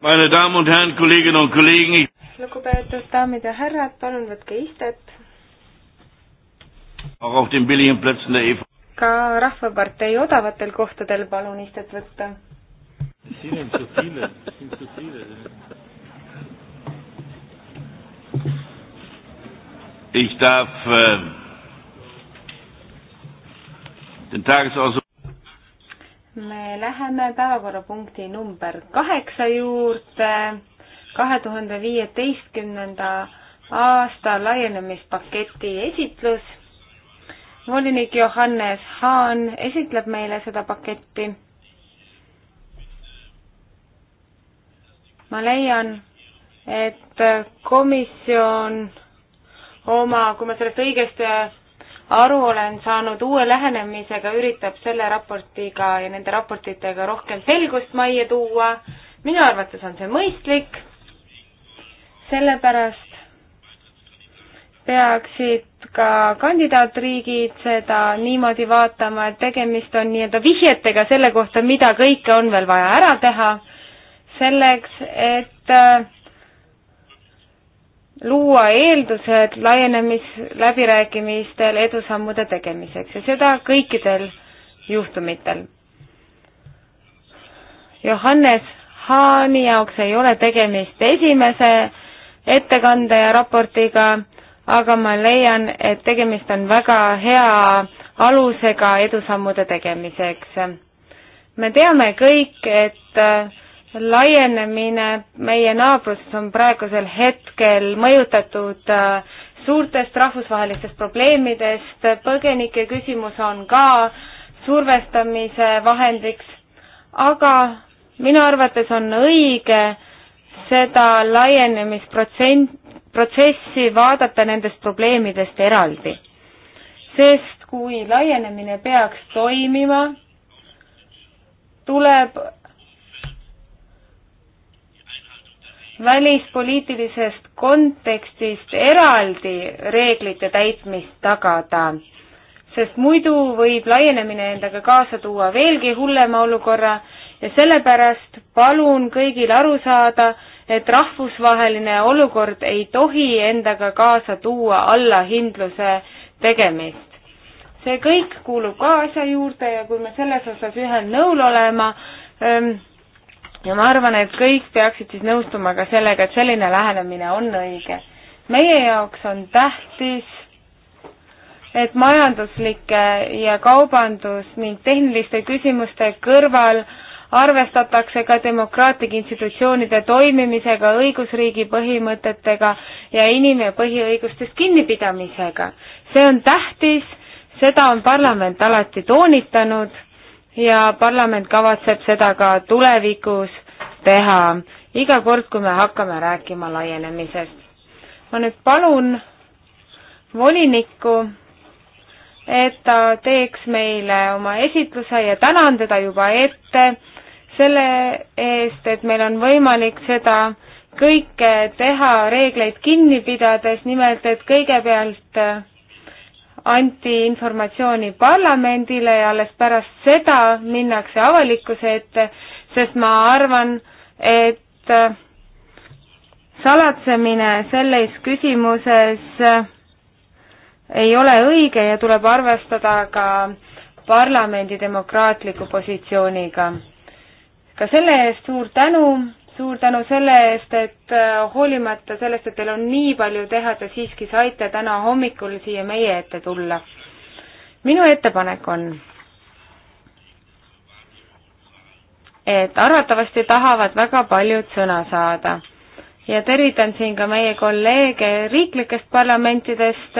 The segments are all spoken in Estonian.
Meine Damen und Herren, Kolleginnen und Kollegen. Lugupeetud daamid ja härrad, palun võtke istet. Auch auf den billigen Plätzen der EV. Ka Rahvapartei odavatel kohtadel palun istet võtta. Siin on so viele, siin so viele. Ich darf äh, den Tagesordnungspunkt me läheme päevakorrapunkti number kaheksa juurde, kahe tuhande viieteistkümnenda aasta laienemispaketi esitlus. volinik Johannes Haan esitleb meile seda paketti. ma leian, et komisjon oma, kui ma sellest õigesti aru olen saanud uue lähenemisega, üritab selle raportiga ja nende raportitega rohkem selgust majja tuua. minu arvates on see mõistlik, sellepärast peaksid ka kandidaatriigid seda niimoodi vaatama, et tegemist on nii-öelda vihjetega selle kohta, mida kõike on veel vaja ära teha, selleks et äh, luua eeldused laienemisläbirääkimistel edusammude tegemiseks ja seda kõikidel juhtumitel. Johannes Haani jaoks ei ole tegemist esimese ettekande ja raportiga, aga ma leian, et tegemist on väga hea alusega edusammude tegemiseks. me teame kõik, et laienemine meie naabruses on praegusel hetkel mõjutatud äh, suurtest rahvusvahelistest probleemidest, põgenike küsimus on ka survestamise vahendiks, aga minu arvates on õige seda laienemisprotsent, protsessi vaadata nendest probleemidest eraldi. sest kui laienemine peaks toimima, tuleb välispoliitilisest kontekstist eraldi reeglite täitmist tagada, sest muidu võib laienemine endaga kaasa tuua veelgi hullema olukorra ja sellepärast palun kõigil aru saada, et rahvusvaheline olukord ei tohi endaga kaasa tuua allahindluse tegemist. see kõik kuulub ka asja juurde ja kui me selles osas ühel nõul olema, ähm, ja ma arvan, et kõik peaksid siis nõustuma ka sellega, et selline lähenemine on õige. meie jaoks on tähtis, et majanduslike ja kaubandus ning tehniliste küsimuste kõrval arvestatakse ka demokraatlike institutsioonide toimimisega, õigusriigi põhimõtetega ja inim- ja põhiõigustest kinnipidamisega. see on tähtis, seda on parlament alati toonitanud ja parlament kavatseb seda ka tulevikus teha, iga kord, kui me hakkame rääkima laienemisest. ma nüüd palun volinikku, et ta teeks meile oma esitluse ja tänan teda juba ette selle eest, et meil on võimalik seda kõike teha reegleid kinni pidades, nimelt et kõigepealt anti informatsiooni parlamendile ja alles pärast seda minnakse avalikkuse ette, sest ma arvan, et äh, salatsemine selles küsimuses äh, ei ole õige ja tuleb arvestada ka parlamendi demokraatliku positsiooniga. ka selle eest suur tänu suur tänu selle eest, et äh, hoolimata sellest, et teil on nii palju teha, te siiski saite täna hommikul siia meie ette tulla. minu ettepanek on, et arvatavasti tahavad väga paljud sõna saada ja tervitan siin ka meie kolleege riiklikest parlamentidest,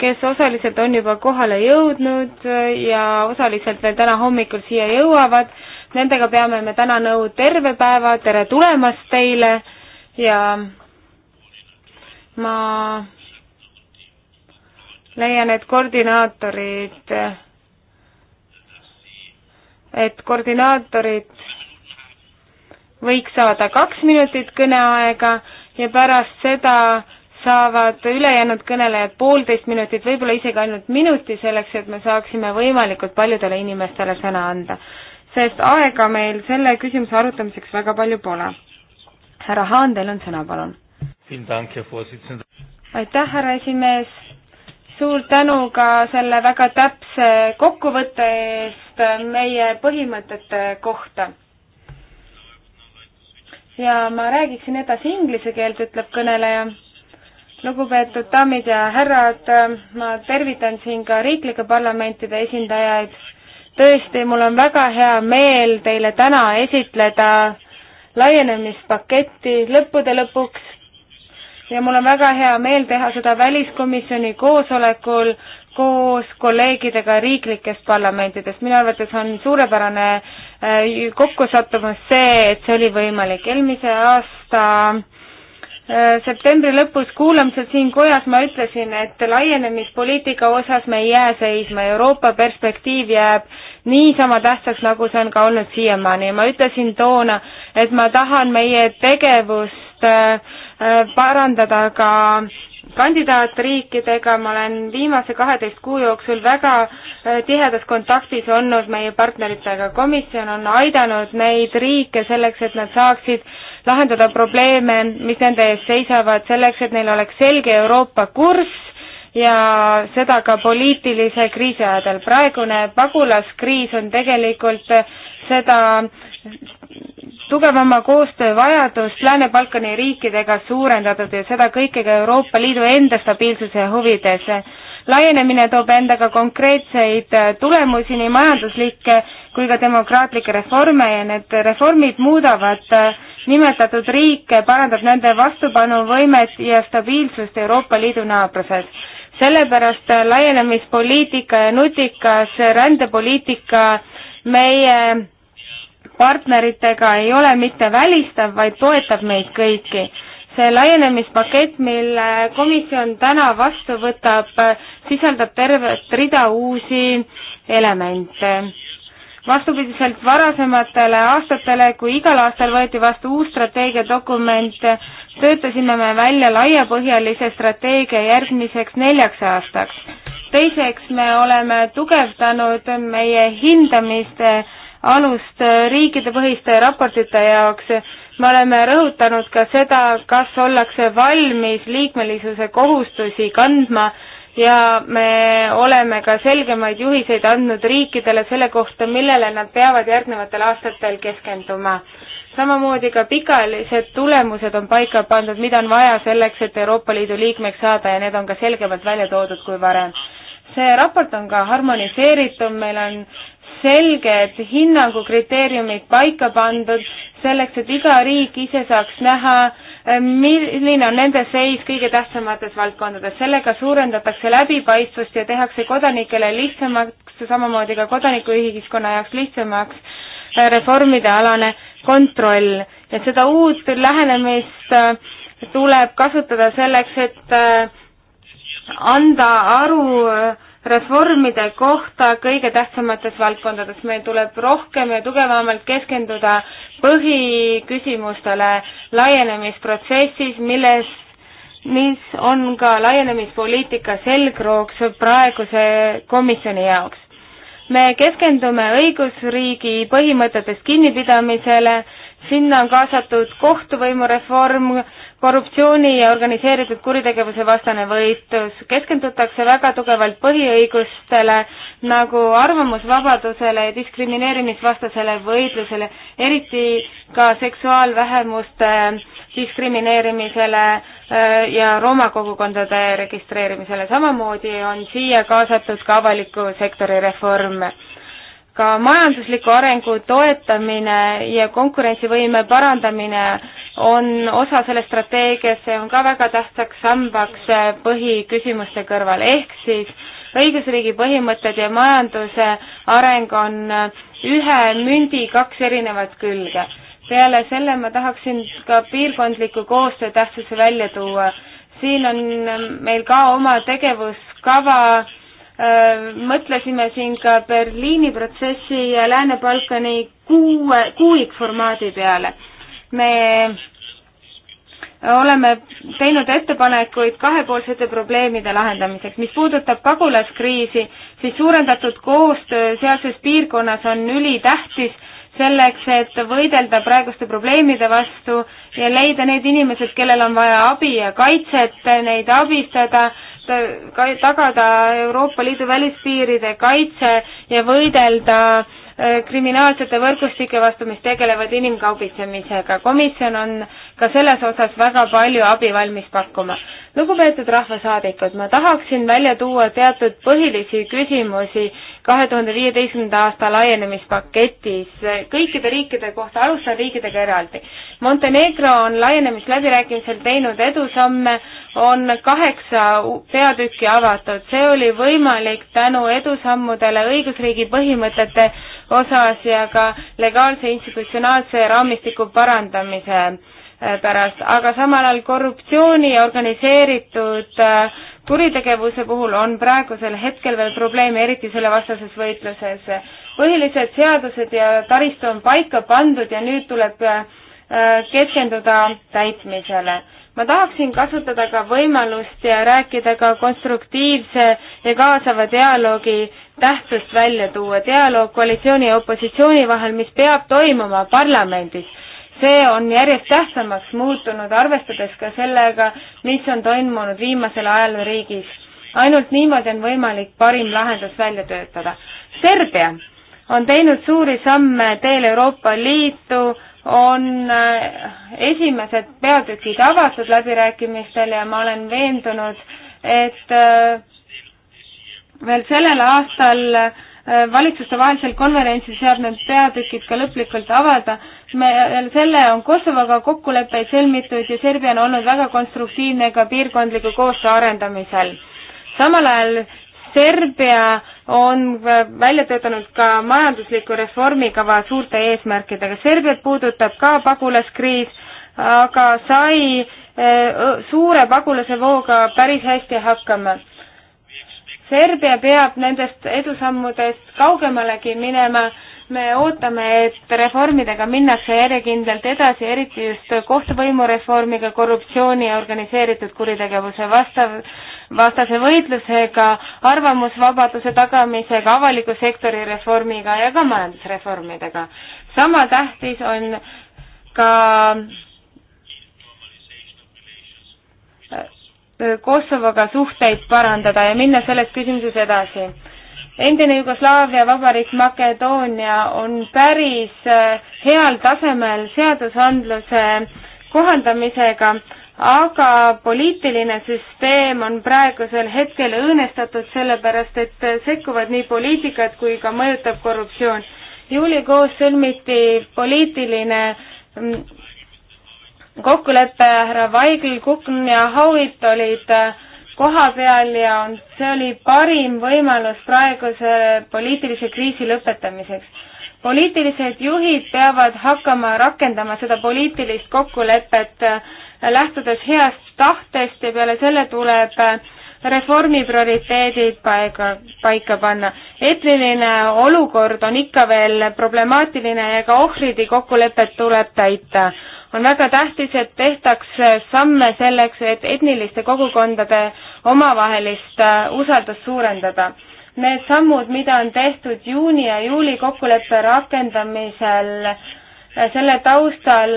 kes osaliselt on juba kohale jõudnud ja osaliselt veel täna hommikul siia jõuavad Nendega peame me täna nõu terve päeva, tere tulemast teile ja ma leian, et koordinaatorid, et koordinaatorid võiks saada kaks minutit kõneaega ja pärast seda saavad ülejäänud kõnelejad poolteist minutit, võib-olla isegi ainult minuti, selleks et me saaksime võimalikult paljudele inimestele sõna anda sest aega meil selle küsimuse arutamiseks väga palju pole. härra Haan, teil on sõna, palun. aitäh, härra esimees, suur tänu ka selle väga täpse kokkuvõtte eest meie põhimõtete kohta. ja ma räägiksin edasi inglise keelt, ütleb kõneleja lugupeetud daamid ja härrad, ma tervitan siin ka riiklike parlamentide esindajaid tõesti, mul on väga hea meel teile täna esitleda laienemispaketti lõppude lõpuks ja mul on väga hea meel teha seda väliskomisjoni koosolekul koos kolleegidega riiklikest parlamentidest. minu arvates on suurepärane äh, kokkusattumus see, et see oli võimalik. eelmise aasta äh, septembri lõpus kuulamisel siin kojas ma ütlesin, et laienemispoliitika osas me ei jää seisma, Euroopa perspektiiv jääb niisama tähtsaks, nagu see on ka olnud siiamaani ja ma ütlesin toona, et ma tahan meie tegevust äh, parandada ka kandidaatriikidega, ma olen viimase kaheteist kuu jooksul väga äh, tihedas kontaktis olnud meie partneritega, komisjon on aidanud neid riike selleks, et nad saaksid äh, lahendada probleeme, mis nende ees seisavad, selleks et neil oleks selge Euroopa kurss ja seda ka poliitilise kriisi ajadel. praegune pagulaskriis on tegelikult seda tugevama koostöö vajadust Lääne-Balkani riikidega suurendatud ja seda kõike ka Euroopa Liidu enda stabiilsuse huvides laienemine toob endaga konkreetseid äh, tulemusi, nii majanduslikke kui ka demokraatlikke reforme ja need reformid muudavad äh, nimetatud riike, parandab nende vastupanuvõimet ja stabiilsust Euroopa Liidu naabruses. sellepärast äh, laienemispoliitika ja nutikas rändepoliitika meie partneritega ei ole mitte välistav, vaid toetab meid kõiki see laienemispakett, mille komisjon täna vastu võtab, sisaldab tervet rida uusi elemente. vastupidiselt varasematele aastatele, kui igal aastal võeti vastu uus strateegiadokument, töötasime me välja laiapõhjalise strateegia järgmiseks neljaks aastaks. teiseks, me oleme tugevdanud meie hindamiste alust riikidepõhiste raportite jaoks me oleme rõhutanud ka seda, kas ollakse valmis liikmelisuse kohustusi kandma ja me oleme ka selgemaid juhiseid andnud riikidele selle kohta, millele nad peavad järgnevatel aastatel keskenduma. samamoodi ka pikaajalised tulemused on paika pandud, mida on vaja selleks, et Euroopa Liidu liikmeks saada ja need on ka selgemalt välja toodud kui varem see raport on ka harmoniseeritud, meil on selged hinnangukriteeriumid paika pandud selleks, et iga riik ise saaks näha, milline on nende seis kõige tähtsamates valdkondades. sellega suurendatakse läbipaistvust ja tehakse kodanikele lihtsamaks, samamoodi ka kodanikuühiskonna jaoks lihtsamaks äh, reformide alane kontroll. et seda uut lähenemist äh, tuleb kasutada selleks, et äh, anda aru reformide kohta kõige tähtsamates valdkondades. meil tuleb rohkem ja tugevamalt keskenduda põhiküsimustele laienemisprotsessis, milles, mis on ka laienemispoliitika selgrooks praeguse komisjoni jaoks. me keskendume õigusriigi põhimõtetest kinnipidamisele, sinna on kaasatud kohtuvõimu reform, korruptsiooni ja organiseeritud kuritegevuse vastane võitlus, keskendutakse väga tugevalt põhiõigustele nagu arvamusvabadusele ja diskrimineerimisvastasele võitlusele, eriti ka seksuaalvähemuste diskrimineerimisele äh, ja rooma kogukondade registreerimisele, samamoodi on siia kaasatud ka avaliku sektori reform ka majandusliku arengu toetamine ja konkurentsivõime parandamine on osa sellest strateegiast, see on ka väga tähtsaks sambaks põhiküsimuste kõrval, ehk siis õigusriigi põhimõtted ja majanduse areng on ühe mündi kaks erinevat külge. peale selle ma tahaksin ka piirkondliku koostöö tähtsuse välja tuua. siin on meil ka oma tegevuskava äh, Äh, mõtlesime siin ka Berliini protsessi ja Lääne-Balkani kuue, kuuik formaadi peale. me oleme teinud ettepanekuid kahepoolsete probleemide lahendamiseks. mis puudutab pagulaskriisi, siis suurendatud koostöö sealses piirkonnas on ülitähtis selleks, et võidelda praeguste probleemide vastu ja leida need inimesed, kellel on vaja abi ja kaitset, neid abistada ka tagada Euroopa Liidu välispiiride kaitse ja võidelda äh, kriminaalsete võrgustike vastu, mis tegelevad inimkaubitsemisega. komisjon on ka selles osas väga palju abi valmis pakkuma. lugupeetud rahvasaadikud, ma tahaksin välja tuua teatud põhilisi küsimusi kahe tuhande viieteistkümnenda aasta laienemispaketis kõikide riikide kohta, alustan riikidega eraldi. Montenegro on laienemisläbirääkimisel teinud edusamme, on kaheksa peatükki avatud, see oli võimalik tänu edusammudele õigusriigi põhimõtete osas ja ka legaalse institutsionaalse raamistiku parandamise Äh, pärast, aga samal ajal korruptsiooni ja organiseeritud äh, kuritegevuse puhul on praegusel hetkel veel probleeme, eriti sellevastases võitluses. põhilised seadused ja taristu on paika pandud ja nüüd tuleb äh, keskenduda täitmisele. ma tahaksin kasutada ka võimalust ja rääkida ka konstruktiivse ja kaasava dialoogi tähtsust välja tuua, dialoog koalitsiooni ja opositsiooni vahel, mis peab toimuma parlamendis see on järjest tähtsamaks muutunud, arvestades ka sellega, mis on toimunud viimasel ajal riigis. ainult niimoodi on võimalik parim lahendus välja töötada. Serbia on teinud suuri samme teel Euroopa Liitu, on äh, esimesed peatükid avatud läbirääkimistel ja ma olen veendunud, et äh, veel sellel aastal äh, Äh, valitsustevahelisel konverentsil seal need peatükid ka lõplikult avada. me, äh, selle on Kosovoga kokkuleppeid sõlmitud ja Serbia on olnud väga konstruktiivne ka piirkondliku koostöö arendamisel. samal ajal Serbia on äh, välja töötanud ka majandusliku reformikava suurte eesmärkidega. Serbiat puudutab ka pagulaskriis, aga sai suure pagulasevooga päris hästi hakkama Serbia peab nendest edusammudest kaugemalegi minema, me ootame, et reformidega minnakse järjekindlalt edasi, eriti just kohtuvõimureformiga, korruptsiooni ja organiseeritud kuritegevuse vastav, vastase võitlusega, arvamusvabaduse tagamisega, avaliku sektori reformiga ja ka majandusreformidega. sama tähtis on ka Kosovoga suhteid parandada ja minna selles küsimuses edasi. endine Jugoslaavia vabariik Makedoonia on päris äh, heal tasemel seadusandluse kohandamisega, aga poliitiline süsteem on praegusel hetkel õõnestatud, sellepärast et äh, sekkuvad nii poliitikad kui ka mõjutab korruptsioon. juulikuus sõlmiti poliitiline mm, kokkulepe härra Vaigel, Kukn ja Howitt olid äh, koha peal ja on, see oli parim võimalus praeguse poliitilise kriisi lõpetamiseks. poliitilised juhid peavad hakkama rakendama seda poliitilist kokkulepet, äh, lähtudes heast tahtest ja peale selle tuleb äh, reformi prioriteedid paika, paika panna. etniline olukord on ikka veel problemaatiline ja ka ohvridi kokkulepet tuleb täita on väga tähtis, et tehtaks samme selleks, et etniliste kogukondade omavahelist äh, usaldust suurendada. Need sammud, mida on tehtud juuni ja juuli kokkuleppe rakendamisel, selle taustal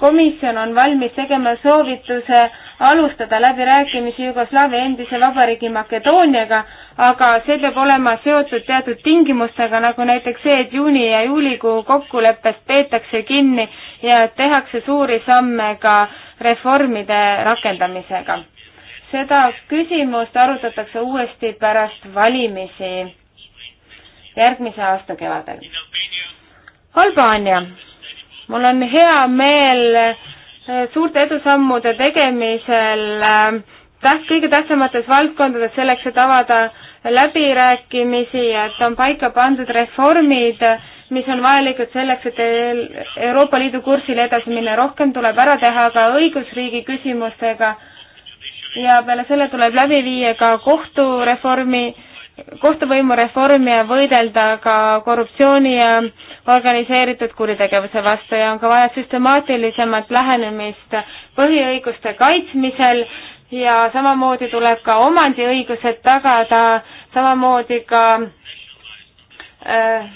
komisjon on valmis tegema soovituse alustada läbirääkimisi Jugoslaavia endise vabariigi Makedooniaga, aga see peab olema seotud teatud tingimustega, nagu näiteks see, et juuni ja juulikuu kokkuleppest peetakse kinni ja tehakse suuri samme ka reformide rakendamisega. seda küsimust arutatakse uuesti pärast valimisi järgmise aasta kevadel. Albaania mul on hea meel äh, suurte edusammude tegemisel äh, täht-, kõige tähtsamates valdkondades selleks, et avada läbirääkimisi ja et on paika pandud reformid, mis on vajalikud selleks, et Euroopa Liidu kursile edasi minna. rohkem tuleb ära teha ka õigusriigi küsimustega ja peale selle tuleb läbi viia ka kohtureformi kohtuvõimureformi ja võidelda ka korruptsiooni ja organiseeritud kuritegevuse vastu ja on ka vaja süstemaatilisemat lähenemist põhiõiguste kaitsmisel ja samamoodi tuleb ka omandiõigused tagada, samamoodi ka äh,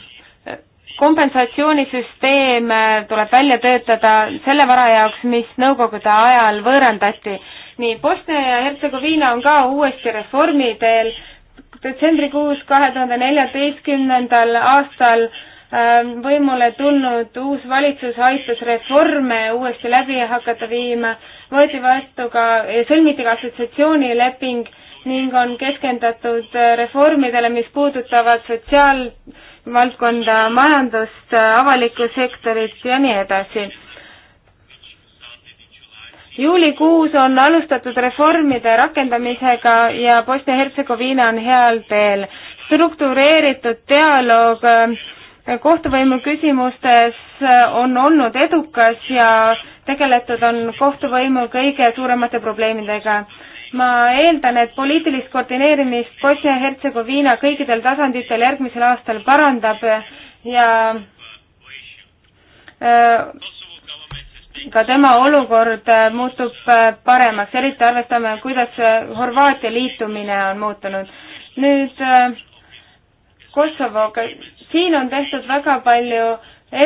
kompensatsioonisüsteem äh, tuleb välja töötada selle vara jaoks, mis nõukogude ajal võõrandati. nii Bosnia ja Hertsegoviina on ka uuesti reformi teel detsembrikuus kahe tuhande neljateistkümnendal aastal ähm, võimule tulnud uus valitsus aitas reforme uuesti läbi hakata viima, võeti vastu ka, sõlmiti ka assotsiatsioonileping ning on keskendatud äh, reformidele, mis puudutavad sotsiaalvaldkonda, majandust, äh, avalikku sektorit ja nii edasi juulikuus on alustatud reformide rakendamisega ja Bosnia-Hertsegoviina on heal teel. struktureeritud dialoog eh, kohtuvõimu küsimustes eh, on olnud edukas ja tegeletud on kohtuvõimu kõige suuremate probleemidega. ma eeldan, et poliitilist koordineerimist Bosnia-Hertsegoviina kõikidel tasanditel järgmisel aastal parandab ja öö, eh, ka tema olukord äh, muutub äh, paremaks, eriti arvestame, kuidas äh, Horvaatia liitumine on muutunud. nüüd Kosovoga, siin on tehtud väga palju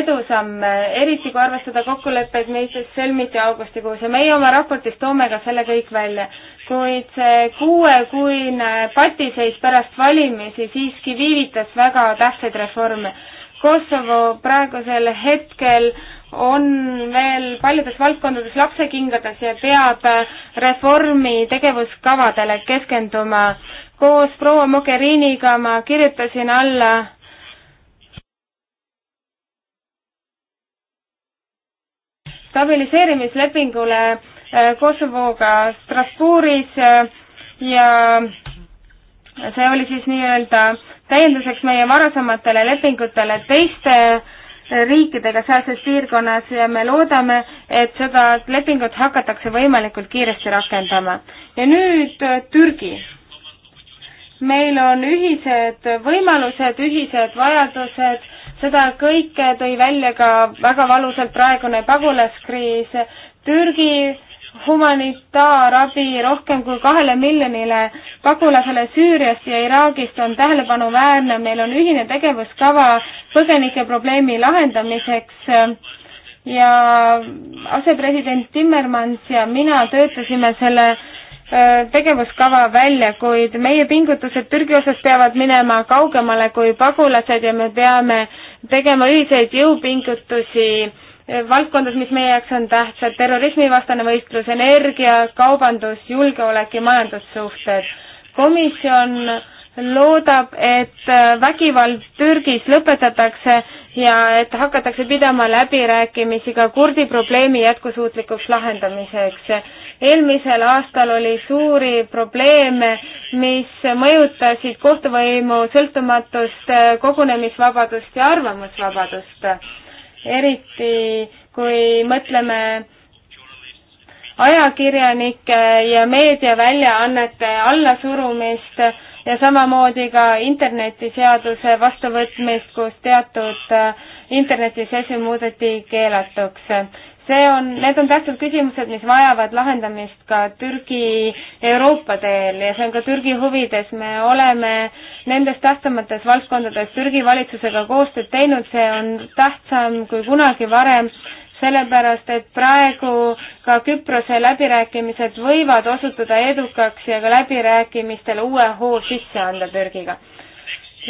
edusamme, eriti kui arvestada kokkuleppeid, mis sõlmiti augustikuus ja meie oma raportis toome ka selle kõik välja. kuid see kuuekuine patiseis pärast valimisi siiski viivitas väga tähtsaid reforme. Kosovo praegusel hetkel äh, on veel paljudes valdkondades lapsekingades ja peab reformi tegevuskavadele keskenduma. koos proua Mogheriniga ma kirjutasin alla stabiliseerimislepingule äh, Kosovoga Strasbourgis äh, ja see oli siis nii-öelda täienduseks meie varasematele lepingutele teiste riikidega sealses piirkonnas ja me loodame, et seda lepingut hakatakse võimalikult kiiresti rakendama. ja nüüd äh, Türgi. meil on ühised võimalused, ühised vajadused, seda kõike tõi välja ka väga valusalt praegune pagulaskriis. Türgi humanitaarabi rohkem kui kahele miljonile pagulasele Süüriast ja Iraagist on tähelepanuväärne. meil on ühine tegevuskava põgenike probleemi lahendamiseks ja asepresident Timmermans ja mina töötasime selle äh, tegevuskava välja, kuid meie pingutused Türgi osas peavad minema kaugemale kui pagulased ja me peame tegema ühiseid jõupingutusi valdkondades, mis meie jaoks on tähtsad, terrorismivastane võistlus, energia, kaubandus, julgeolek ja majandussuhted. komisjon loodab, et vägivald Türgis lõpetatakse ja et hakatakse pidama läbirääkimisi ka kurdi probleemi jätkusuutlikuks lahendamiseks. eelmisel aastal oli suuri probleeme, mis mõjutasid kohtuvõimu sõltumatust, kogunemisvabadust ja arvamusvabadust eriti kui mõtleme ajakirjanike ja meediaväljaannete allasurumist ja samamoodi ka internetiseaduse vastuvõtmist, kus teatud internetisisu muudeti keelatuks see on, need on tähtsad küsimused, mis vajavad lahendamist ka Türgi Euroopa teel ja see on ka Türgi huvides. me oleme nendes tähtsamates valdkondades Türgi valitsusega koostööd teinud, see on tähtsam kui kunagi varem, sellepärast et praegu ka Küprose läbirääkimised võivad osutuda edukaks ja ka läbirääkimistele uue hoo sisse anda Türgiga.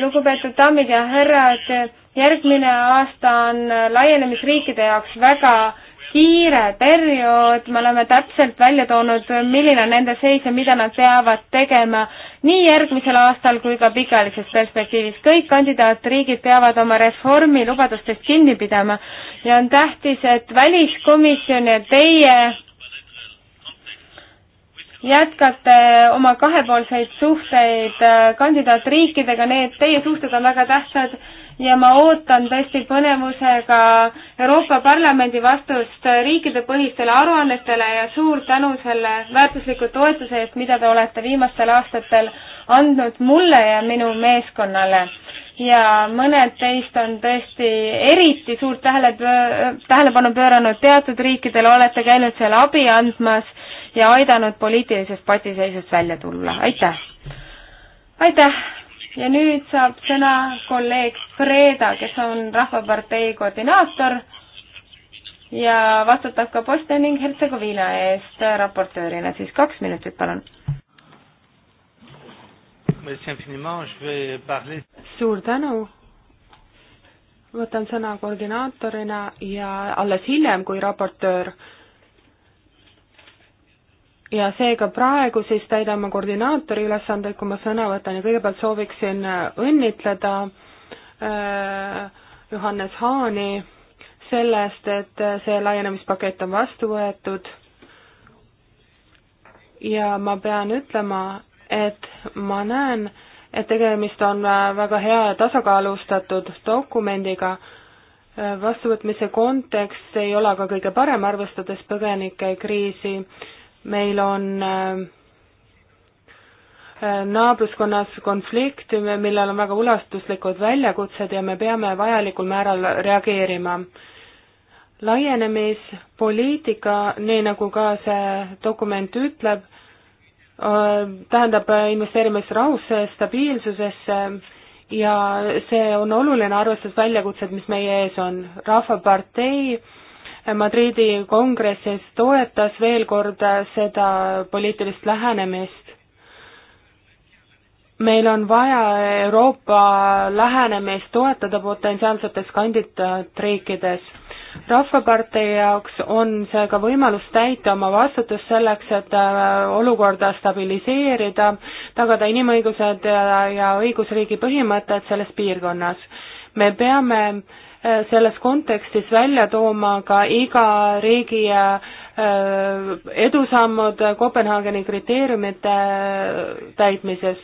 lugupeetud daamid ja härrad, järgmine aasta on laienemisriikide jaoks väga kiire periood, me oleme täpselt välja toonud, milline on nende seis ja mida nad peavad tegema nii järgmisel aastal kui ka pikaajalises perspektiivis. kõik kandidaatriigid peavad oma reformi lubadustest kinni pidama ja on tähtis, et väliskomisjon ja teie jätkate oma kahepoolseid suhteid äh, kandidaatriikidega, need teie suhted on väga tähtsad ja ma ootan tõesti põnevusega Euroopa Parlamendi vastust riikidepõhistele aruannetele ja suur tänu selle väärtusliku toetuse eest, mida te olete viimastel aastatel andnud mulle ja minu meeskonnale ja mõned teist on tõesti eriti suurt tähele, tähelepanu pööranud teatud riikidele, olete käinud seal abi andmas ja aidanud poliitilisest patiseisust välja tulla, aitäh! aitäh! ja nüüd saab sõna kolleeg Freda, kes on Rahvapartei koordinaator ja vastutab ka Bosnia ning Hertsegoviina eest raportöörina, siis kaks minutit, palun. suur tänu, võtan sõna koordinaatorina ja alles hiljem kui raportöör ja seega praegu siis täidame koordinaatori ülesandeid, kui ma sõna võtan ja kõigepealt sooviksin äh, õnnitleda äh, Johannes Haani selle eest, et äh, see laienemispakett on vastu võetud ja ma pean ütlema, et ma näen, et tegemist on väga hea ja tasakaalustatud dokumendiga, vastuvõtmise kontekst ei ole ka kõige parem, arvestades põgenikekriisi meil on äh, äh, naabruskonnas konflikt, millel on väga ulatuslikud väljakutsed ja me peame vajalikul määral reageerima. laienemispoliitika, nii nagu ka see dokument ütleb, äh, tähendab investeerimist rahusse, stabiilsusesse ja see on oluline, arvestades väljakutsed, mis meie ees on. rahvapartei Madridi kongressis toetas veel kord seda poliitilist lähenemist. meil on vaja Euroopa lähenemist toetada potentsiaalsetes kandidaatriikides. rahvapartei jaoks on seega võimalus täita oma vastutust selleks, et äh, olukorda stabiliseerida, tagada inimõigused ja, ja õigusriigi põhimõtted selles piirkonnas. me peame äh, selles kontekstis välja tooma ka iga riigi äh, edusammud Kopenhaageni kriteeriumite äh, täitmises.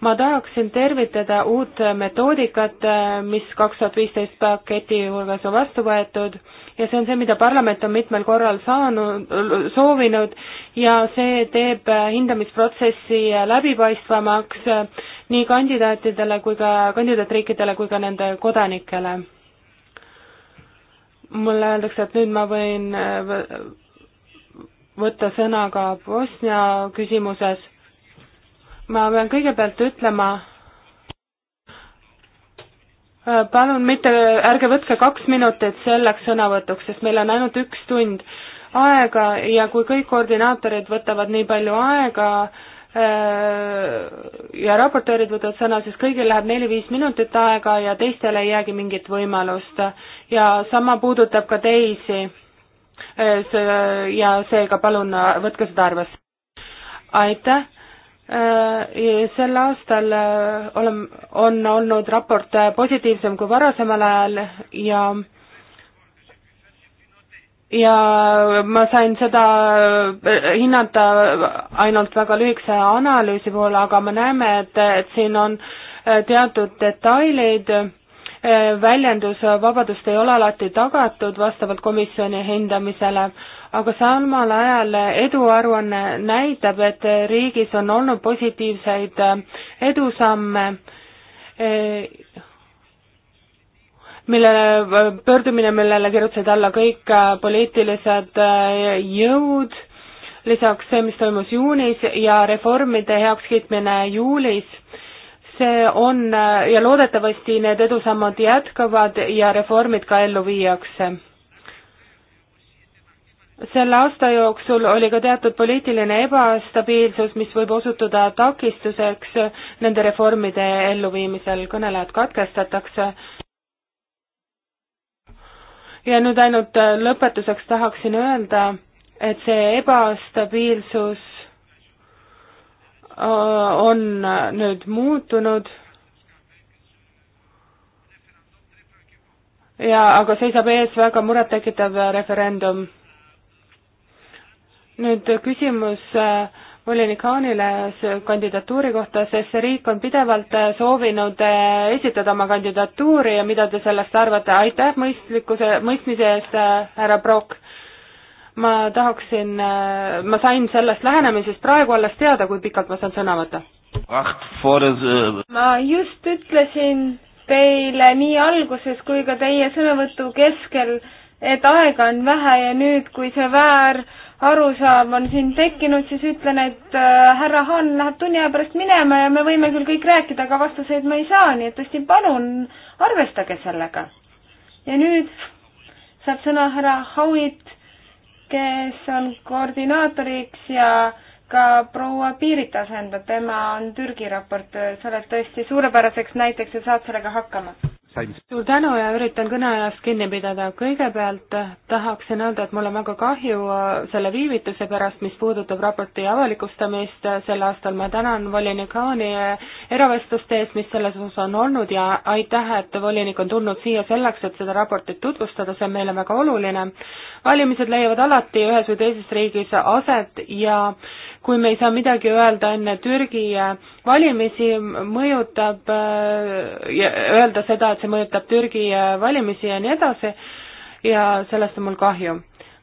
ma tahaksin tervitada uut metoodikat, äh, mis kaks tuhat viisteist paketi hulgas on vastu võetud ja see on see, mida parlament on mitmel korral saanud, soovinud ja see teeb hindamisprotsessi läbipaistvamaks nii kandidaatidele kui ka, kandidaatriikidele kui ka nende kodanikele mulle öeldakse, et nüüd ma võin äh, võtta sõna ka Bosnia küsimuses. ma pean kõigepealt ütlema, äh, palun mitte, ärge võtke kaks minutit selleks sõnavõtuks, sest meil on ainult üks tund aega ja kui kõik koordinaatorid võtavad nii palju aega, Äh, ja raportöörid võtavad sõna, siis kõigil läheb neli-viis minutit aega ja teistel ei jäägi mingit võimalust. ja sama puudutab ka teisi. Äh, ja seega palun äh, võtke seda arvesse. aitäh. sel aastal olen, on olnud raport positiivsem kui varasemal ajal ja ja ma sain seda äh, hinnata ainult väga lühikese analüüsi poole, aga me näeme, et, et siin on äh, teatud detailid, äh, väljendusvabadust ei ole alati tagatud vastavalt komisjoni hindamisele, aga samal ajal eduaruanne näitab, et riigis on olnud positiivseid edusamme millele, pöördumine, millele kirjutasid alla kõik äh, poliitilised äh, jõud, lisaks see, mis toimus juunis ja reformide heakskiitmine juulis, see on äh, ja loodetavasti need edusammud jätkuvad ja reformid ka ellu viiakse selle aasta jooksul oli ka teatud poliitiline ebastabiilsus, mis võib osutuda takistuseks nende reformide elluviimisel, kõnelejad katkestatakse ja nüüd ainult äh, lõpetuseks tahaksin öelda, et see ebastabiilsus äh, on äh, nüüd muutunud ja aga seisab ees väga murettekitav referendum. nüüd küsimus äh, volinik Haanile kandidatuuri kohta, sest see riik on pidevalt äh, soovinud äh, esitada oma kandidatuuri ja mida te sellest arvate, aitäh mõistlikkuse, mõistmise eest, äh, härra Brock. ma tahaksin, ma sain sellest lähenemisest praegu alles teada, kui pikalt ma saan sõna võtta. ma just ütlesin teile nii alguses kui ka teie sõnavõtu keskel, et aega on vähe ja nüüd, kui see väär arusaam on siin tekkinud, siis ütlen, et äh, härra Hahn läheb tunni aja pärast minema ja me võime küll kõik rääkida, aga vastuseid ma ei saa, nii et tõesti palun arvestage sellega. ja nüüd saab sõna härra Howitt, kes on koordinaatoriks ja ka proua Piirit asendab, tema on Türgi raportöör, sa oled tõesti suurepäraseks näiteks ja saad sellega hakkama suur tänu ja üritan kõneajast kinni pidada. kõigepealt tahaksin öelda, et mul on väga kahju äh, selle viivituse pärast, mis puudutab raporti avalikustamist sel aastal. ma tänan volinik Haani äh, eravestluste eest, mis selles osas on olnud ja aitäh, et volinik on tulnud siia selleks, et seda raportit tutvustada, see on meile väga oluline. valimised leiavad alati ühes või teises riigis aset ja kui me ei saa midagi öelda enne Türgi äh, valimisi, mõjutab, äh, öelda seda, et see mõjutab Türgi äh, valimisi ja nii edasi ja sellest on mul kahju.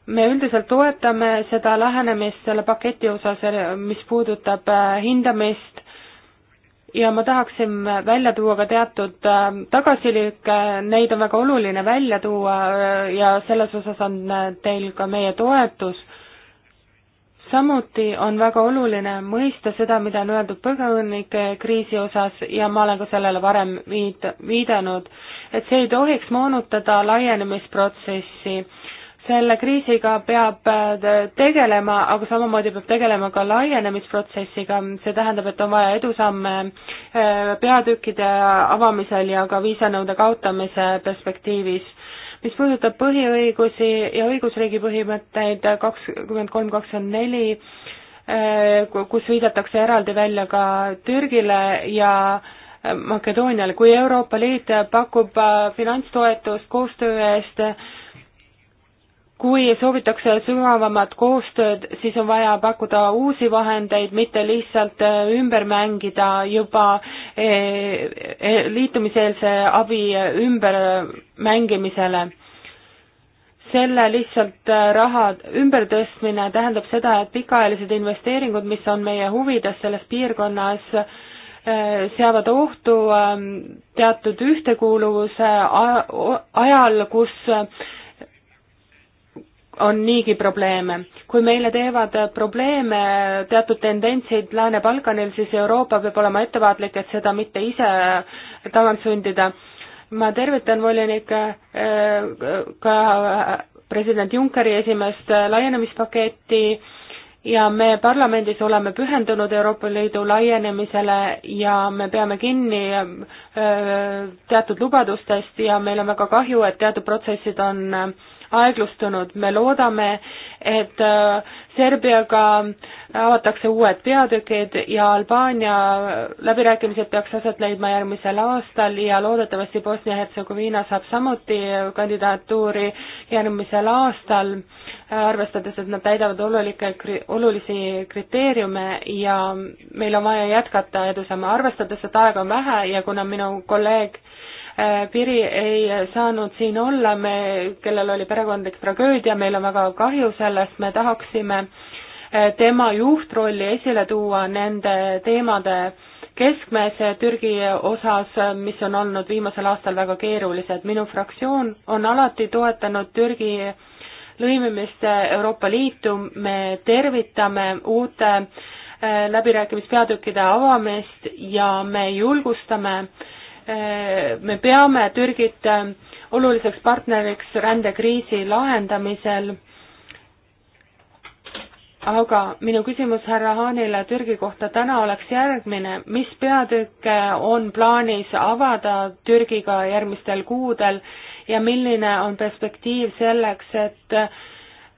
me üldiselt toetame seda lähenemist selle paketi osas, mis puudutab hindamist ja ma tahaksin välja tuua ka teatud tagasilüüke, neid on väga oluline välja tuua ja selles osas on teil ka meie toetus samuti on väga oluline mõista seda, mida on öeldud põgenike kriisi osas ja ma olen ka sellele varem viid-, viidanud, et see ei tohiks moonutada laienemisprotsessi. selle kriisiga peab äh, tegelema, aga samamoodi peab tegelema ka laienemisprotsessiga, see tähendab, et on vaja edusamme äh, peatükkide avamisel ja ka viisanõude kaotamise perspektiivis mis puudutab põhiõigusi ja õigusriigi põhimõtteid kakskümmend kolm, kakskümmend neli, eh, kus viidatakse eraldi välja ka Türgile ja eh, Makedooniale, kui Euroopa Liit pakub eh, finantstoetust koostöö eest kui soovitakse sügavamat koostööd, siis on vaja pakkuda uusi vahendeid, mitte lihtsalt äh, ümber mängida juba äh, äh, liitumiseelse abi ümbermängimisele. selle lihtsalt raha ümbertõstmine tähendab seda, et pikaajalised investeeringud, mis on meie huvides selles piirkonnas, seavad ohtu ähm, teatud ühtekuuluvuse ajal, kus on niigi probleeme. kui meile teevad probleeme teatud tendentsid Lääne-Balkanil, siis Euroopa peab olema ettevaatlik, et seda mitte ise tagant sundida. ma tervitan volinik äh, ka president Junckeri esimest laienemispaketti ja me parlamendis oleme pühendunud Euroopa Liidu laienemisele ja me peame kinni teatud lubadustest ja meil on väga kahju, et teatud protsessid on äh, aeglustunud, me loodame, et Serbiaga avatakse uued peatükid ja Albaania läbirääkimised peaks aset leidma järgmisel aastal ja loodetavasti Bosnia-Hertsegoviina saab samuti kandidatuuri järgmisel aastal, arvestades, et nad täidavad olulikke, olulisi kriteeriume ja meil on vaja jätkata edusamme, arvestades, et aega on vähe ja kuna minu kolleeg Äh, Piri ei saanud siin olla, me, kellel oli perekondlik tragöödia, meil on väga kahju sellest, me tahaksime äh, tema juhtrolli esile tuua nende teemade keskmes äh, Türgi osas, mis on olnud viimasel aastal väga keerulised. minu fraktsioon on alati toetanud Türgi lõimimist Euroopa Liitu, me tervitame uute läbirääkimispeatükkide avamist ja me julgustame äh, me peame Türgit äh, oluliseks partneriks rändekriisi lahendamisel, aga minu küsimus härra Haanile Türgi kohta täna oleks järgmine, mis peatükke äh, on plaanis avada Türgiga järgmistel kuudel ja milline on perspektiiv selleks, et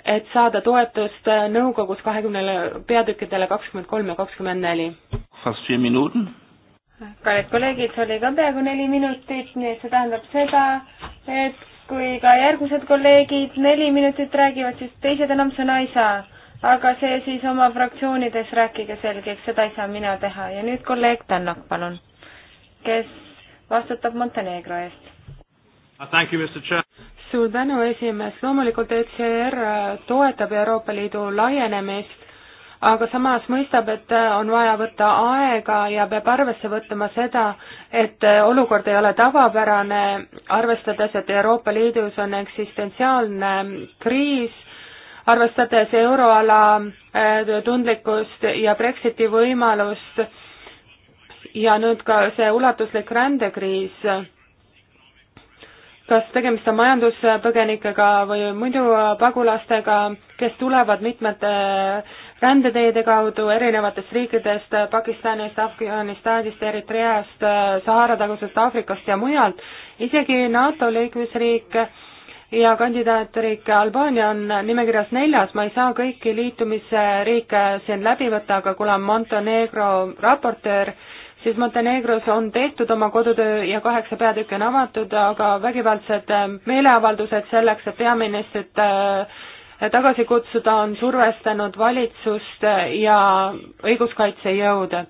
et saada toetust äh, nõukogus kahekümnele peatükkidele kakskümmend kolm ja kakskümmend neli? kallid kolleegid, see oli ka peaaegu neli minutit, nii et see tähendab seda, et kui ka järgmised kolleegid neli minutit räägivad, siis teised enam sõna ei saa. aga see siis oma fraktsioonides rääkige selgeks, seda ei saa mina teha ja nüüd kolleeg Tänak, palun, kes vastutab Montenegro eest. Uh, suur tänu, esimees, loomulikult ECR toetab Euroopa Liidu laienemist aga samas mõistab, et äh, on vaja võtta aega ja peab arvesse võtma seda, et äh, olukord ei ole tavapärane, arvestades, et Euroopa Liidus on eksistentsiaalne kriis, arvestades euroala äh, tundlikkust ja Brexiti võimalust ja nüüd ka see ulatuslik rändekriis, kas tegemist on majanduspõgenikega või muidu pagulastega, kes tulevad mitmete äh, rändeteede kaudu erinevatest riikidest, Pakistanist, Afganistanist, Eritreast, Sahara-tagusest Aafrikast ja mujalt, isegi NATO liikmesriik ja kandidaatriik Albaania on nimekirjas neljas, ma ei saa kõiki liitumisriike siin läbi võtta, aga kuna Montenegro raportöör siis Montenegros on tehtud oma kodutöö ja kaheksa peatükki on avatud, aga vägivaldsed meeleavaldused selleks, et peaministrit äh, tagasi kutsuda, on survestanud valitsust ja õiguskaitsejõude.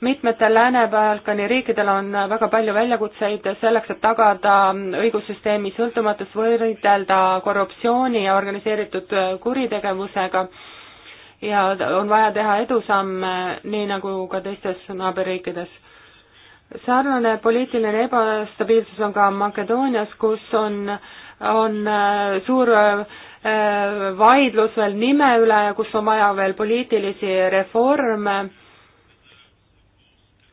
mitmetel Lääne-Balkani riikidel on väga palju väljakutseid selleks, et tagada õigussüsteemi sõltumatust, võidelda korruptsiooni ja organiseeritud kuritegevusega ja on vaja teha edusamme, nii nagu ka teistes naaberriikides sarnane poliitiline ebastabiilsus on ka Makedoonias, kus on, on suur Äh, vaidlus veel nime üle ja kus on vaja veel poliitilisi reforme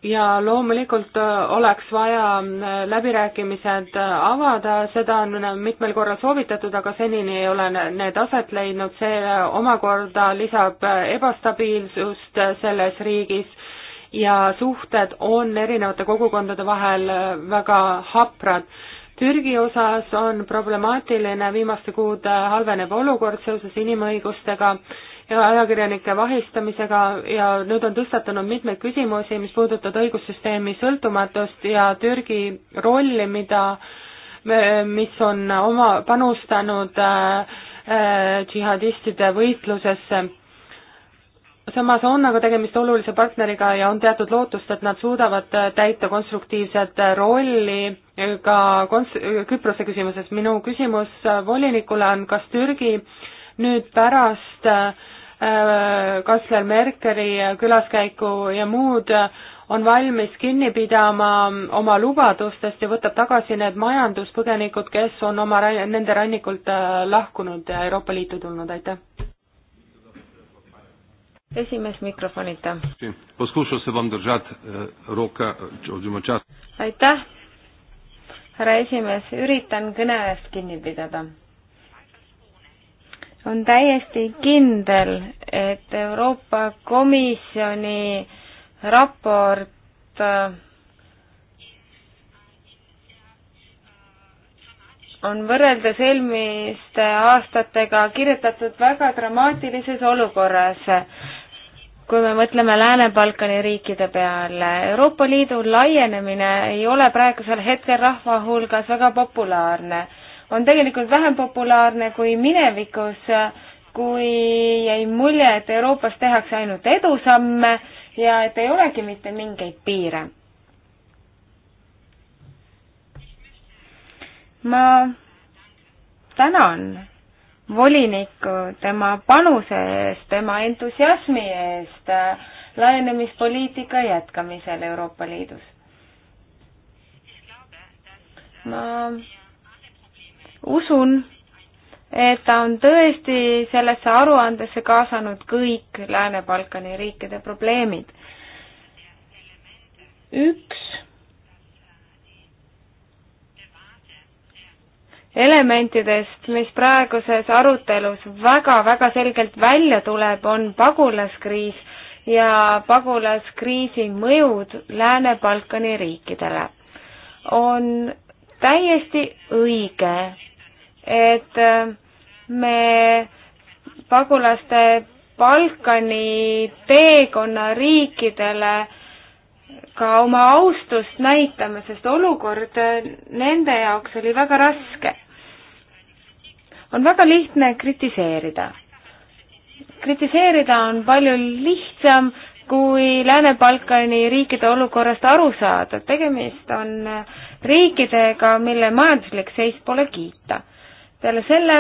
ja loomulikult äh, oleks vaja äh, läbirääkimised avada, seda on mitmel korral soovitatud, aga senini ei ole need aset leidnud, see omakorda lisab ebastabiilsust selles riigis ja suhted on erinevate kogukondade vahel väga haprad Türgi osas on problemaatiline viimaste kuude halvenev olukord seoses inimõigustega ja ajakirjanike vahistamisega ja nüüd on tõstatunud mitmeid küsimusi, mis puudutavad õigussüsteemi sõltumatust ja Türgi rolli, mida, mis on oma, panustanud äh, äh džihadistide võitlusesse samas on aga tegemist olulise partneriga ja on teatud lootust, et nad suudavad äh, täita konstruktiivset äh, rolli äh, ka kons-, Küprose küsimuses. minu küsimus volinikule on, kas Türgi nüüd pärast kantsler Merkeli külaskäiku ja muud on valmis kinni pidama mm, oma lubadustest ja võtab tagasi need majanduspõgenikud, kes on oma, nende rannikult lahkunud ja Euroopa Liitu tulnud, aitäh! esimees mikrofonita. Eh, eh, aitäh, härra esimees, üritan kõne eest kinni pidada. on täiesti kindel, et Euroopa Komisjoni raport eh, on võrreldes eelmiste aastatega kirjutatud väga dramaatilises olukorras, kui me mõtleme Lääne-Balkani riikide peale. Euroopa Liidu laienemine ei ole praegusel hetkel rahva hulgas väga populaarne. on tegelikult vähem populaarne kui minevikus, kui jäi mulje, et Euroopas tehakse ainult edusamme ja et ei olegi mitte mingeid piire ma tänan volinikku tema panuse eest, tema entusiasmi eest laienemispoliitika jätkamisel Euroopa Liidus. ma usun, et ta on tõesti sellesse aruandesse kaasanud kõik Lääne-Balkani riikide probleemid. üks elementidest, mis praeguses arutelus väga-väga selgelt välja tuleb, on pagulaskriis ja pagulaskriisi mõjud Lääne-Balkani riikidele. on täiesti õige, et äh, me pagulaste Balkani teekonna riikidele ka oma austust näitama, sest olukord äh, nende jaoks oli väga raske on väga lihtne kritiseerida. kritiseerida on palju lihtsam, kui Lääne-Balkani riikide olukorrast aru saada, tegemist on riikidega, mille majanduslik seis pole kiita. peale selle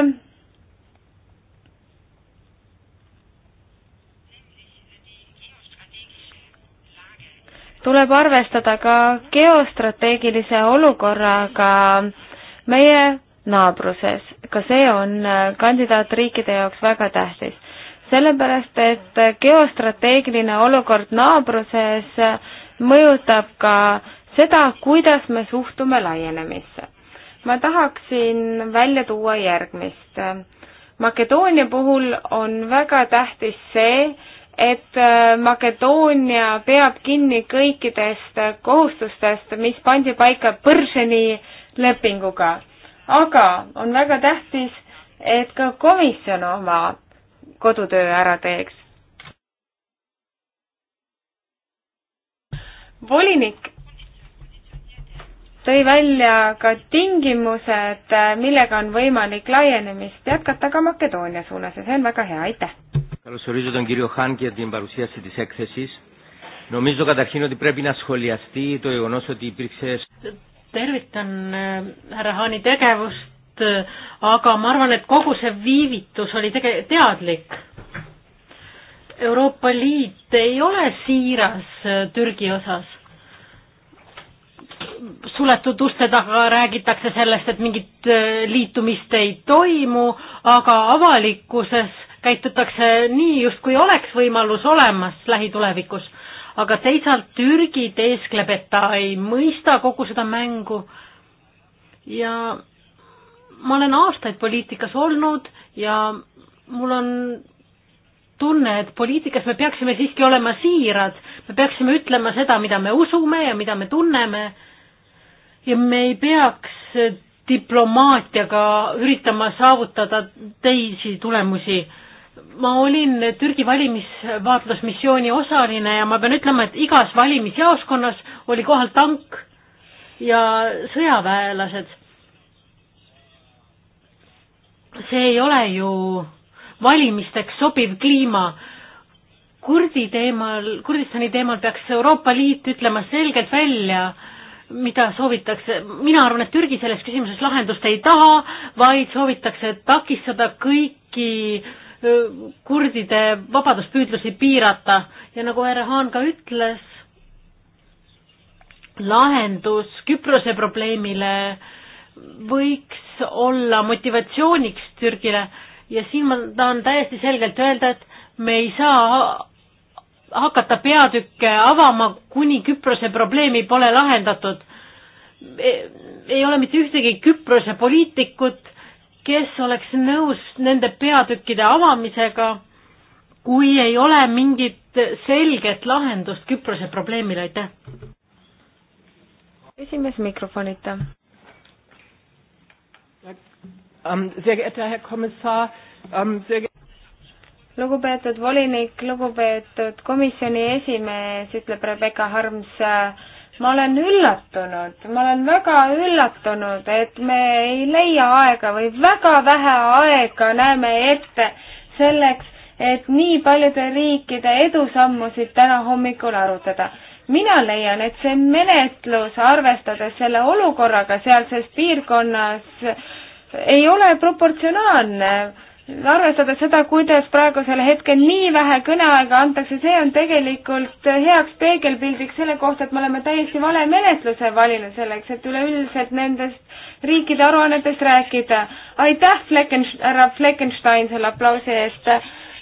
tuleb arvestada ka geostrateegilise olukorraga meie naabruses ka see on äh, kandidaatriikide jaoks väga tähtis. sellepärast, et äh, geostrateegiline olukord naabruses äh, mõjutab ka seda, kuidas me suhtume laienemisse. ma tahaksin välja tuua järgmist. Makedoonia puhul on väga tähtis see, et Makedoonia peab kinni kõikidest kohustustest, mis pandi paika Põrseni lepinguga aga on väga tähtis, et ka komisjon oma kodutöö ära teeks. volinik tõi välja ka tingimused, millega on võimalik laienemist jätkata ka Makedoonia suunas ja see on väga hea, aitäh! Καλωσορίζω τον κύριο Χάν για την παρουσίαση της έκθεσης. Νομίζω καταρχήν ότι πρέπει να σχολιαστεί το γεγονό ότι υπήρξε tervitan äh, härra Haani tegevust, äh, aga ma arvan, et kogu see viivitus oli tege-, teadlik. Euroopa Liit ei ole siiras äh, Türgi osas. suletud uste taga räägitakse sellest, et mingit liitumist ei toimu, aga avalikkuses käitutakse nii, justkui oleks võimalus olemas lähitulevikus aga teisalt Türgi teeskleb, et ta ei mõista kogu seda mängu ja ma olen aastaid poliitikas olnud ja mul on tunne, et poliitikas me peaksime siiski olema siirad, me peaksime ütlema seda, mida me usume ja mida me tunneme ja me ei peaks diplomaatiaga üritama saavutada teisi tulemusi ma olin Türgi valimisvaatlusmissiooni osaline ja ma pean ütlema, et igas valimisjaoskonnas oli kohal tank ja sõjaväelased. see ei ole ju valimisteks sobiv kliima. kurdi teemal, Kurdistani teemal peaks Euroopa Liit ütlema selgelt välja, mida soovitakse, mina arvan, et Türgi selles küsimuses lahendust ei taha, vaid soovitakse takistada kõiki äh, kurdide vabaduspüüdlusi piirata ja nagu härra Haan ka ütles, lahendus Küprose probleemile võiks olla motivatsiooniks Türgile ja siin ma tahan täiesti selgelt öelda, et me ei saa hakata peatükke avama, kuni Küprose probleemi pole lahendatud. E-, ei ole mitte ühtegi Küprose poliitikut, kes oleks nõus nende peatükkide avamisega, kui ei ole mingit selget lahendust Küprose probleemile, aitäh! esimees mikrofonita. Ähm, ähm, lugupeetud volinik, lugupeetud komisjoni esimees, ütleb Rebecca Harms äh, ma olen üllatunud, ma olen väga üllatunud, et me ei leia aega või väga vähe aega näeme ette selleks, et nii paljude riikide edusammusid täna hommikul arutada. mina leian, et see menetlus, arvestades selle olukorraga sealses piirkonnas, ei ole proportsionaalne arvestades seda, kuidas praegusel hetkel nii vähe kõneaega antakse, see on tegelikult heaks peegelpildiks selle kohta, et me oleme täiesti vale menetluse valinud selleks, et üleüldiselt nendest riikide aruannetest rääkida. aitäh, Flecken-, härra Fleckenstein selle aplausi eest.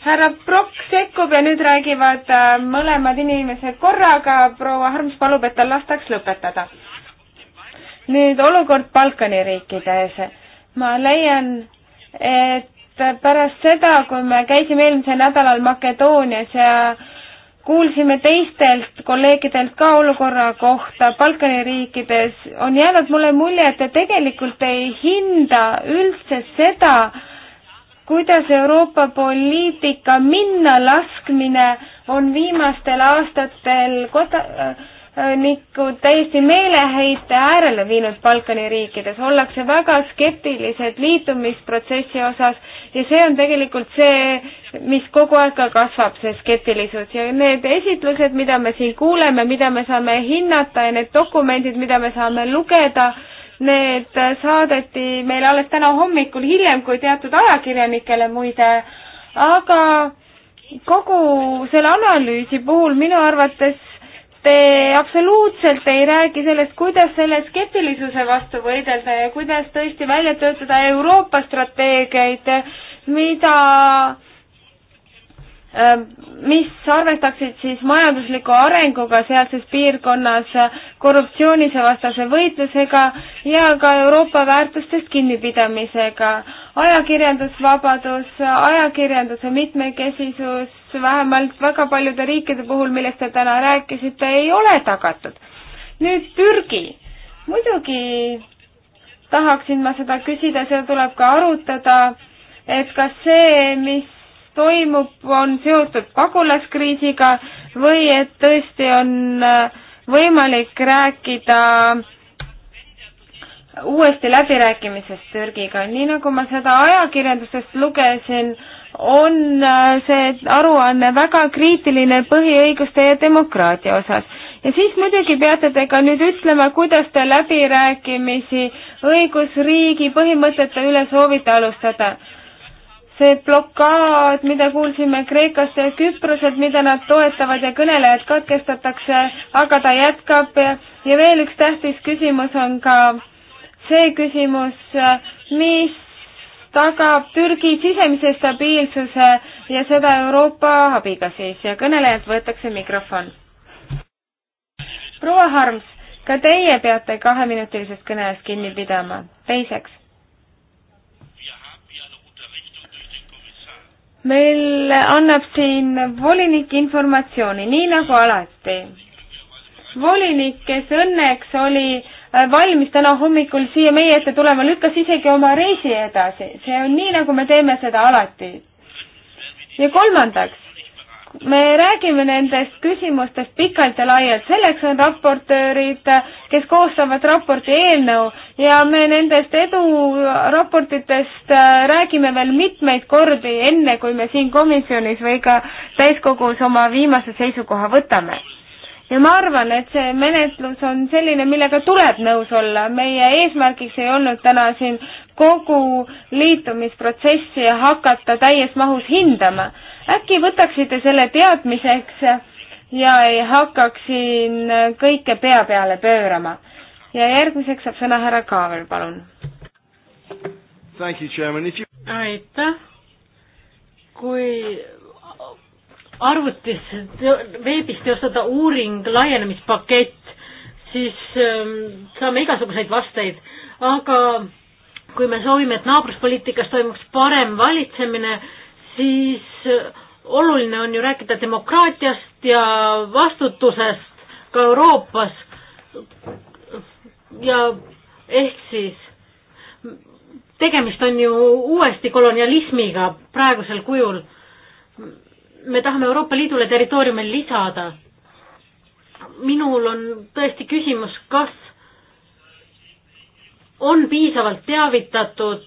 härra Brock sekkub ja nüüd räägivad äh, mõlemad inimesed korraga, proua Harms palub, et tal lastaks lõpetada. nüüd olukord Balkani riikides. ma leian, et pärast seda, kui me käisime eelmisel nädalal Makedoonias ja kuulsime teistelt kolleegidelt ka olukorra kohta Balkani riikides, on jäänud mulle mulje, et te tegelikult ei hinda üldse seda, kuidas Euroopa poliitika minna laskmine on viimastel aastatel koda-, nikud äh, täiesti meeleheite äärele viinud Balkani riikides, ollakse väga skeptilised liitumisprotsessi osas ja see on tegelikult see, mis kogu aeg ka kasvab, see skeptilisus ja need esitlused, mida me siin kuuleme, mida me saame hinnata ja need dokumendid, mida me saame lugeda, need äh, saadeti meile alles täna hommikul hiljem kui teatud ajakirjanikele muide, aga kogu selle analüüsi puhul minu arvates Te absoluutselt ei räägi sellest, kuidas selle skeptilisuse vastu võidelda ja kuidas tõesti välja töötada Euroopa strateegiaid, mida Ähm, mis arvestaksid siis majandusliku arenguga sealses piirkonnas, korruptsioonivastase võitlusega ja ka Euroopa väärtustest kinnipidamisega. ajakirjandusvabadus, ajakirjanduse mitmekesisus, vähemalt väga paljude riikide puhul, millest te täna rääkisite, ei ole tagatud. nüüd Türgi. muidugi tahaksin ma seda küsida, seda tuleb ka arutada, et kas see, mis toimub, on seotud pagulaskriisiga või et tõesti on äh, võimalik rääkida uuesti läbirääkimisest Türgiga, nii nagu ma seda ajakirjandusest lugesin, on äh, see aruanne väga kriitiline põhiõiguste ja demokraatia osas. ja siis muidugi peate te ka nüüd ütlema, kuidas te läbirääkimisi õigusriigi põhimõtete üle soovite alustada see blokaad, mida kuulsime Kreekast ja Küproselt, mida nad toetavad ja kõnelejad katkestatakse, aga ta jätkab ja, ja veel üks tähtis küsimus on ka see küsimus, mis tagab Türgi sisemise stabiilsuse ja seda Euroopa abiga siis ja kõnelejalt võetakse mikrofon. proua Harms, ka teie peate kaheminutilisest kõnest kinni pidama. teiseks meil annab siin volinik informatsiooni, nii nagu alati. volinik, kes õnneks oli äh, valmis täna hommikul siia meie ette tulema, lükkas isegi oma reisi edasi. see on nii, nagu me teeme seda alati. ja kolmandaks, me räägime nendest küsimustest pikalt ja laialt, selleks on raportöörid, kes koostavad raporti eelnõu ja me nendest eduraportitest äh, räägime veel mitmeid kordi, enne kui me siin komisjonis või ka täiskogus oma viimase seisukoha võtame. ja ma arvan, et see menetlus on selline, millega tuleb nõus olla, meie eesmärgiks ei olnud täna siin kogu liitumisprotsessi hakata täies mahus hindama äkki võtaksite selle teadmiseks ja ei hakkaksin kõike pea peale pöörama. ja järgmiseks saab sõna härra Kaavel, palun. You... aitäh. kui arvutis, veebis teostada uuring laienemispakett, siis ähm, saame igasuguseid vasteid, aga kui me soovime, et naabruspoliitikas toimuks parem valitsemine, siis äh, oluline on ju rääkida demokraatiast ja vastutusest ka Euroopas. ja ehk siis tegemist on ju uuesti kolonialismiga praegusel kujul. me tahame Euroopa Liidule territooriume lisada. minul on tõesti küsimus, kas on piisavalt teavitatud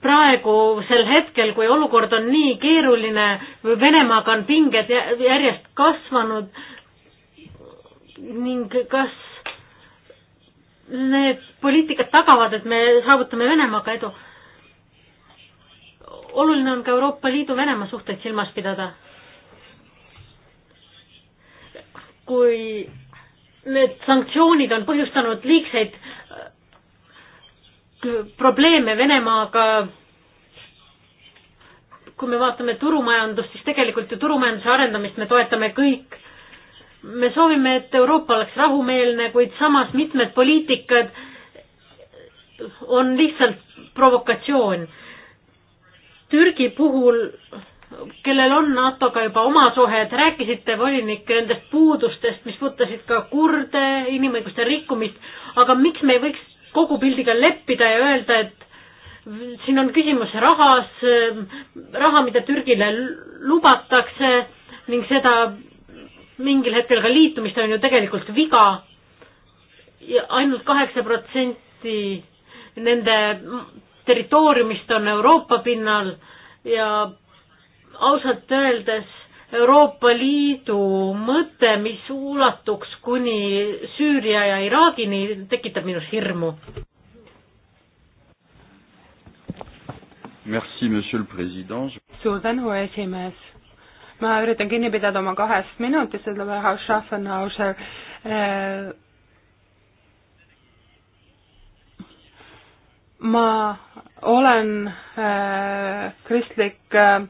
praegusel hetkel, kui olukord on nii keeruline, Venemaaga on pinged järjest kasvanud ning kas need poliitikad tagavad, et me saavutame Venemaaga edu? oluline on ka Euroopa Liidu Venemaa suhteid silmas pidada. kui need sanktsioonid on põhjustanud liigseid probleeme Venemaaga, kui me vaatame turumajandust, siis tegelikult ju turumajanduse arendamist me toetame kõik. me soovime, et Euroopa oleks rahumeelne, kuid samas mitmed poliitikad on lihtsalt provokatsioon. Türgi puhul kellel on NATO-ga juba oma suhe, et rääkisite volinik nendest puudustest, mis puudutasid ka kurde, inimõiguste rikkumist, aga miks me ei võiks kogu pildiga leppida ja öelda, et siin on küsimus rahas, raha, mida Türgile lubatakse ning seda mingil hetkel ka liitumist on ju tegelikult viga. ja ainult kaheksa protsenti nende territooriumist on Euroopa pinnal ja ausalt öeldes Euroopa Liidu mõte, mis ulatuks kuni Süüria ja Iraagini, tekitab minus hirmu. Merci, monsieur le president. suur tänu, esimees. ma üritan kinni pidada oma kahest minutist, ütleb Herr Schaffenhauser äh, ma olen äh, kristlik äh,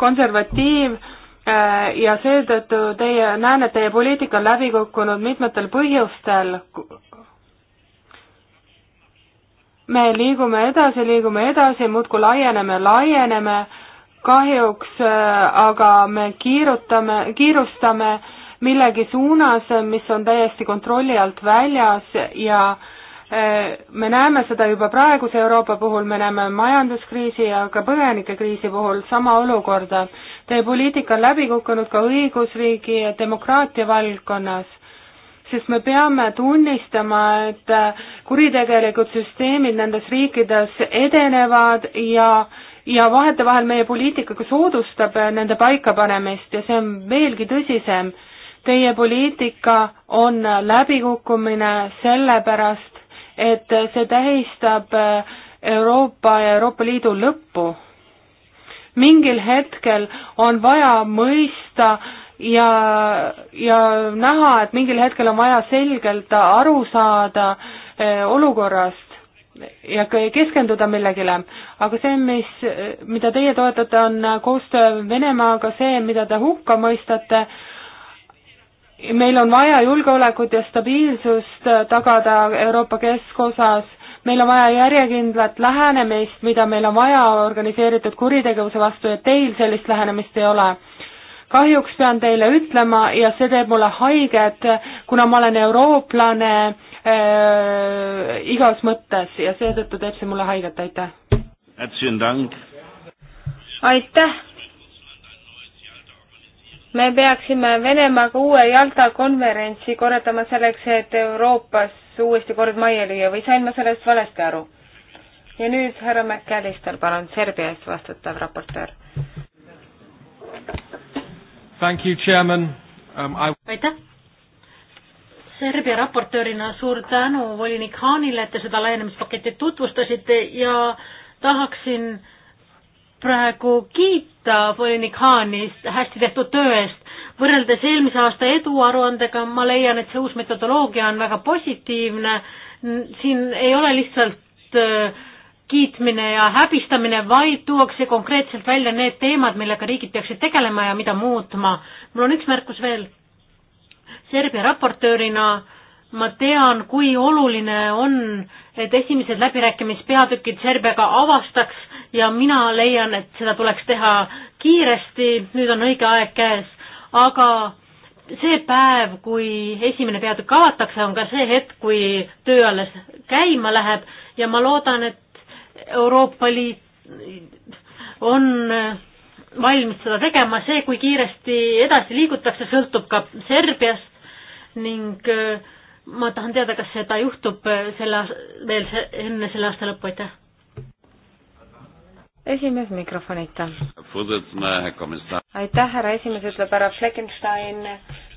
konservatiiv äh, ja seetõttu teie, näen, et teie poliitika on läbi kukkunud mitmetel põhjustel. me liigume edasi, liigume edasi, muudkui laieneme, laieneme, kahjuks äh, aga me kiirutame, kiirustame millegi suunas, mis on täiesti kontrolli alt väljas ja äh, me näeme seda juba praeguse Euroopa puhul, me näeme majanduskriisi ja ka põgenikekriisi puhul sama olukorda. Teie poliitika on läbi kukkunud ka õigusriigi ja demokraatia valdkonnas, sest me peame tunnistama, et kuritegelikud süsteemid nendes riikides edenevad ja ja vahetevahel meie poliitika ka soodustab nende paikapanemist ja see on veelgi tõsisem. Teie poliitika on läbikukkumine sellepärast, et see tähistab äh, Euroopa ja Euroopa Liidu lõppu. mingil hetkel on vaja mõista ja, ja näha, et mingil hetkel on vaja selgelt aru saada äh, olukorrast, ja keskenduda millegile. aga see, mis, mida teie toetate, on koostöö Venemaaga, see, mida te hukka mõistate, meil on vaja julgeolekut ja stabiilsust tagada Euroopa keskosas, meil on vaja järjekindlat lähenemist, mida meil on vaja organiseeritud kuritegevuse vastu ja teil sellist lähenemist ei ole. kahjuks pean teile ütlema ja see teeb mulle haiget, kuna ma olen eurooplane äh, igas mõttes ja seetõttu teeb see mulle haiget, aitäh! aitäh! me peaksime Venemaaga uue Jalta konverentsi korraldama selleks, et Euroopas uuesti kord majja lüüa või sain ma sellest valesti aru? ja nüüd härra McAllister, palun, Serbia eest vastutav raportöör. Thank you, chairman um,. I... aitäh. Serbia raportöörina suur tänu volinik Haanile, et te seda laienemispaketti tutvustasite ja tahaksin äh, praegu kiita volinik Haanist hästi tehtud töö eest. võrreldes eelmise aasta eduaruandega ma leian, et see uus metodoloogia on väga positiivne. siin ei ole lihtsalt äh, kiitmine ja häbistamine, vaid tuuakse konkreetselt välja need teemad, millega riigid peaksid tegelema ja mida muutma. mul on üks märkus veel. Serbia raportöörina ma tean, kui oluline on, et esimesed läbirääkimispeatükid Serbiaga avastaks ja mina leian, et seda tuleks teha kiiresti, nüüd on õige aeg käes, aga see päev, kui esimene peatükk avatakse, on ka see hetk, kui töö alles käima läheb ja ma loodan, et Euroopa Liit on valmis seda tegema, see, kui kiiresti edasi liigutakse, sõltub ka Serbiast ning äh, ma tahan teada, kas seda juhtub äh, selle, veel enne selle aasta lõppu, aitäh esimees mikrofonita. aitäh, härra esimees, ütleb härra Fleckenstein.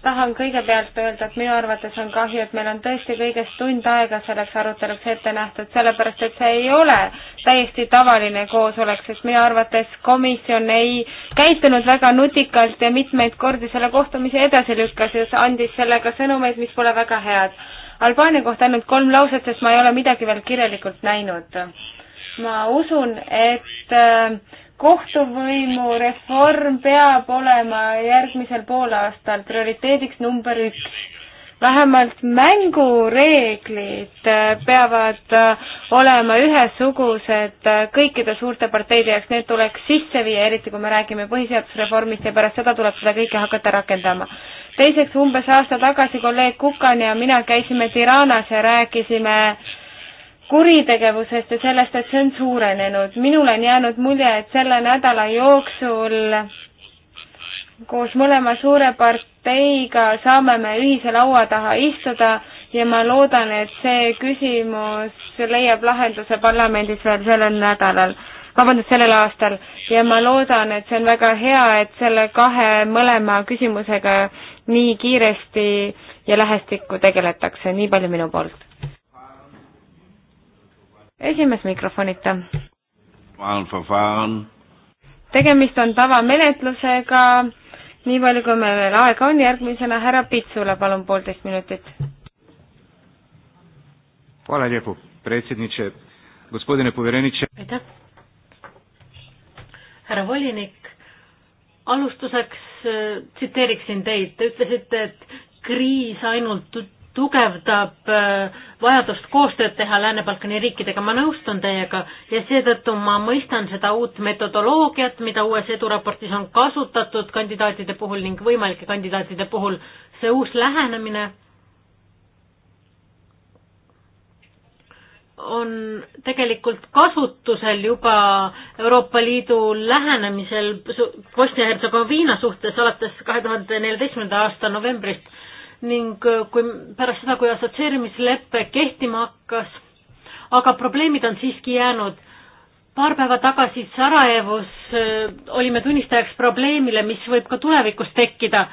tahan kõigepealt öelda, et minu arvates on kahju, et meil on tõesti kõigest tund aega selleks aruteluks ette nähtud, sellepärast et see ei ole täiesti tavaline koosolek, sest minu arvates komisjon ei käitunud väga nutikalt ja mitmeid kordi selle kohtumise edasi lükkas ja andis sellega sõnumeid, mis pole väga head. Albaania kohta ainult kolm lauset, sest ma ei ole midagi veel kirjalikult näinud ma usun, et äh, kohtuvõimu reform peab olema järgmisel poolaastal prioriteediks number üks. vähemalt mängureeglid äh, peavad äh, olema ühesugused kõikide suurte parteide jaoks, need tuleks sisse viia, eriti kui me räägime põhiseadusreformist ja pärast seda tuleb seda kõike hakata rakendama. teiseks, umbes aasta tagasi kolleeg Kukan ja mina käisime Tiranas ja rääkisime äh, kuritegevusest ja sellest, et see on suurenenud. minule on jäänud mulje, et selle nädala jooksul koos mõlema suure parteiga saame me ühise laua taha istuda ja ma loodan, et see küsimus leiab lahenduse parlamendis veel sellel nädalal, vabandust, sellel aastal. ja ma loodan, et see on väga hea, et selle kahe mõlema küsimusega nii kiiresti ja lähestikku tegeletakse, nii palju minu poolt esimees mikrofonita. tegemist on tavamenetlusega, nii palju, kui meil veel aega on, järgmisena härra Pitsula, palun poolteist minutit. aitäh. härra volinik, alustuseks äh, tsiteeriksin teid, te ütlesite, et kriis ainult tugevdab äh, vajadust koostööd teha Lääne-Balkani riikidega, ma nõustun teiega ja seetõttu ma mõistan seda uut metodoloogiat, mida uues eduraportis on kasutatud kandidaatide puhul ning võimalike kandidaatide puhul, see uus lähenemine on tegelikult kasutusel juba Euroopa Liidu lähenemisel Bosnia-Hertsegoviina suhtes alates kahe tuhande neljateistkümnenda aasta novembrist ning äh, kui pärast seda, kui assotsieerimislepe kehtima hakkas, aga probleemid on siiski jäänud. paar päeva tagasi Sarajevos äh, olime tunnistajaks probleemile, mis võib ka tulevikus tekkida,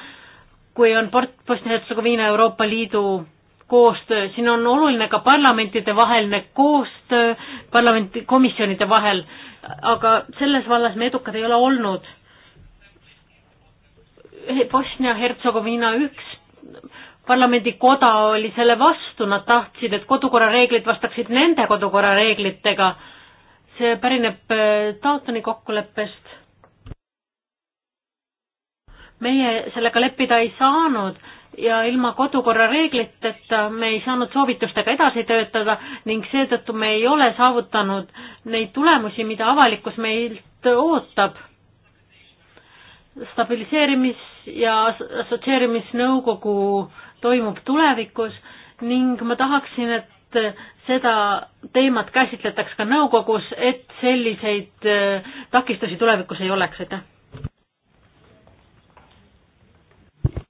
kui on Bosnia-Hertsegoviina Euroopa Liidu koostöö, siin on oluline ka parlamentide vaheline koostöö, parlamenti, komisjonide vahel, aga selles vallas me edukad ei ole olnud Bosnia-Hertsegoviina üks parlamendikoda oli selle vastu, nad tahtsid, et kodukorrareeglid vastaksid nende kodukorrareeglitega. see pärineb äh, Daltoni kokkuleppest. meie sellega leppida ei saanud ja ilma kodukorrareegliteta me ei saanud soovitustega edasi töötada ning seetõttu me ei ole saavutanud neid tulemusi, mida avalikkus meilt ootab stabiliseerimis ja assotsieerimisnõukogu toimub tulevikus ning ma tahaksin, et seda teemat käsitletaks ka nõukogus, et selliseid äh, takistusi tulevikus ei oleks, aitäh.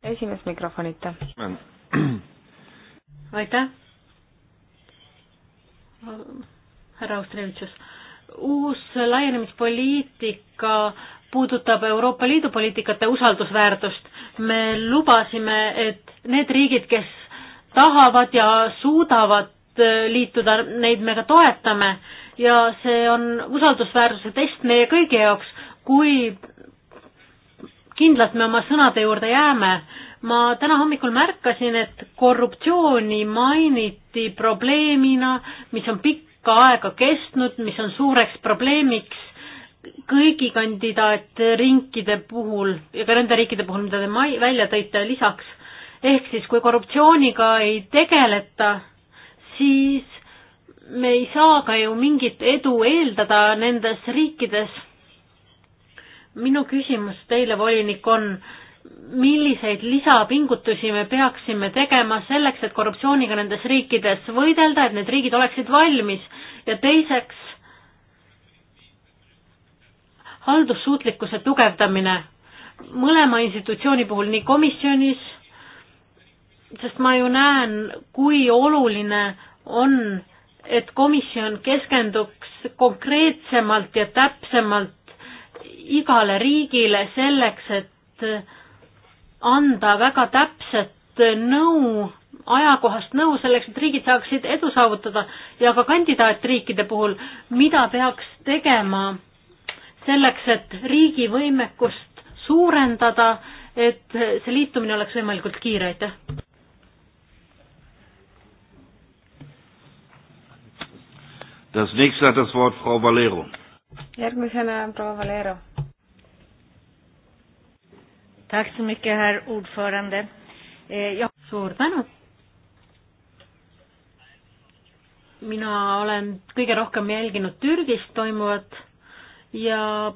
esimees mikrofonita. aitäh. härra Austrevitšus, uus laienemispoliitika puudutab Euroopa Liidu poliitikate usaldusväärtust. me lubasime, et need riigid, kes tahavad ja suudavad äh, liituda, neid me ka toetame ja see on usaldusväärsuse test meie kõigi jaoks, kui kindlalt me oma sõnade juurde jääme. ma täna hommikul märkasin, et korruptsiooni mainiti probleemina, mis on pikka aega kestnud, mis on suureks probleemiks kõigi kandidaatriikide puhul ja ka nende riikide puhul, mida te mai-, välja tõite lisaks, ehk siis kui korruptsiooniga ei tegeleta, siis me ei saa ka ju mingit edu eeldada nendes riikides. minu küsimus teile, volinik, on, milliseid lisapingutusi me peaksime tegema selleks, et korruptsiooniga nendes riikides võidelda, et need riigid oleksid valmis ja teiseks, haldussuutlikkuse tugevdamine mõlema institutsiooni puhul, nii komisjonis, sest ma ju näen, kui oluline on, et komisjon keskenduks konkreetsemalt ja täpsemalt igale riigile selleks, et anda väga täpset nõu, ajakohast nõu selleks, et riigid saaksid edu saavutada ja ka kandidaatriikide puhul, mida peaks tegema selleks, et riigi võimekust suurendada, et see liitumine oleks võimalikult kiire, aitäh. Das nächste hat das Wort Frau Valero. Järgmisena proua Valero. Tack så mycket, herr ordförande. Eh, ja, suur tänu. mina olen kõige rohkem jälginud Türgis toimuvat ja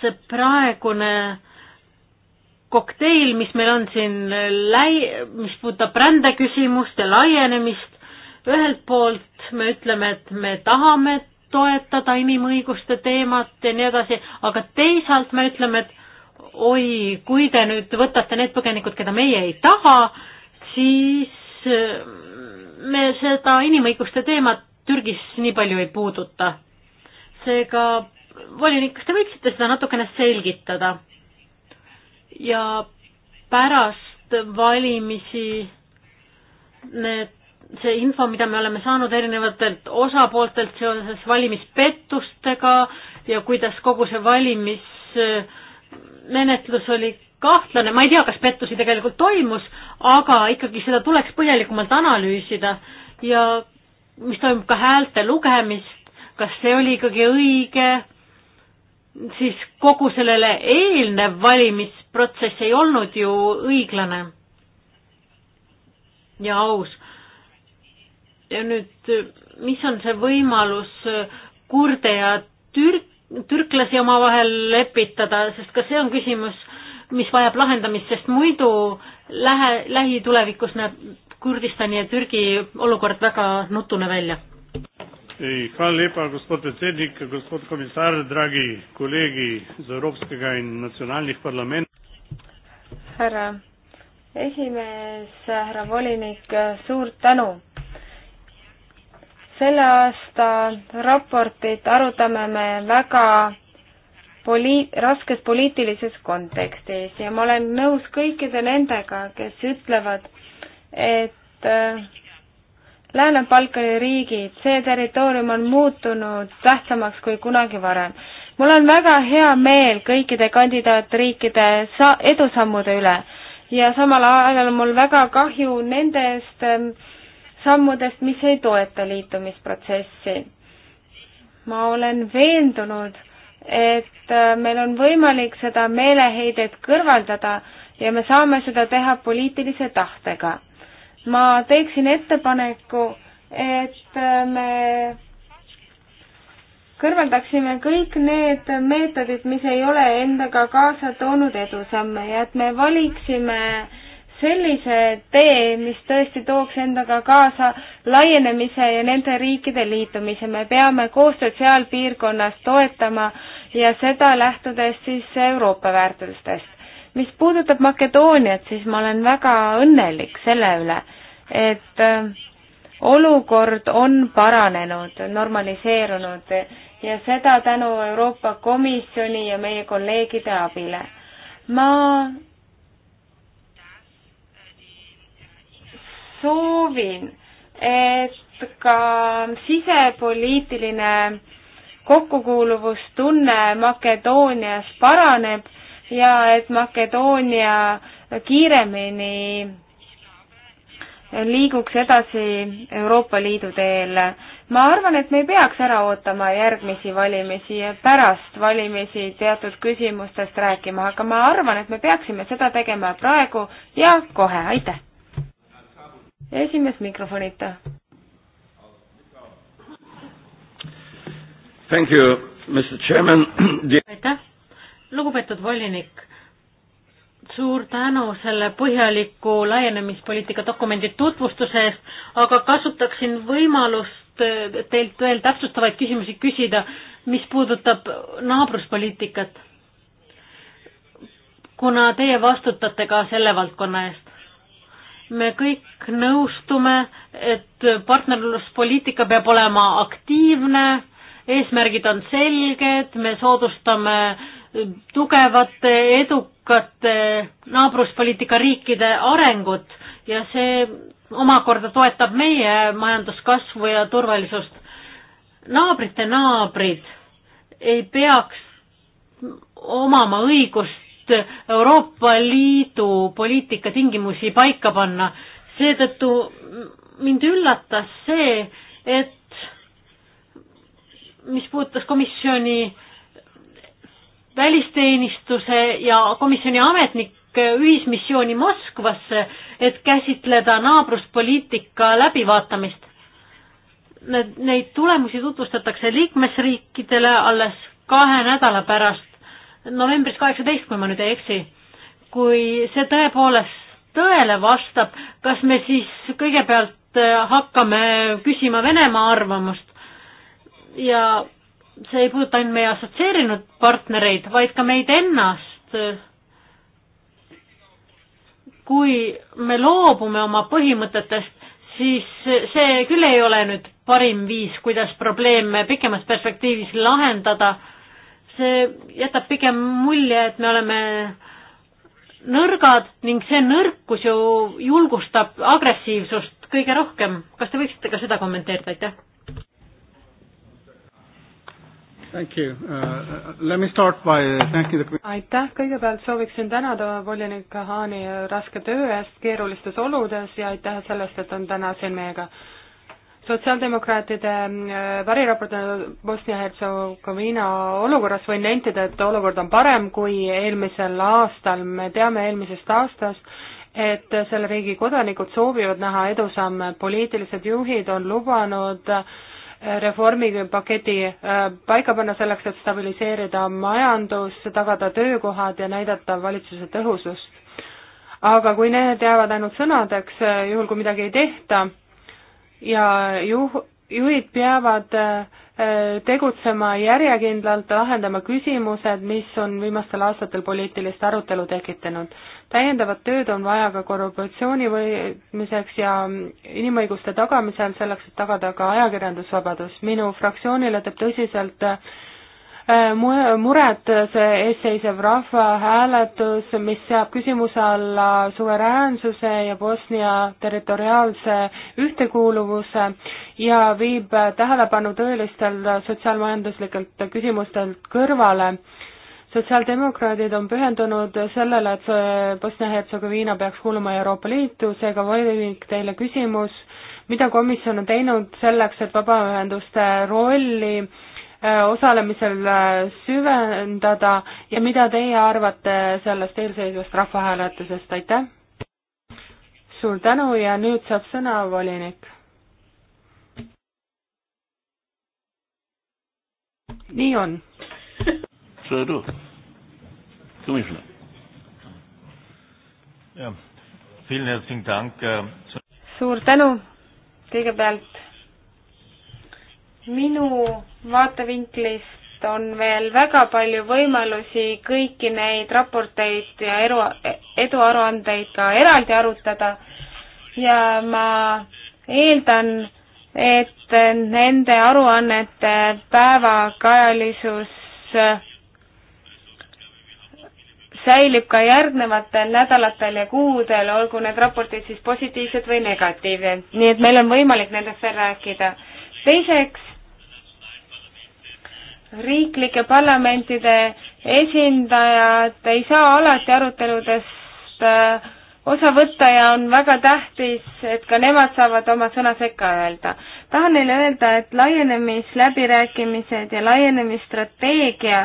see praegune kokteil, mis meil on siin läi-, mis puudutab rändeküsimust ja laienemist, ühelt poolt me ütleme, et me tahame toetada inimõiguste teemat ja nii edasi, aga teisalt me ütleme, et oi, kui te nüüd võtate need põgenikud, keda meie ei taha, siis äh, me seda inimõiguste teemat Türgis nii palju ei puuduta. seega volinik, kas te võiksite seda natukene selgitada? ja pärast valimisi need, see info, mida me oleme saanud erinevatelt osapooltelt seoses valimispettustega ja kuidas kogu see valimismenetlus äh, oli kahtlane, ma ei tea, kas pettusi tegelikult toimus, aga ikkagi seda tuleks põhjalikumalt analüüsida ja mis toimub ka häälte lugemist, kas see oli ikkagi õige, siis kogu sellele eelnev valimisprotsess ei olnud ju õiglane ja aus. ja nüüd, mis on see võimalus kurde ja türk-, türklasi omavahel lepitada, sest ka see on küsimus, mis vajab lahendamist, sest muidu lähe, lähitulevikus näeb Kurdistani ja Türgi olukord väga nutune välja. Hvala lepa, gospod predsednik, gospod komisar, dragi kolegi iz Evropskega in nacionalnih parlamentov. härra esimees, härra volinik, suur tänu. selle aasta raportit arutame me väga poli-, raskes poliitilises kontekstis ja ma olen nõus kõikide nendega, kes ütlevad, et äh, Lääne-Balkani riigid, see territoorium on muutunud tähtsamaks kui kunagi varem. mul on väga hea meel kõikide kandidaatriikide sa-, edusammude üle ja samal ajal on mul väga kahju nendest ähm, sammudest, mis ei toeta liitumisprotsessi. ma olen veendunud, et äh, meil on võimalik seda meeleheidet kõrvaldada ja me saame seda teha poliitilise tahtega ma teeksin ettepaneku, et me kõrvaldaksime kõik need meetodid, mis ei ole endaga kaasa toonud edusamme ja et me valiksime sellise tee, mis tõesti tooks endaga kaasa laienemise ja nende riikide liitumise. me peame koostööd seal piirkonnas toetama ja seda lähtudes siis Euroopa väärtustest. mis puudutab Makedooniat, siis ma olen väga õnnelik selle üle et äh, olukord on paranenud, normaliseerunud ja seda tänu Euroopa Komisjoni ja meie kolleegide abile. ma soovin, et ka sisepoliitiline kokkukuuluvustunne Makedoonias paraneb ja et Makedoonia kiiremini liiguks edasi Euroopa Liidu teel. ma arvan, et me ei peaks ära ootama järgmisi valimisi ja pärast valimisi teatud küsimustest rääkima, aga ma arvan, et me peaksime seda tegema praegu ja kohe, aitäh! esimees mikrofonita. aitäh, lugupeetud volinik suur tänu selle põhjaliku laienemispoliitika dokumendi tutvustuse eest, aga kasutaksin võimalust eh, teilt veel täpsustavaid küsimusi küsida, mis puudutab naabruspoliitikat. kuna teie vastutate ka selle valdkonna eest. me kõik nõustume, et partnerluspoliitika peab olema aktiivne, eesmärgid on selged, me soodustame äh, tugevate, edukate naabruspoliitika riikide arengut ja see omakorda toetab meie majanduskasvu ja turvalisust. naabrite naabrid ei peaks omama õigust Euroopa Liidu poliitika tingimusi paika panna. seetõttu mind üllatas see, et mis puudutas komisjoni välisteenistuse ja komisjoni ametnike ühismissiooni Moskvasse, et käsitleda naabruspoliitika läbivaatamist. Need, neid tulemusi tutvustatakse liikmesriikidele alles kahe nädala pärast, novembris kaheksateist, kui ma nüüd ei eksi. kui see tõepoolest tõele vastab, kas me siis kõigepealt äh, hakkame küsima Venemaa arvamust ja see ei puuduta ainult meie assotsieerinud partnereid, vaid ka meid ennast. kui me loobume oma põhimõtetest, siis see küll ei ole nüüd parim viis, kuidas probleeme pikemas perspektiivis lahendada. see jätab pigem mulje, et me oleme nõrgad ning see nõrkus ju julgustab agressiivsust kõige rohkem. kas te võiksite ka seda kommenteerida, aitäh? Thank you uh, uh,. Let me start by uh, thanking the aitäh, kõigepealt sooviksin tänada volinik Haani raske töö eest keerulistes oludes ja aitäh sellest, et on täna siin meiega. sotsiaaldemokraatide äh, variraportöö Bosnia-Hertsegoviina olukorras võin nentida, et olukord on parem kui eelmisel aastal, me teame eelmisest aastast, et selle riigi kodanikud soovivad näha edusamme, poliitilised juhid on lubanud äh, reformipaketi äh, paika panna selleks, et stabiliseerida majandus, tagada töökohad ja näidata valitsuse tõhusust. aga kui need jäävad ainult sõnadeks, äh, juhul kui midagi ei tehta ja juh-, juhid peavad äh, tegutsema järjekindlalt, lahendama küsimused, mis on viimastel aastatel poliitilist arutelu tekitanud täiendavat tööd on vaja ka korruptsiooni võitmiseks ja inimõiguste tagamisel, selleks et tagada ka ajakirjandusvabadus. minu fraktsioonile teeb tõsiselt äh, muret see eesseisev rahvahääletus, mis seab küsimuse alla suveräänsuse ja Bosnia territoriaalse ühtekuuluvuse ja viib tähelepanu tõelistel sotsiaalmajanduslikelt küsimustelt kõrvale sotsiaaldemokraadid on pühendunud sellele, et Bosnia-Hertsegoviina peaks kuuluma Euroopa Liitu, seega volinik teile küsimus, mida komisjon on teinud selleks, et vabaühenduste rolli äh, osalemisel äh, süvendada ja mida teie arvate sellest eelseisvast rahvahääletusest, aitäh! suur tänu ja nüüd saab sõna volinik. nii on Should I do? Commissioner. Yeah. Vielen herzlichen Dank. Äh, suur tänu kõigepealt. minu vaatevinklist on veel väga palju võimalusi kõiki neid raporteid ja eru, eduaruandeid ka eraldi arutada ja ma eeldan, et nende aruannete päevakajalisus säilib ka järgnevatel nädalatel ja kuudel, olgu need raportid siis positiivsed või negatiivsed, nii et meil on võimalik nendest veel rääkida. teiseks, riiklike parlamentide esindajad ei saa alati aruteludest äh, osa võtta ja on väga tähtis, et ka nemad saavad oma sõna sekka öelda. tahan neile öelda, et laienemisläbirääkimised ja laienemisstrateegia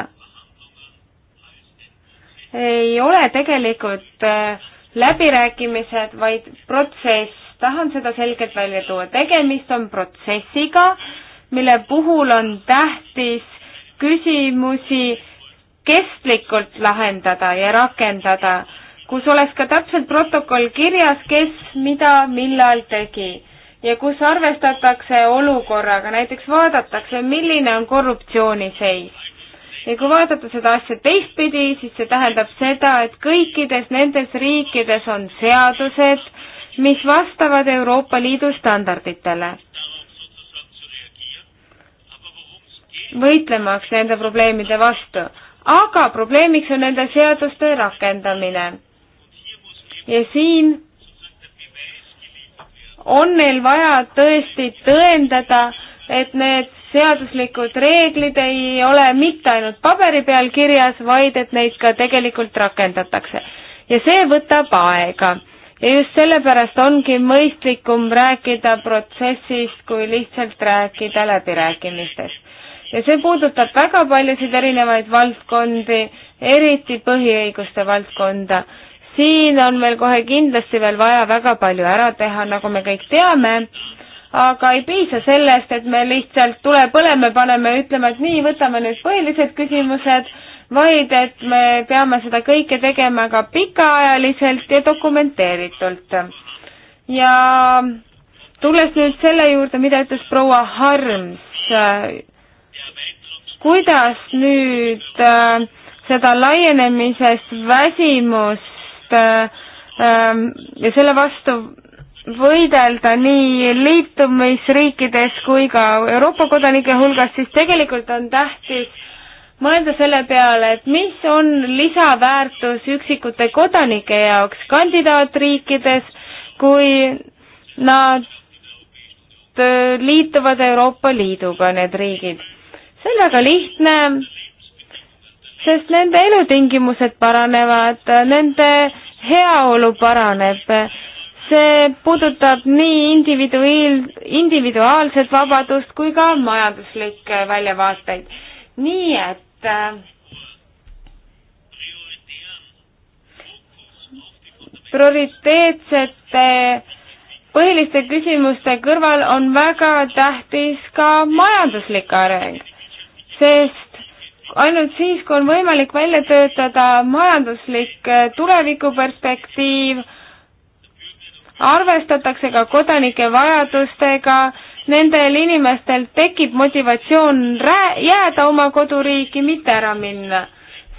ei ole tegelikult äh, läbirääkimised, vaid protsess. tahan seda selgelt välja tuua. tegemist on protsessiga, mille puhul on tähtis küsimusi kestlikult lahendada ja rakendada, kus oleks ka täpselt protokoll kirjas, kes mida millal tegi ja kus arvestatakse olukorraga, näiteks vaadatakse, milline on korruptsiooni seis ja kui vaadata seda asja teistpidi, siis see tähendab seda, et kõikides nendes riikides on seadused, mis vastavad Euroopa Liidu standarditele. võitlemaks nende probleemide vastu, aga probleemiks on nende seaduste rakendamine. ja siin on neil vaja tõesti tõendada, et need seaduslikud reeglid ei ole mitte ainult paberi peal kirjas, vaid et neid ka tegelikult rakendatakse. ja see võtab aega. ja just sellepärast ongi mõistlikum rääkida protsessist, kui lihtsalt rääkida läbirääkimistest. ja see puudutab väga paljusid erinevaid valdkondi, eriti põhiõiguste valdkonda. siin on meil kohe kindlasti veel vaja väga palju ära teha, nagu me kõik teame aga ei piisa sellest, et me lihtsalt tule põlema paneme ja ütleme, et nii, võtame nüüd põhilised küsimused, vaid et me peame seda kõike tegema ka pikaajaliselt ja dokumenteeritult. ja tulles nüüd selle juurde, mida ütles proua Harms, kuidas nüüd äh, seda laienemisest väsimust äh, äh ja selle vastu võidelda nii liitumisriikides kui ka Euroopa kodanike hulgas, siis tegelikult on tähtis mõelda selle peale, et mis on lisaväärtus üksikute kodanike jaoks kandidaatriikides, kui nad äh, liituvad Euroopa Liiduga, need riigid. see on väga lihtne, sest nende elutingimused paranevad, nende heaolu paraneb see puudutab nii individuiil-, individuaalset vabadust kui ka majanduslikke väljavaateid. nii et äh, prioriteetsete põhiliste küsimuste kõrval on väga tähtis ka majanduslik areng, sest ainult siis, kui on võimalik välja töötada majanduslik äh, tulevikuperspektiiv, arvestatakse ka kodanike vajadustega, nendel inimestel tekib motivatsioon rää-, jääda oma koduriiki, mitte ära minna.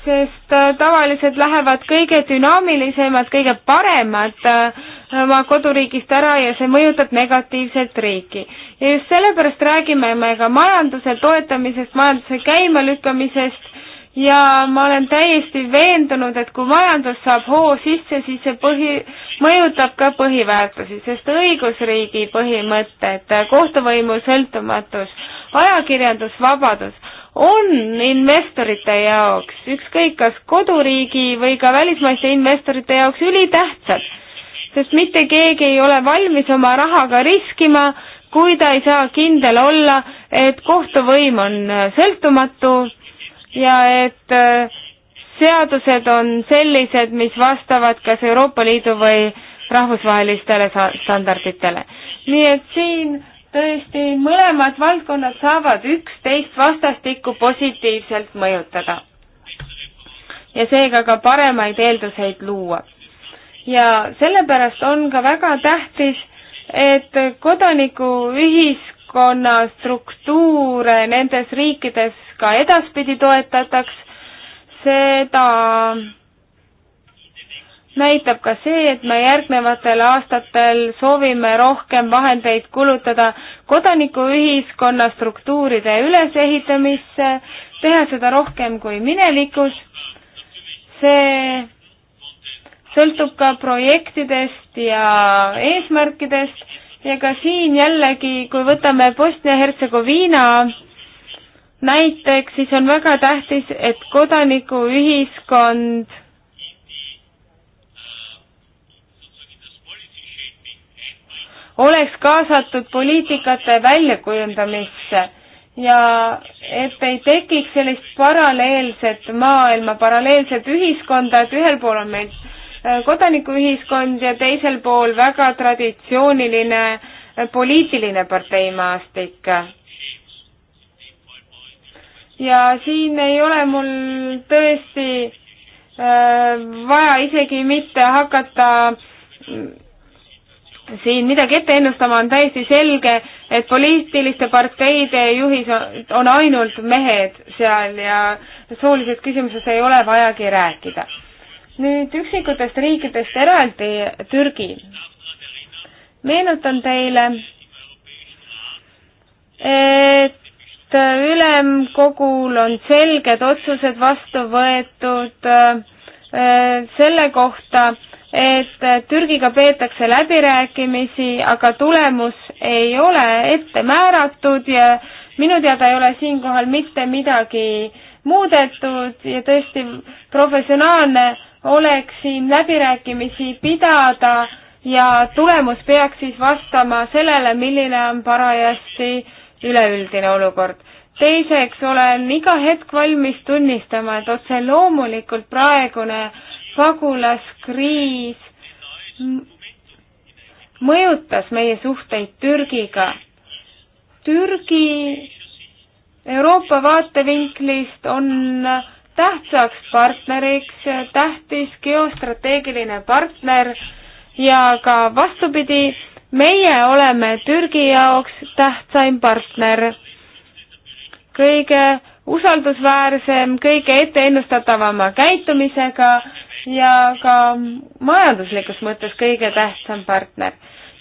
sest äh, tavaliselt lähevad kõige dünaamilisemad, kõige paremad äh, oma koduriigist ära ja see mõjutab negatiivselt riiki. ja just sellepärast räägime me ka majanduse toetamisest, majanduse käimalükkamisest, ja ma olen täiesti veendunud, et kui majandus saab hoo sisse, siis see põhi, mõjutab ka põhiväärtusi, sest õigusriigi põhimõtted, kohtuvõimu sõltumatus, ajakirjandusvabadus on investorite jaoks, ükskõik kas koduriigi või ka välismaiste investorite jaoks ülitähtsad, sest mitte keegi ei ole valmis oma rahaga riskima, kui ta ei saa kindel olla, et kohtuvõim on sõltumatu ja et äh, seadused on sellised, mis vastavad kas Euroopa Liidu või rahvusvahelistele standarditele. nii et siin tõesti mõlemad valdkonnad saavad üksteist vastastikku positiivselt mõjutada. ja seega ka paremaid eelduseid luua. ja sellepärast on ka väga tähtis, et kodanikuühiskonna struktuure nendes riikides, ka edaspidi toetataks. seda näitab ka see, et me järgnevatel aastatel soovime rohkem vahendeid kulutada kodanikuühiskonna struktuuride ülesehitamisse, teha seda rohkem kui minevikus. see sõltub ka projektidest ja eesmärkidest ja ka siin jällegi, kui võtame Bosnia-Hertsegoviina näiteks siis on väga tähtis, et kodanikuühiskond oleks kaasatud poliitikate väljakujundamisse ja et ei tekiks sellist paralleelset maailma, paralleelset ühiskonda, et ühel pool on meil äh, kodanikuühiskond ja teisel pool väga traditsiooniline poliitiline parteimaastik ja siin ei ole mul tõesti äh, vaja isegi mitte hakata mm, siin midagi ette ennustama, on täiesti selge, et poliitiliste parteide juhis on ainult mehed seal ja soolisest küsimusest ei ole vajagi rääkida. nüüd üksikutest riikidest eraldi Türgi. meenutan teile, et Äh, ülemkogul on selged otsused vastu võetud äh, selle kohta, et äh, Türgiga peetakse läbirääkimisi, aga tulemus ei ole ette määratud ja minu teada ei ole siinkohal mitte midagi muudetud ja tõesti professionaalne oleks siin läbirääkimisi pidada ja tulemus peaks siis vastama sellele, milline on parajasti äh, üleüldine olukord. teiseks olen iga hetk valmis tunnistama, et otse loomulikult praegune pagulaskriis mõjutas meie suhteid Türgiga. Türgi Euroopa vaatevinklist on tähtsaks partneriks, tähtis geostrateegiline partner ja ka vastupidi, meie oleme Türgi jaoks tähtsaim partner, kõige usaldusväärsem, kõige etteennustatavama käitumisega ja ka majanduslikus mõttes kõige tähtsam partner.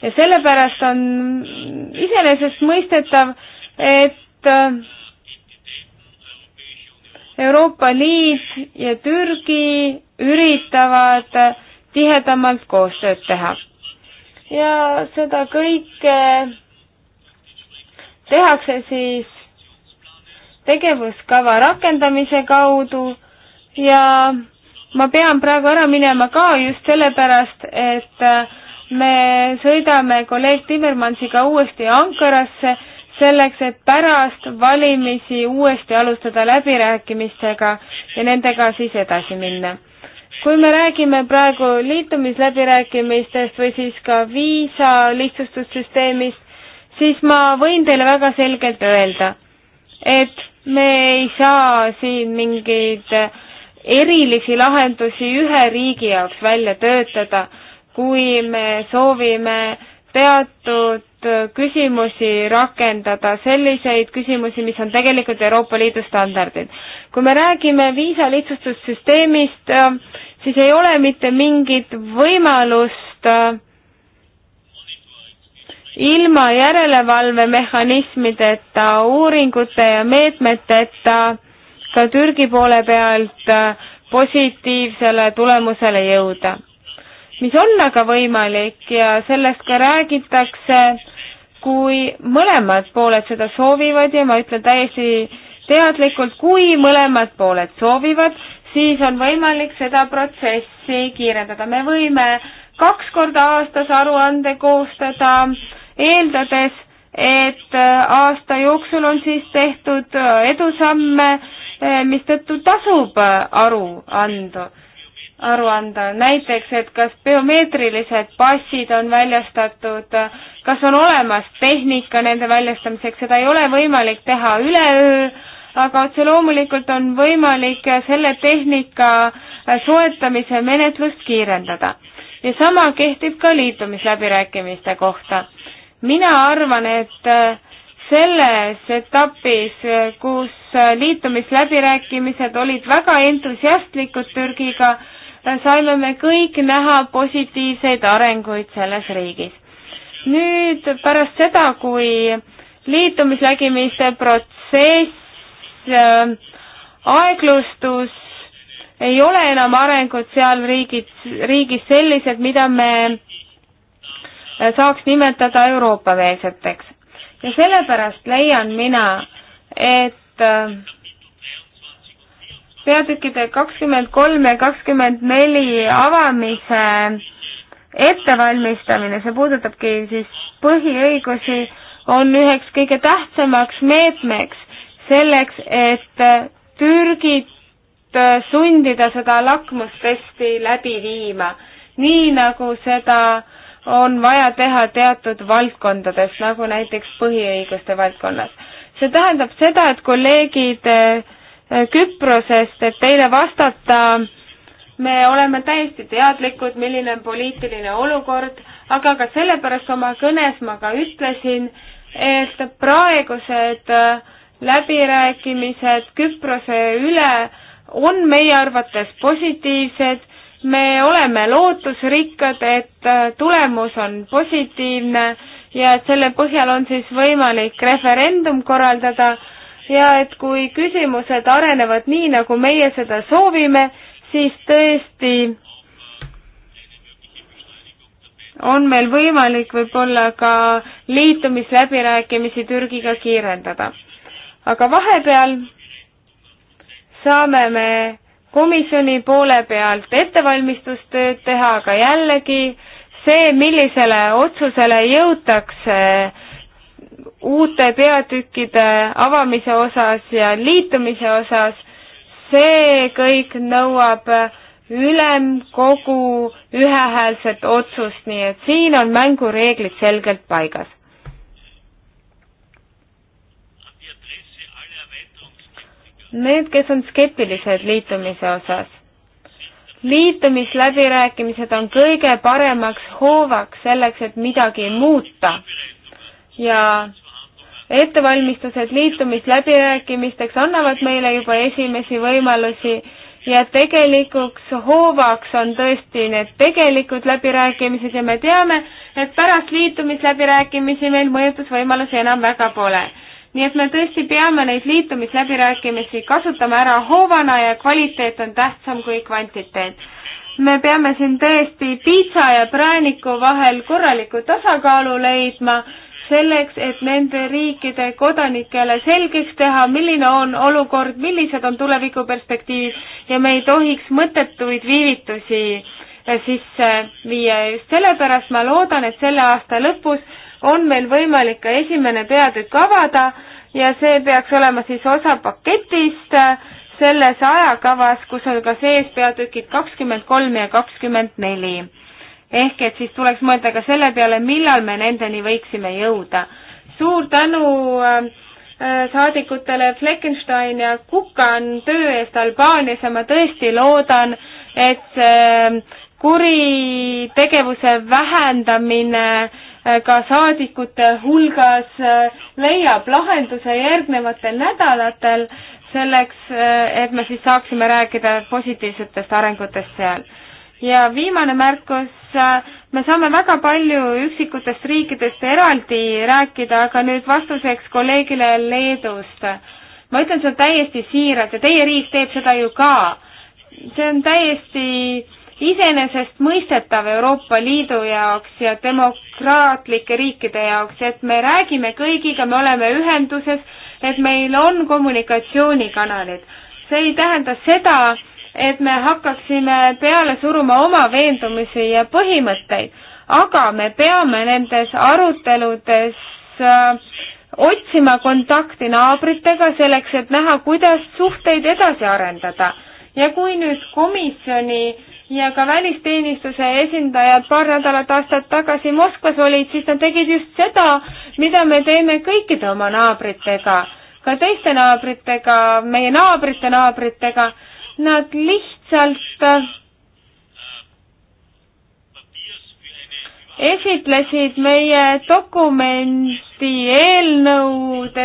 ja sellepärast on iseenesestmõistetav, et äh, Euroopa Liit ja Türgi üritavad tihedamalt koostööd teha ja seda kõike tehakse siis tegevuskava rakendamise kaudu ja ma pean praegu ära minema ka just sellepärast, et me sõidame kolleeg Timmermansiga uuesti Ankarasse selleks, et pärast valimisi uuesti alustada läbirääkimistega ja nendega siis edasi minna kui me räägime praegu liitumisläbirääkimistest või siis ka viisa lihtsustussüsteemist, siis ma võin teile väga selgelt öelda, et me ei saa siin mingeid erilisi lahendusi ühe riigi jaoks välja töötada, kui me soovime äh, teatud küsimusi rakendada, selliseid küsimusi, mis on tegelikult Euroopa Liidu standardid. kui me räägime viisalihtsustussüsteemist, siis ei ole mitte mingit võimalust ilma järelevalvemehhanismideta, uuringute ja meetmeteta ka Türgi poole pealt positiivsele tulemusele jõuda mis on aga võimalik ja sellest ka räägitakse, kui mõlemad pooled seda soovivad ja ma ütlen täiesti teadlikult, kui mõlemad pooled soovivad, siis on võimalik seda protsessi kiirendada. me võime kaks korda aastas aruande koostada, eeldades, et äh, aasta jooksul on siis tehtud äh, edusamme, äh, mistõttu tasub aru anda aru anda, näiteks et kas biomeetrilised passid on väljastatud, kas on olemas tehnika nende väljastamiseks, seda ei ole võimalik teha üleöö, aga otse loomulikult on võimalik selle tehnika soetamise menetlust kiirendada. ja sama kehtib ka liitumisläbirääkimiste kohta. mina arvan, et selles etapis, kus liitumisläbirääkimised olid väga entusiastlikud Türgiga, saime me kõik näha positiivseid arenguid selles riigis. nüüd pärast seda, kui liitumislägimiste protsess äh, aeglustus, ei ole enam arengud seal riigid, riigis sellised, mida me äh, saaks nimetada Euroopa-meelseteks. ja sellepärast leian mina, et äh, peatükkide kakskümmend kolm ja kakskümmend neli avamise ettevalmistamine, see puudutabki siis põhiõigusi, on üheks kõige tähtsamaks meetmeks selleks, et Türgit sundida seda lakmustesti läbi viima, nii nagu seda on vaja teha teatud valdkondades, nagu näiteks põhiõiguste valdkonnas. see tähendab seda, et kolleegid Äh, Küprosest, et teile vastata me oleme täiesti teadlikud, milline on poliitiline olukord, aga ka sellepärast oma kõnes ma ka ütlesin, et praegused äh, läbirääkimised Küprose üle on meie arvates positiivsed, me oleme lootusrikkad, et äh, tulemus on positiivne ja et selle põhjal on siis võimalik referendum korraldada ja et kui küsimused arenevad nii, nagu meie seda soovime, siis tõesti on meil võimalik võib-olla ka liitumisläbirääkimisi Türgiga kiirendada. aga vahepeal saame me komisjoni poole pealt ettevalmistustööd teha, aga jällegi see, millisele otsusele jõutakse äh, uute peatükkide avamise osas ja liitumise osas, see kõik nõuab ülemkogu ühehäälset otsust, nii et siin on mängureeglid selgelt paigas. Need, kes on skeptilised liitumise osas, liitumisläbirääkimised on kõige paremaks hoovaks selleks, et midagi muuta ja ettevalmistused liitumisläbirääkimisteks annavad meile juba esimesi võimalusi ja tegelikuks hoovaks on tõesti need tegelikud läbirääkimised ja me teame, et pärast liitumisläbirääkimisi meil mõjutusvõimalusi enam väga pole nii et me tõesti peame neid liitumisläbirääkimisi kasutama ära hoovana ja kvaliteet on tähtsam kui kvantiteet. me peame siin tõesti piitsa ja prääniku vahel korraliku tasakaalu leidma selleks, et nende riikide kodanikele selgeks teha, milline on olukord, millised on tulevikuperspektiivid ja me ei tohiks mõttetuid viivitusi eh, sisse viia. just sellepärast ma loodan, et selle aasta lõpus on meil võimalik ka esimene peatükk avada ja see peaks olema siis osa paketist eh, selles ajakavas, kus on ka sees peatükid kakskümmend kolm ja kakskümmend neli ehk et siis tuleks mõelda ka selle peale, millal me nendeni võiksime jõuda. suur tänu äh, äh, saadikutele Fleckenstein ja Kukan töö eest Albaanias ja ma tõesti loodan, et see kuritegevuse vähendamine äh, ka saadikute hulgas leiab lahenduse järgnevatel nädalatel selleks, et me siis saaksime rääkida positiivsetest arengutest seal ja viimane märkus, äh, me saame väga palju üksikutest riikidest eraldi rääkida, aga nüüd vastuseks kolleegile Leedust. ma ütlen seda täiesti siiralt ja teie riik teeb seda ju ka. see on täiesti iseenesestmõistetav Euroopa Liidu jaoks ja demokraatlike riikide jaoks, et me räägime kõigiga, me oleme ühenduses, et meil on kommunikatsioonikanalid. see ei tähenda seda, et me hakkaksime peale suruma oma veendumusi ja põhimõtteid, aga me peame nendes aruteludes äh, otsima kontakti naabritega selleks, et näha, kuidas suhteid edasi arendada. ja kui nüüd komisjoni ja ka välisteenistuse esindajad paar nädalat aastat tagasi Moskvas olid, siis nad tegid just seda, mida me teeme kõikide oma naabritega, ka teiste naabritega, meie naabrite naabritega Nad lihtsalt äh, esitlesid meie dokumenti eelnõud,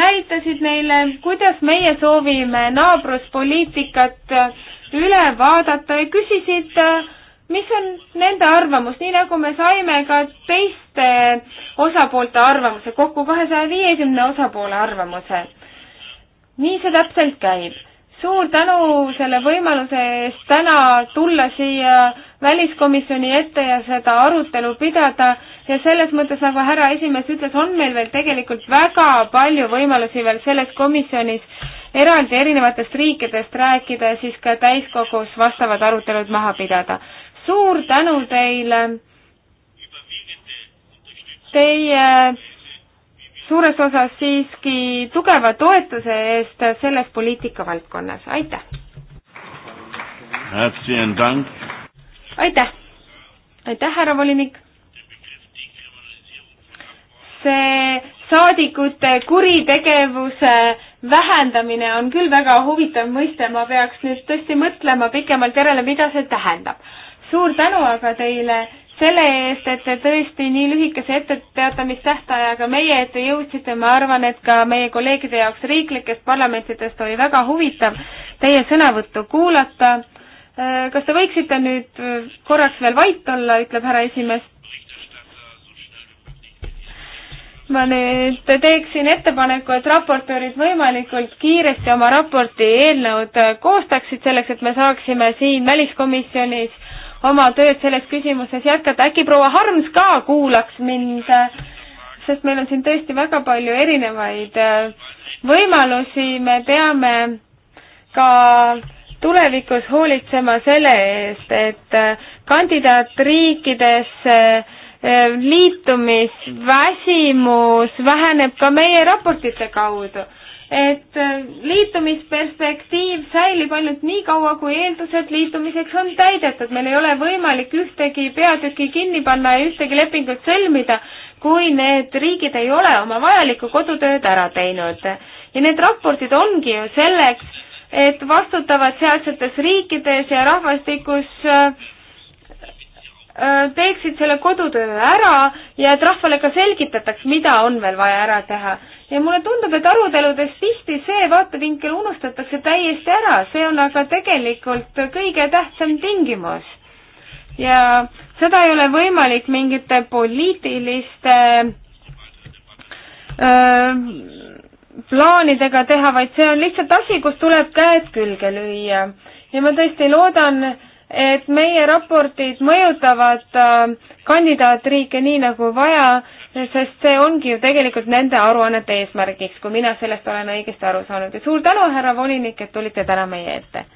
näitasid meile, kuidas meie soovime naabruspoliitikat äh, üle vaadata ja küsisid, äh, mis on nende arvamus, nii nagu me saime ka teiste osapoolte arvamuse, kokku kahesaja viiekümne osapoole arvamuse. nii see täpselt käib suur tänu selle võimaluse eest täna tulla siia väliskomisjoni ette ja seda arutelu pidada ja selles mõttes, nagu härra esimees ütles, on meil veel tegelikult väga palju võimalusi veel selles komisjonis eraldi erinevatest riikidest rääkida ja siis ka täiskogus vastavad arutelud maha pidada. suur tänu teile, teie suures osas siiski tugeva toetuse eest selles poliitikavaldkonnas, aitäh! aitäh! aitäh, härra volinik! see saadikute kuritegevuse vähendamine on küll väga huvitav mõiste, ma peaks nüüd tõesti mõtlema pikemalt järele, mida see tähendab. suur tänu aga teile selle eest, et te tõesti nii lühikese etteteatamistähtajaga meie ette jõudsite, ma arvan, et ka meie kolleegide jaoks riiklikest parlamentidest oli väga huvitav teie sõnavõttu kuulata. Äh, kas te võiksite nüüd korraks veel vait olla, ütleb härra esimees? ma nüüd teeksin ettepaneku, et raportöörid võimalikult kiiresti oma raporti eelnõud koostaksid, selleks et me saaksime siin väliskomisjonis oma tööd selles küsimuses jätkata. äkki proua Harms ka kuulaks mind, sest meil on siin tõesti väga palju erinevaid äh, võimalusi, me peame ka tulevikus hoolitsema selle eest, et äh, kandidaatriikidesse äh, liitumisväsimus väheneb ka meie raportite kaudu et äh, liitumisperspektiiv säilib ainult nii kaua, kui eeldused liitumiseks on täidetud. meil ei ole võimalik ühtegi peatükki kinni panna ja ühtegi lepingut sõlmida, kui need riigid ei ole oma vajalikku kodutööd ära teinud. ja need raportid ongi ju selleks, et vastutavad sealsetes riikides ja rahvastikus äh, Äh, teeksid selle kodutöö ära ja et rahvale ka selgitataks, mida on veel vaja ära teha. ja mulle tundub, et aruteludes tihti see vaatevinkel unustatakse täiesti ära, see on aga tegelikult kõige tähtsam tingimus. ja seda ei ole võimalik mingite poliitiliste öö, äh, plaanidega teha, vaid see on lihtsalt asi, kus tuleb käed külge lüüa. ja ma tõesti loodan, et meie raportid mõjutavad äh, kandidaatriike nii nagu vaja, sest see ongi ju tegelikult nende aruannete eesmärgiks, kui mina sellest olen õigesti aru saanud ja suur tänu, härra volinik, et tulite täna meie ette.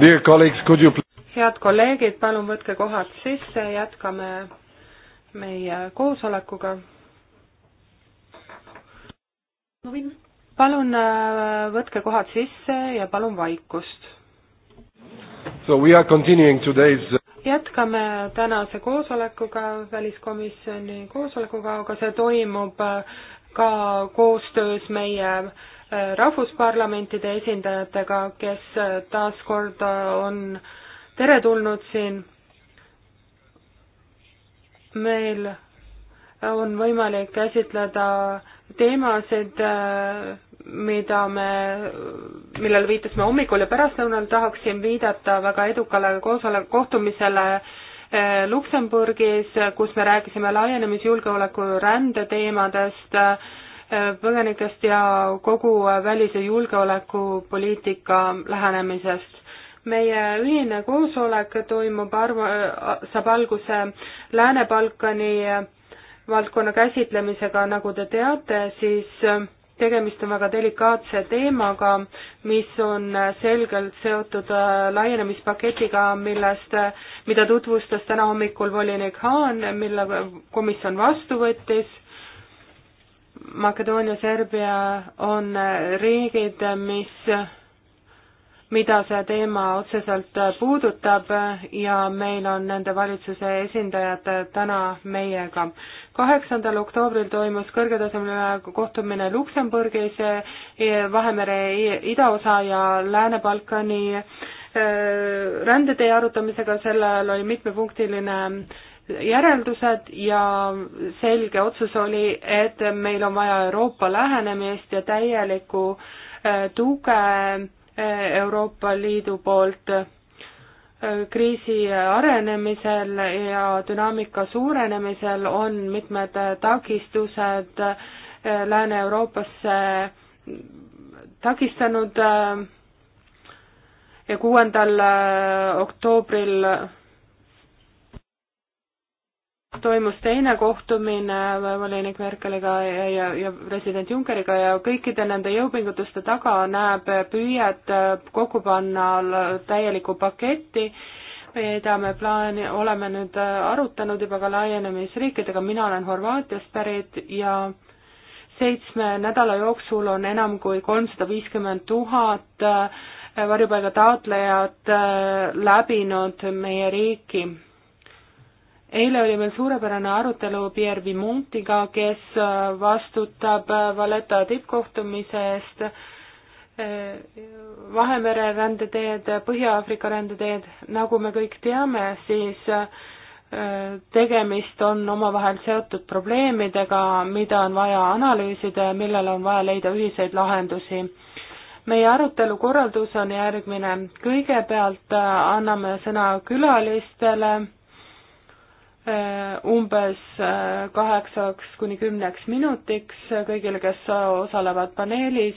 Dear colleagues, could you head kolleegid, palun võtke kohad sisse, jätkame meie koosolekuga. palun äh, võtke kohad sisse ja palun vaikust. So we are continuing today's jätkame tänase koosolekuga, väliskomisjoni koosolekuga, aga see toimub äh, ka koostöös meie rahvusparlamentide esindajatega, kes taaskord on teretulnud siin. meil on võimalik käsitleda teemasid, mida me, millele viitasime hommikul ja pärastlõunal, tahaksin viidata väga edukale koosolek, kohtumisele eh, Luksemburgis, kus me rääkisime laienemisjulgeoleku rände teemadest äh,, põgenikest ja kogu välis- ja julgeolekupoliitika lähenemisest. meie ühine koosolek toimub arv-, saab alguse Lääne-Balkani valdkonna käsitlemisega, nagu te teate, siis tegemist on väga delikaatse teemaga, mis on selgelt seotud äh, laienemispaketiga, millest, äh, mida tutvustas täna hommikul volinik Haan, mille komisjon vastu võttis Makedoonia, Serbia on riigid, mis, mida see teema otseselt puudutab ja meil on nende valitsuse esindajad täna meiega. kaheksandal oktoobril toimus kõrgetasemeline kohtumine Luksemburgis Vahemere idaosa ja Lääne-Balkani äh, rändetee arutamisega, sellel oli mitmepunktiline järeldused ja selge otsus oli, et meil on vaja Euroopa lähenemist ja täielikku äh, tuge äh, Euroopa Liidu poolt äh, kriisi arenemisel ja dünaamika suurenemisel on mitmed takistused Lääne-Euroopasse takistanud ja kuuendal oktoobril toimus teine kohtumine volinik Merkeliga ja, ja, ja president Junckeriga ja kõikide nende jõupingutuste taga näeb püüet kokku panna täielikku paketti, mida me plaani, oleme nüüd arutanud juba ka laienemisriikidega, mina olen Horvaatiast pärit ja seitsme nädala jooksul on enam kui kolmsada viiskümmend tuhat varjupaiga taotlejat läbinud meie riiki eile oli meil suurepärane arutelu Pierre Vimontiga, kes äh, vastutab äh, Valeta tippkohtumise eest, äh, Vahemere rändeteed, Põhja-Aafrika rändeteed, nagu me kõik teame, siis tegemist on omavahel seotud probleemidega, mida on vaja analüüsida ja millele on vaja leida ühiseid lahendusi meie arutelu korraldus on järgmine. kõigepealt anname sõna külalistele Äh, umbes äh, kaheksaks kuni kümneks minutiks kõigile, kes osalevad paneelis.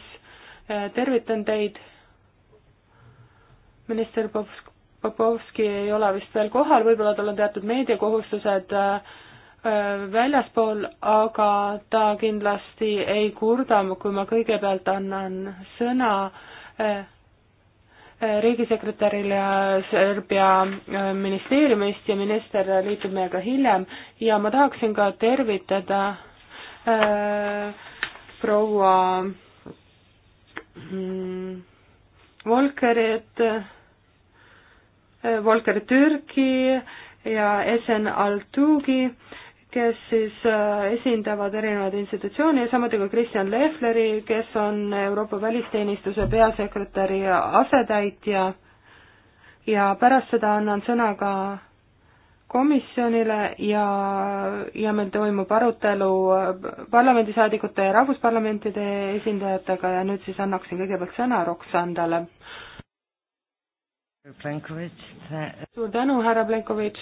Äh, tervitan teid. minister Popovski ei ole vist veel kohal, võib-olla tal on teatud meediakohustused väljaspool, aga ta kindlasti ei kurda, kui ma kõigepealt annan sõna riigisekretärile Serbia äh, ministeeriumist ja minister liitub meiega hiljem ja ma tahaksin ka tervitada äh, proua mm, Volkerit, äh, Volker Türki ja Esen Altugi äh, kes siis äh, esindavad erinevaid institutsioone ja samuti ka Kristjan Lehleri, kes on Euroopa Välisteenistuse peasekretäri asetäitja ja pärast seda annan sõna ka komisjonile ja, ja meil toimub arutelu äh, parlamendisaadikute ja rahvusparlamentide esindajatega ja nüüd siis annaksin kõigepealt sõna Roksandale. suur tänu, härra Plenkovitš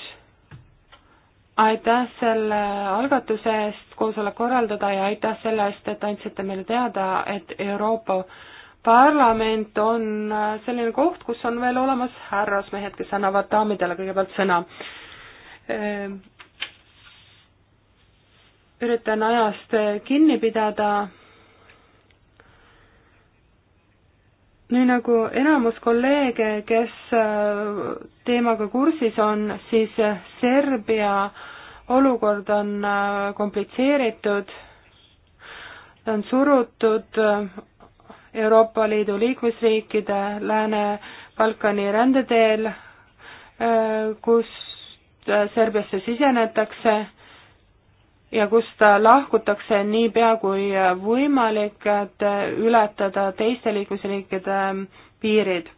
aitäh selle algatuse eest koosolek korraldada ja aitäh selle eest, et andsite meile teada, et Euroopa Parlament on äh, selline koht, kus on veel olemas härrasmehed, kes annavad daamidele kõigepealt sõna. Ehm, üritan ajast äh, kinni pidada. nii nagu enamus kolleege, kes äh, teemaga kursis on, siis Serbia äh, olukord on äh, komplitseeritud, ta on surutud äh, Euroopa Liidu liikmesriikide Lääne-Balkani rändeteel, äh, kust Serbiasse sisenetakse ja kust lahkutakse niipea kui võimalik, et ületada teiste liikmesriikide piirid.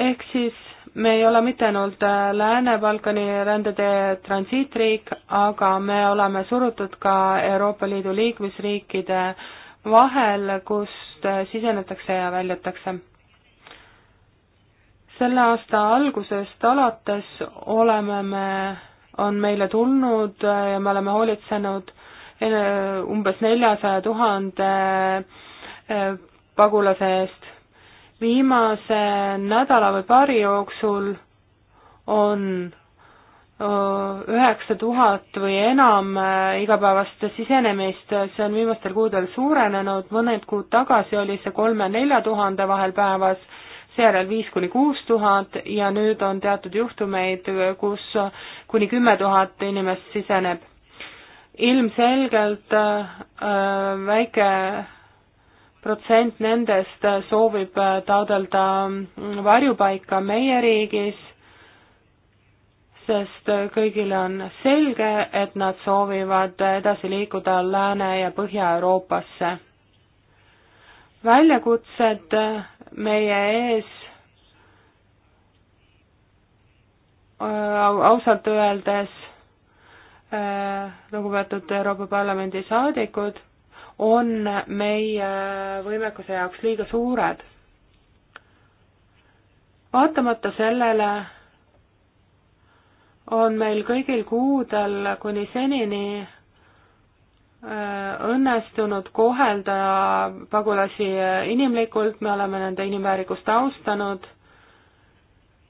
ehk siis me ei ole mitte ainult äh, Lääne-Balkani rändetee transiitriik, aga me oleme surutud ka Euroopa Liidu liikmesriikide vahel, kust äh, sisenetakse ja väljutakse. selle aasta algusest alates oleme me, on meile tulnud äh, ja me oleme hoolitsenud umbes neljasaja tuhande pagulase eest viimase nädala või paari jooksul on üheksa tuhat või enam igapäevast sisenemist, see on viimastel kuudel suurenenud, mõned kuud tagasi oli see kolme-nelja tuhande vahel päevas, seejärel viis kuni kuus tuhat ja nüüd on teatud juhtumeid, kus kuni kümme tuhat inimest siseneb. ilmselgelt äh, väike protsent nendest soovib äh, taodelda mm, varjupaika meie riigis, sest äh, kõigile on selge, et nad soovivad edasi liikuda Lääne- ja Põhja-Euroopasse. väljakutsed äh, meie ees ausalt öeldes lugupeetud Euroopa Parlamendi saadikud on meie võimekuse jaoks liiga suured. vaatamata sellele on meil kõigil kuudel kuni senini äh, õnnestunud kohelda pagulasi äh, inimlikult, me oleme nende inimväärikust austanud,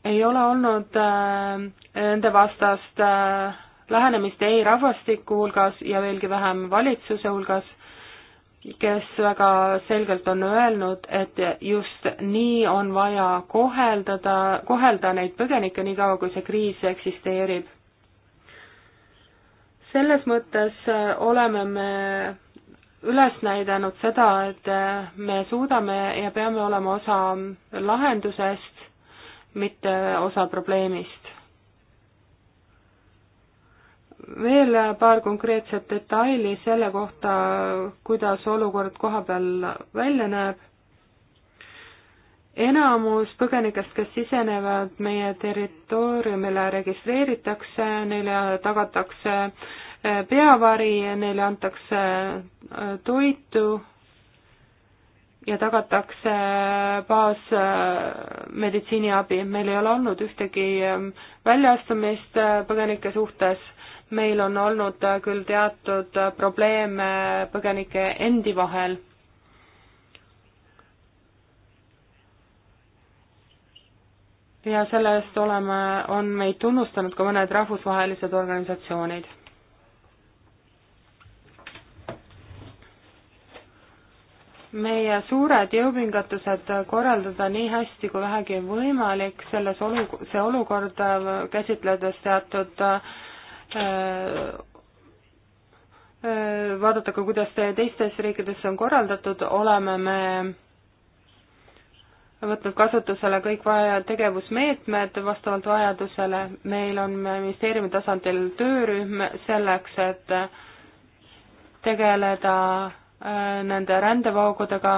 ei ole olnud äh, nende vastast lähenemist ei rahvastiku hulgas ja veelgi vähem valitsuse hulgas kes väga selgelt on öelnud, et just nii on vaja koheldada, kohelda neid põgenikke niikaua, kui see kriis eksisteerib. selles mõttes äh, oleme me üles näidanud seda, et äh, me suudame ja peame olema osa lahendusest, mitte osa probleemist veel paar konkreetset detaili selle kohta, kuidas olukord koha peal välja näeb. enamus põgenikest, kes sisenevad meie territooriumile, registreeritakse, neile tagatakse eh, peavari, neile antakse eh, toitu ja tagatakse eh, baasmeditsiiniabi. meil ei ole olnud ühtegi väljaastumist põgenike suhtes meil on olnud äh, küll teatud äh, probleeme põgenike endi vahel ja selle eest oleme, on meid tunnustanud ka mõned rahvusvahelised organisatsioonid. meie suured jõupingutused korraldada nii hästi kui vähegi võimalik selles olu-, see olukord käsitledes teatud äh, Äh, äh, vaadata ka, kuidas teistes riikides on korraldatud, oleme me võtnud kasutusele kõik vaja tegevusmeetmed vastavalt vajadusele, meil on ministeeriumi tasandil töörühm selleks, et tegeleda äh, nende rändevoogudega,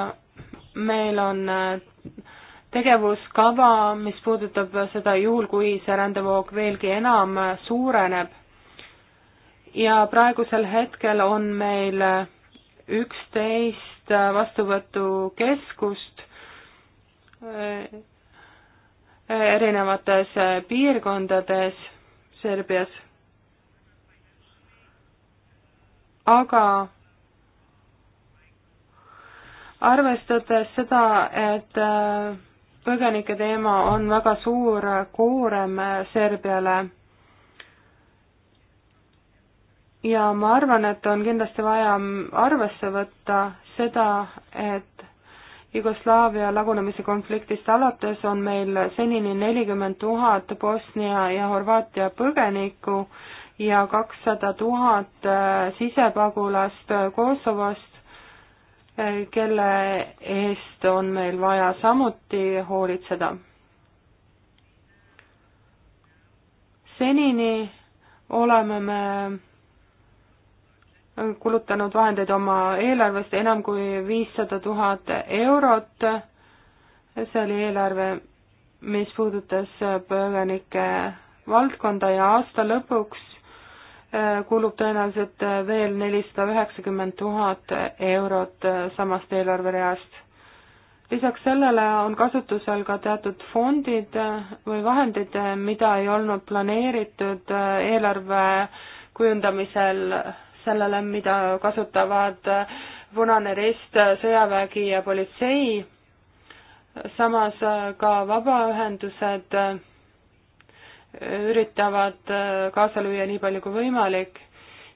meil on tegevuskava, mis puudutab seda juhul, kui see rändevoog veelgi enam suureneb ja praegusel hetkel on meil üksteist vastuvõtukeskust eh, erinevates eh, piirkondades Serbias. aga arvestades seda, et eh, põgenike teema on väga suur koorem Serbiale ja ma arvan, et on kindlasti vaja arvesse võtta seda, et Jugoslaavia lagunemise konfliktist alates on meil senini nelikümmend tuhat Bosnia ja Horvaatia põgenikku ja kakssada tuhat äh, sisepagulast äh, Kosovost, äh, kelle eest on meil vaja samuti hoolitseda. senini oleme me kulutanud vahendeid oma eelarvest enam kui viissada tuhat eurot. see oli eelarve, mis puudutas põgenike valdkonda ja aasta lõpuks eh, kulub tõenäoliselt eh, veel nelisada üheksakümmend tuhat eurot eh, samast eelarvereast. lisaks sellele on kasutusel ka teatud fondid või vahendid, mida ei olnud planeeritud eelarve kujundamisel sellele, mida kasutavad Punane Rist, sõjavägi ja politsei, samas ka vabaühendused üritavad kaasa lüüa nii palju kui võimalik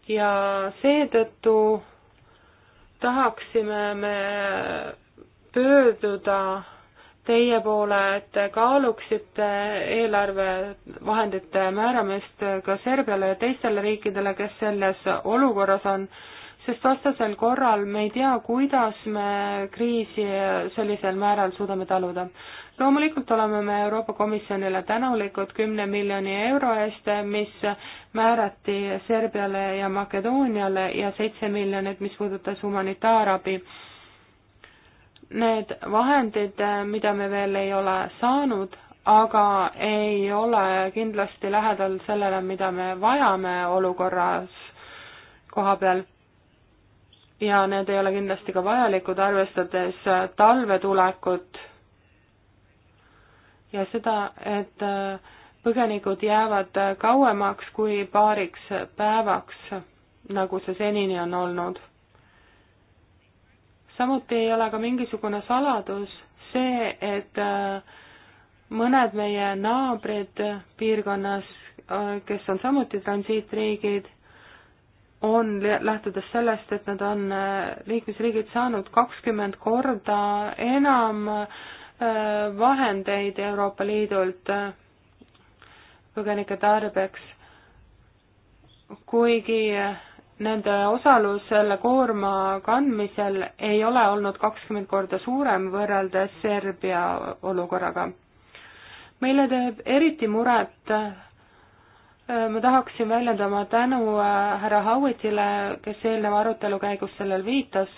ja seetõttu tahaksime me pöörduda teie poole, et kaaluksite eelarvevahendite määramist ka Serbiale ja teistele riikidele, kes selles olukorras on, sest vastasel korral me ei tea, kuidas me kriisi sellisel määral suudame taluda. loomulikult oleme me Euroopa Komisjonile tänulikud kümne miljoni euro eest, mis määrati Serbiale ja Makedooniale ja seitse miljonit, mis puudutas humanitaarabi need vahendid, äh, mida me veel ei ole saanud, aga ei ole kindlasti lähedal sellele, mida me vajame olukorras koha peal. ja need ei ole kindlasti ka vajalikud, arvestades äh, talve tulekut ja seda, et äh, põgenikud jäävad kauemaks kui paariks päevaks, nagu see senini on olnud samuti ei ole ka mingisugune saladus see, et äh, mõned meie naabrid piirkonnas, äh, kes on samuti transiitriigid, on lähtudes sellest, et nad on äh, liikmesriigid saanud kakskümmend korda enam vahendeid Euroopa Liidult põgenike tarbeks, kuigi nende osalus selle koorma kandmisel ei ole olnud kakskümmend korda suurem võrreldes Serbia olukorraga. meile teeb eriti muret, äh, ma tahaksin väljendada oma tänu äh, härra Howitile, kes eelneva arutelu käigus sellel viitas,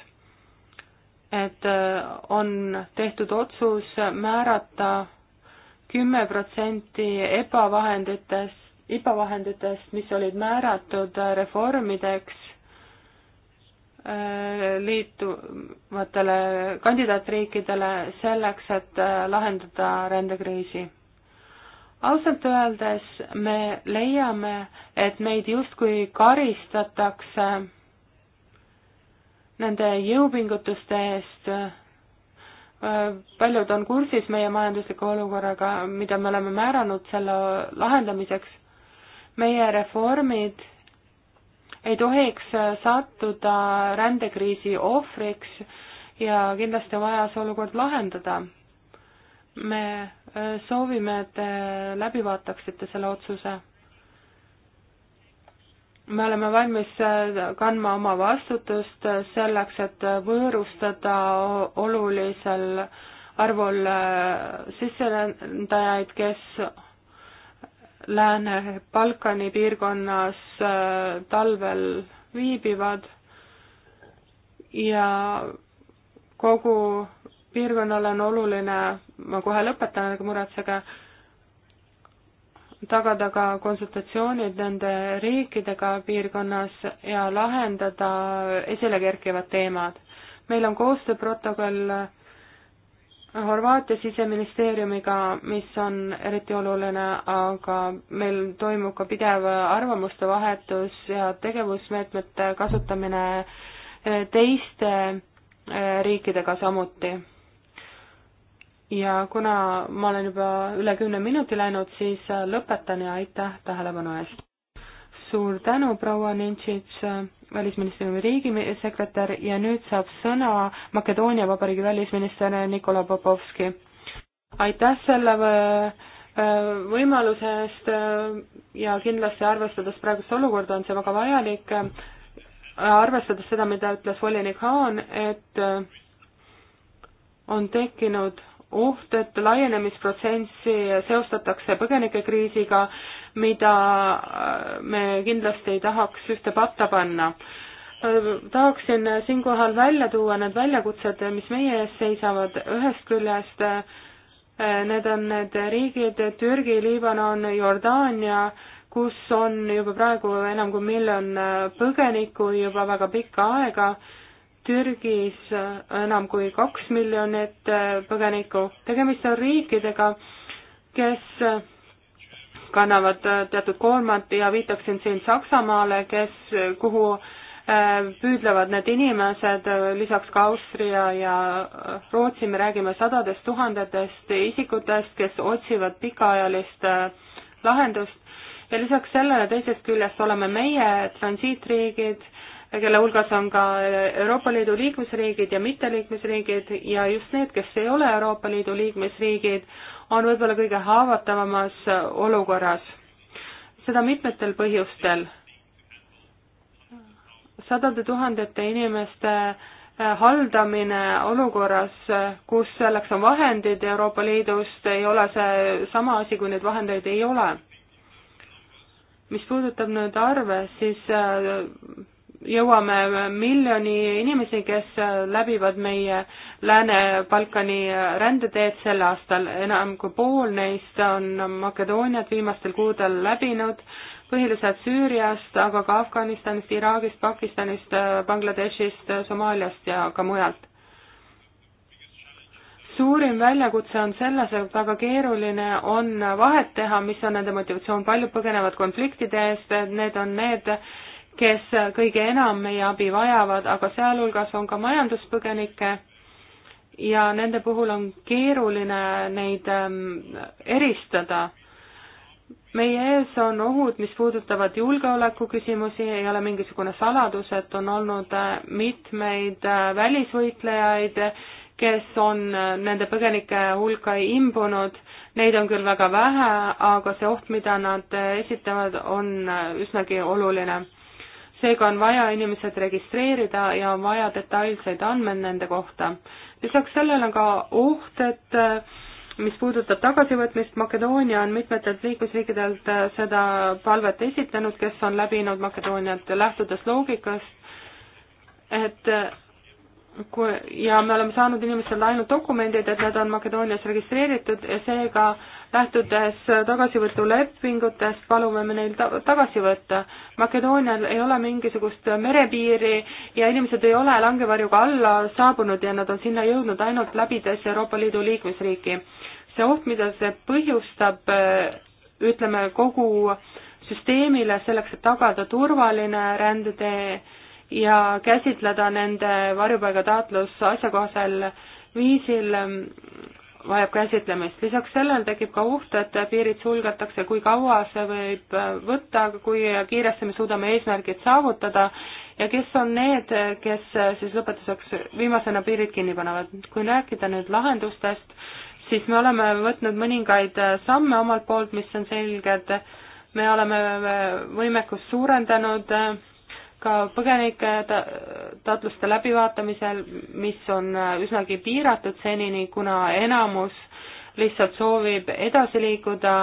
et äh, on tehtud otsus määrata kümme protsenti ebavahenditest IPA vahenditest, mis olid määratud reformideks äh, liituvatele kandidaatriikidele selleks, et äh, lahendada rändekriisi. ausalt öeldes me leiame, et meid justkui karistatakse nende jõupingutuste eest, äh, paljud on kursis meie majandusliku olukorraga, mida me oleme määranud selle lahendamiseks meie reformid ei tohiks sattuda rändekriisi ohvriks ja kindlasti on vaja see olukord lahendada. me äh, soovime, et te läbi vaataksite selle otsuse. me oleme valmis äh, kandma oma vastutust äh, selleks, et võõrustada olulisel arvul sisserändajaid, kes Lääne-Balkani piirkonnas äh, talvel viibivad ja kogu piirkonnale on oluline, ma kohe lõpetan, ärge muretsege, tagada ka konsultatsioonid nende riikidega piirkonnas ja lahendada esile kerkivad teemad. meil on koostööprotokoll Horvaatia siseministeeriumiga, mis on eriti oluline, aga meil toimub ka pidev arvamuste vahetus ja tegevusmeetmete kasutamine eh, teiste eh, riikidega samuti. ja kuna ma olen juba üle kümne minuti läinud, siis eh, lõpetan ja aitäh tähelepanu eest! suur tänu, proua Nintšits, välisministeeriumi riigisekretär ja nüüd saab sõna Makedoonia Vabariigi välisminister Nikola Popovski. aitäh selle äh, äh, võimaluse eest äh, ja kindlasti arvestades praegust olukorda, on see väga vajalik, arvestades seda, mida ütles volinik Haan, et on tekkinud oht, et laienemisprotsessi seostatakse põgenikekriisiga mida äh, me kindlasti ei tahaks ühte patta panna. Äh, tahaksin siinkohal välja tuua need väljakutsed, mis meie ees seisavad, ühest küljest äh, need on need riigid Türgi, Liibanon, Jordaania, kus on juba praegu enam kui miljon põgenikku juba väga pikka aega Türgis enam kui kaks miljonit põgenikku. tegemist on riikidega, kes kannavad äh, teatud koormat ja viitaksin siin Saksamaale, kes, kuhu äh, püüdlevad need inimesed, äh, lisaks ka Austria ja Rootsi, me räägime sadadest tuhandetest isikutest, kes otsivad pikaajalist lahendust ja lisaks sellele teisest küljest oleme meie transiitriigid, kelle hulgas on ka Euroopa Liidu liikmesriigid ja mitteliikmesriigid ja just need, kes ei ole Euroopa Liidu liikmesriigid, on võib-olla kõige haavatavamas äh, olukorras. seda mitmetel põhjustel. sadade tuhandete inimeste äh, haldamine olukorras, äh, kus selleks on vahendid Euroopa Liidust, ei ole see sama asi, kui neid vahendeid ei ole. mis puudutab nüüd arve, siis jõuame miljoni inimesi, kes läbivad meie Lääne-Balkani rändeteed sel aastal, enam kui pool neist on Makedooniat viimastel kuudel läbinud, põhiliselt Süüriast, aga ka Afganistanist, Iraagist, Pakistanist, Bangladeshist, Somaaliast ja ka mujalt. suurim väljakutse on selles, et väga keeruline on vahet teha, mis on nende motivatsioon, paljud põgenevad konfliktide eest, need on need, kes kõige enam meie abi vajavad, aga sealhulgas on ka majanduspõgenikke ja nende puhul on keeruline neid ähm, eristada. meie ees on ohud, mis puudutavad julgeolekuküsimusi, ei ole mingisugune saladus, et on olnud äh, mitmeid äh, välisvõitlejaid, kes on äh, nende põgenike hulka imbunud, neid on küll väga vähe, aga see oht, mida nad esitavad, on üsnagi oluline seega on vaja inimesed registreerida ja on vaja detailseid andmeid nende kohta. lisaks sellele on ka oht, et äh, mis puudutab tagasivõtmist, Makedoonia on mitmetelt liikmesriikidelt äh, seda palvet esitanud, kes on läbinud Makedooniat, lähtudes loogikast, et äh, kui, ja me oleme saanud inimestelt ainult dokumendid, et need on Makedoonias registreeritud ja seega äh, lähtudes tagasivõtulepingutest palume me neil ta tagasi võtta. Makedoonial ei ole mingisugust merepiiri ja inimesed ei ole langevarjuga alla saabunud ja nad on sinna jõudnud ainult läbides Euroopa Liidu liikmesriiki. see oht, mida see põhjustab, eh, ütleme, kogu süsteemile selleks, et tagada turvaline rändetee ja käsitleda nende varjupaigataotlus asjakohasel viisil vajab käsitlemist. lisaks sellele tekib ka oht, et piirid sulgetakse, kui kaua see võib äh, võtta, kui kiiresti me suudame eesmärgid saavutada ja kes on need, kes äh, siis lõpetuseks viimasena piirid kinni panevad. kui rääkida nüüd lahendustest, siis me oleme võtnud mõningaid äh, samme omalt poolt, mis on selged, me oleme võimekust suurendanud ka põgenike taotluste läbivaatamisel, mis on äh, üsnagi piiratud senini, kuna enamus lihtsalt soovib edasi liikuda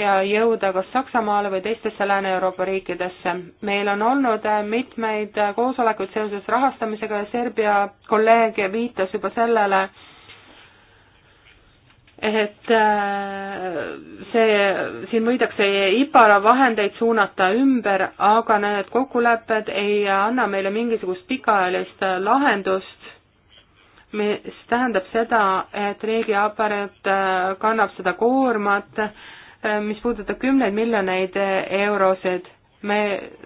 ja jõuda kas Saksamaale või teistesse Lääne-Euroopa riikidesse. meil on olnud äh, mitmeid äh, koosolekuid seoses rahastamisega ja Serbia kolleeg viitas juba sellele, et äh, see, siin võidakse IPARA vahendeid suunata ümber, aga need kokkulepped ei anna meile mingisugust pikaajalist lahendust, mis tähendab seda, et riigiaparaat äh, kannab seda koormat, äh, mis puudutab kümneid miljoneid eurosid. me,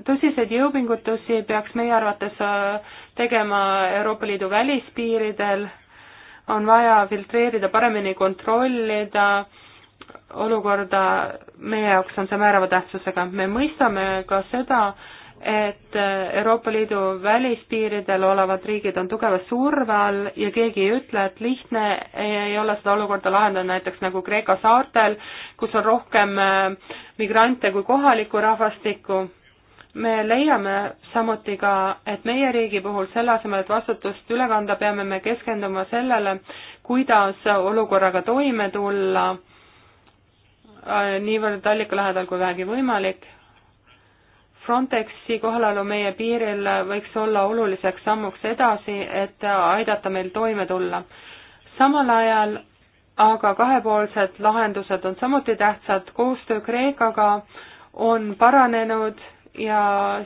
tõsiseid jõupingutusi peaks meie arvates tegema Euroopa Liidu välispiiridel on vaja filtreerida, paremini kontrollida olukorda, meie jaoks on see määrava tähtsusega. me mõistame ka seda, et Euroopa Liidu välispiiridel olevad riigid on tugeva surve all ja keegi ei ütle, et lihtne ei ole seda olukorda lahendada, näiteks nagu Kreeka saartel, kus on rohkem migrante kui kohalikku rahvastikku me leiame samuti ka, et meie riigi puhul selle asemel, et vastutust üle kanda, peame me keskenduma sellele, kuidas olukorraga toime tulla äh, niivõrd allika lähedal kui vähegi võimalik. Frontexi kohalolu meie piiril võiks olla oluliseks sammuks edasi, et aidata meil toime tulla. samal ajal aga kahepoolsed lahendused on samuti tähtsad, koostöö Kreekaga on paranenud ja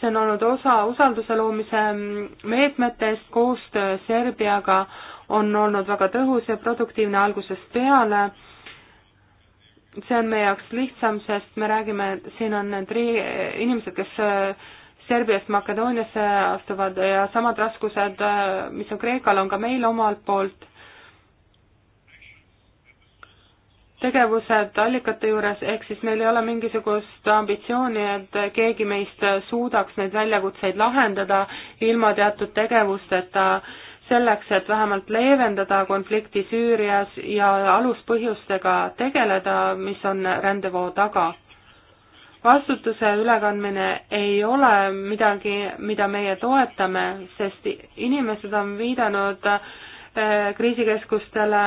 see on olnud osa usalduse loomise meetmetest, koostöö Serbiaga on olnud väga tõhus ja produktiivne algusest peale. see on meie jaoks lihtsam, sest me räägime, siin on need rii-, inimesed, kes äh, Serbiast Makedooniasse astuvad ja samad raskused, äh, mis on Kreekal, on ka meil omalt poolt tegevused allikate juures, ehk siis meil ei ole mingisugust ambitsiooni, et keegi meist suudaks neid väljakutseid lahendada ilma teatud tegevusteta, selleks, et vähemalt leevendada konflikti Süürias ja aluspõhjustega tegeleda, mis on rändevoo taga vastutuse ülekandmine ei ole midagi, mida meie toetame, sest inimesed on viidanud äh, Äh, kriisikeskustele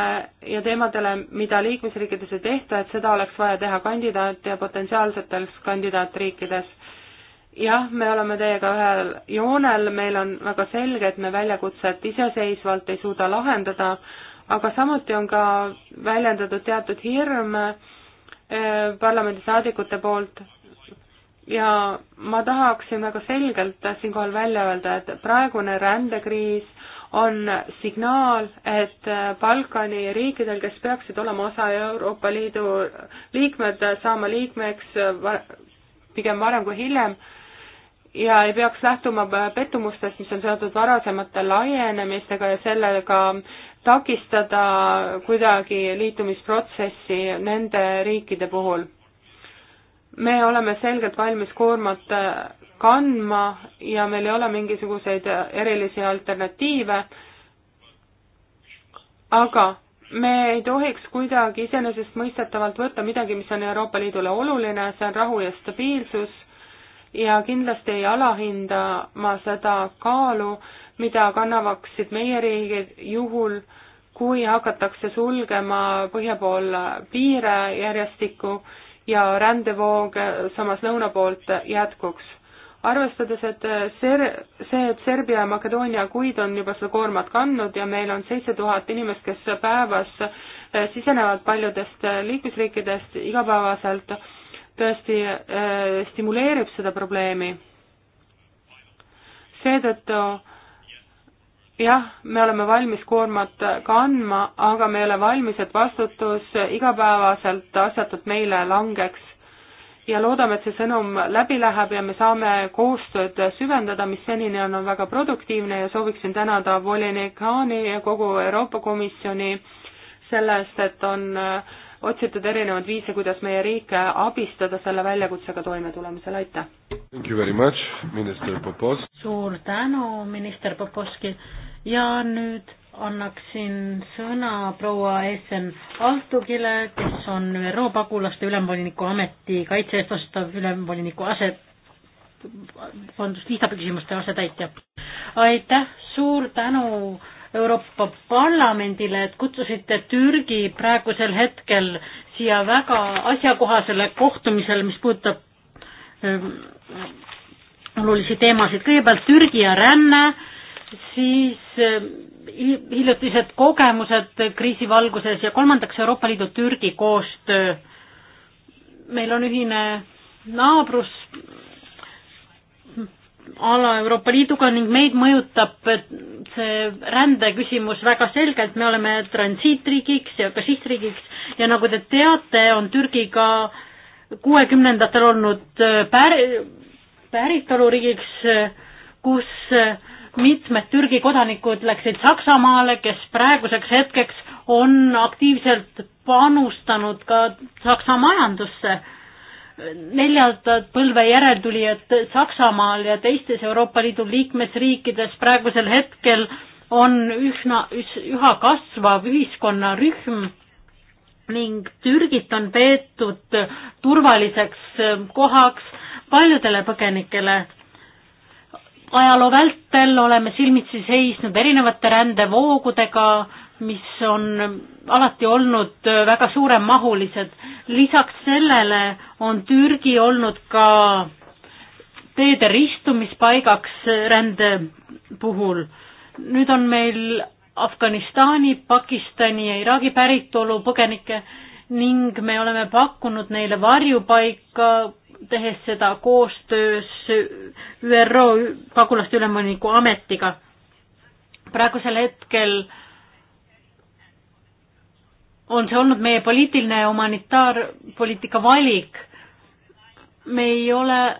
ja teemadele, mida liikmesriikides ei tehta, et seda oleks vaja teha kandidaat- ja potentsiaalsetes kandidaatriikides. jah, me oleme teiega ühel joonel, meil on väga selge, et me väljakutset iseseisvalt ei suuda lahendada, aga samuti on ka väljendatud teatud hirm äh, parlamendisaadikute poolt ja ma tahaksin väga selgelt siinkohal välja öelda, et praegune rändekriis on signaal, et Balkani riikidel, kes peaksid olema osa Euroopa Liidu liikmed, saama liikmeks pigem varem kui hiljem ja ei peaks lähtuma pettumustest, mis on seotud varasemate laienemistega ja sellega takistada kuidagi liitumisprotsessi nende riikide puhul. me oleme selgelt valmis koormat kandma ja meil ei ole mingisuguseid erilisi alternatiive, aga me ei tohiks kuidagi iseenesestmõistetavalt võtta midagi, mis on Euroopa Liidule oluline, see on rahu ja stabiilsus ja kindlasti ei alahinda ma seda kaalu, mida kannavaksid meie riigid juhul, kui hakatakse sulgema põhja pool piire järjestikku ja rändevoog samas lõuna poolt jätkuks arvestades, et äh, ser-, see, et Serbia ja Makedoonia kuid on juba seda koormat kandnud ja meil on seitse tuhat inimest, kes päevas äh, sisenevad paljudest äh, liikmesriikidest igapäevaselt, tõesti stimuleerib seda probleemi. seetõttu jah, me oleme valmis koormat kandma, aga me ei ole valmis, et vastutus igapäevaselt asjatult meile langeks ja loodame, et see sõnum läbi läheb ja me saame koostööd süvendada, mis senini on, on väga produktiivne ja sooviksin tänada volinik Haani ja kogu Euroopa Komisjoni selle eest, et on äh, otsitud erinevaid viise, kuidas meie riike abistada selle väljakutsega toimetulemisel, aitäh! suur tänu, minister Popovski ja nüüd annaksin sõna proua Essen Altugile, kes on ÜRO pagulaste ülemvoliniku ameti kaitse eest vastutav ülemvoliniku ase, vabandust, viisabiküsimuste asetäitja. aitäh, suur tänu Euroopa Parlamendile, et kutsusite Türgi praegusel hetkel siia väga asjakohasele kohtumisele, mis puudutab ähm, olulisi teemasid, kõigepealt Türgi ja ränne siis ähm, hiljutised kogemused kriisi valguses ja kolmandaks Euroopa Liidu Türgi koostöö. meil on ühine naabrus ala Euroopa Liiduga ning meid mõjutab see rändeküsimus väga selgelt, me oleme transiitriigiks ja ka sihtriigiks ja nagu te teate, on Türgiga kuuekümnendatel olnud äh, pär-, päritoluriigiks, äh, kus äh, mitmed Türgi kodanikud läksid Saksamaale, kes praeguseks hetkeks on aktiivselt panustanud ka Saksa majandusse. neljandat põlve järeltulijad Saksamaal ja teistes Euroopa Liidu liikmesriikides praegusel hetkel on üsna, üha kasvav ühiskonnarühm ning Türgit on peetud turvaliseks kohaks paljudele põgenikele ajaloo vältel oleme silmitsi seisnud erinevate rändevoogudega, mis on alati olnud väga suuremahulised. lisaks sellele on Türgi olnud ka teede ristumispaigaks rände puhul. nüüd on meil Afganistani, Pakistani ja Iraagi päritolu põgenikke ning me oleme pakkunud neile varjupaika tehes seda koostöös ÜRO pagulaste ülemaniku ametiga. praegusel hetkel on see olnud meie poliitiline ja humanitaarpoliitika valik. me ei ole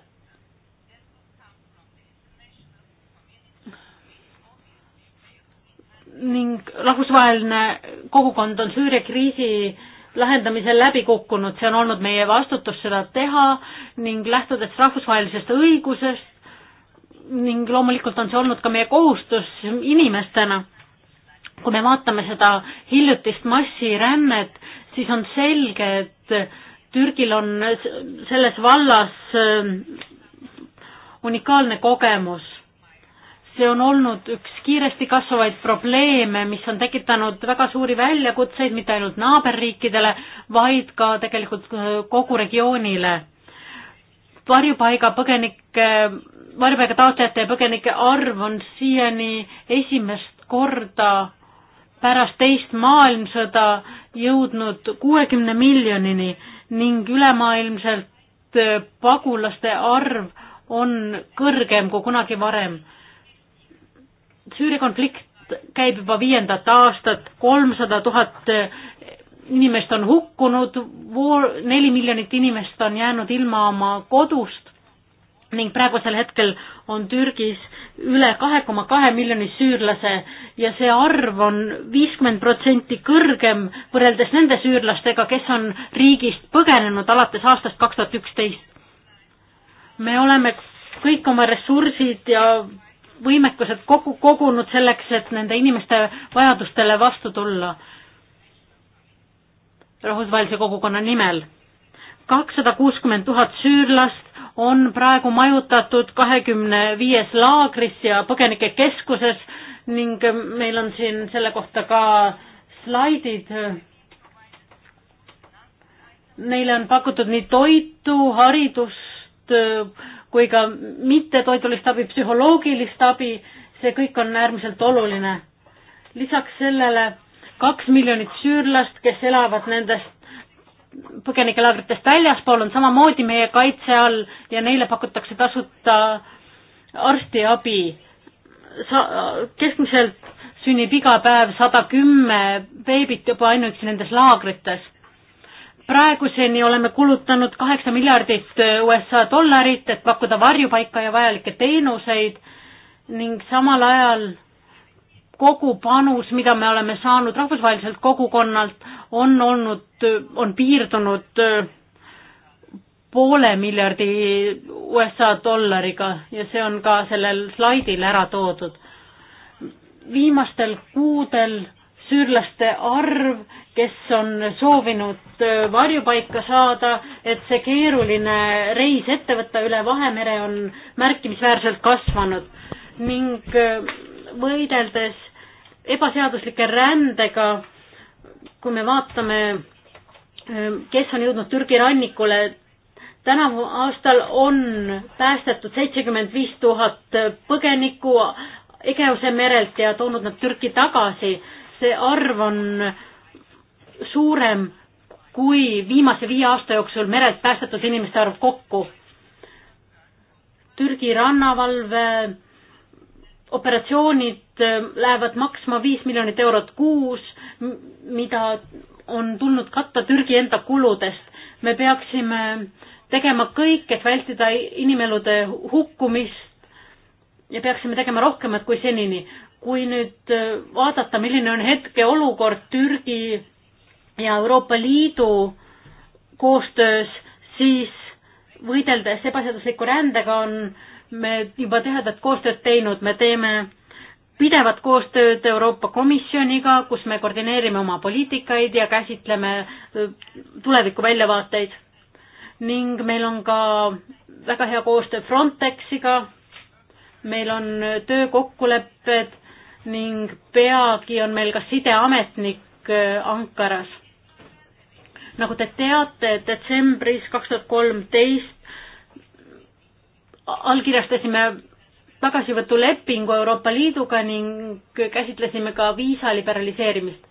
ning rahvusvaheline kogukond on Süüria kriisi lahendamisel läbi kukkunud, see on olnud meie vastutus seda teha ning lähtudes rahvusvahelisest õigusest ning loomulikult on see olnud ka meie kohustus inimestena. kui me vaatame seda hiljutist massirännet, siis on selge, et Türgil on selles vallas äh, unikaalne kogemus see on olnud üks kiiresti kasvavaid probleeme, mis on tekitanud väga suuri väljakutseid mitte ainult naaberriikidele, vaid ka tegelikult kogu regioonile. varjupaiga põgenike, varjupaiga taotlejate ja põgenike arv on siiani esimest korda pärast teist maailmsõda jõudnud kuuekümne miljonini ning ülemaailmselt pagulaste arv on kõrgem kui kunagi varem Süüria konflikt käib juba viiendat aastat, kolmsada tuhat eh, inimest on hukkunud, neli miljonit inimest on jäänud ilma oma kodust ning praegusel hetkel on Türgis üle kahe koma kahe miljoni süürlase ja see arv on viiskümmend protsenti kõrgem võrreldes nende süürlastega, kes on riigist põgenenud alates aastast kaks tuhat üksteist. me oleme kõik oma ressursid ja võimekused kogu, kogunud selleks, et nende inimeste vajadustele vastu tulla rahvusvahelise kogukonna nimel. kakssada kuuskümmend tuhat süürlast on praegu majutatud kahekümne viies laagris ja põgenikekeskuses ning meil on siin selle kohta ka slaidid. Neile on pakutud nii toitu, haridust, kui ka mittetoidulist abi, psühholoogilist abi, see kõik on äärmiselt oluline. lisaks sellele kaks miljonit süürlast, kes elavad nendest põgenikelaagritest väljaspool, on samamoodi meie kaitse all ja neile pakutakse tasuta arstiabi. sa-, keskmiselt sünnib iga päev sada kümme beebit juba ainuüksi nendes laagrites praeguseni oleme kulutanud kaheksa miljardit USA dollarit, et pakkuda varjupaika ja vajalikke teenuseid ning samal ajal kogu panus, mida me oleme saanud rahvusvaheliselt kogukonnalt, on olnud, on piirdunud äh, poole miljardi USA dollariga ja see on ka sellel slaidil ära toodud. viimastel kuudel süürlaste arv kes on soovinud äh, varjupaika saada, et see keeruline reis ette võtta üle Vahemere on märkimisväärselt kasvanud ning äh, võideldes ebaseaduslike rändega, kui me vaatame, äh, kes on jõudnud Türgi rannikule, tänavu aastal on päästetud seitsekümmend viis tuhat põgenikku Egeuse merelt ja toonud nad Türki tagasi. see arv on äh, suurem kui viimase viie aasta jooksul merelt päästetud inimeste arv kokku. Türgi rannavalve operatsioonid äh, lähevad maksma viis miljonit eurot kuus, mida on tulnud katta Türgi enda kuludest. me peaksime tegema kõik, et vältida inimelude hukkumist ja peaksime tegema rohkemat kui senini. kui nüüd äh, vaadata, milline on hetkeolukord Türgi ja Euroopa Liidu koostöös siis võideldes ebaseadusliku rändega on me juba tihedat koostööd teinud, me teeme pidevat koostööd Euroopa Komisjoniga, kus me koordineerime oma poliitikaid ja käsitleme äh, tuleviku väljavaateid. ning meil on ka väga hea koostöö Frontexiga, meil on töökokkulepped ning peagi on meil ka sideametnik äh, Ankaras nagu te teate, detsembris kaks tuhat kolmteist allkirjastasime tagasivõtulepingu Euroopa Liiduga ning käsitlesime ka viisa liberaliseerimist.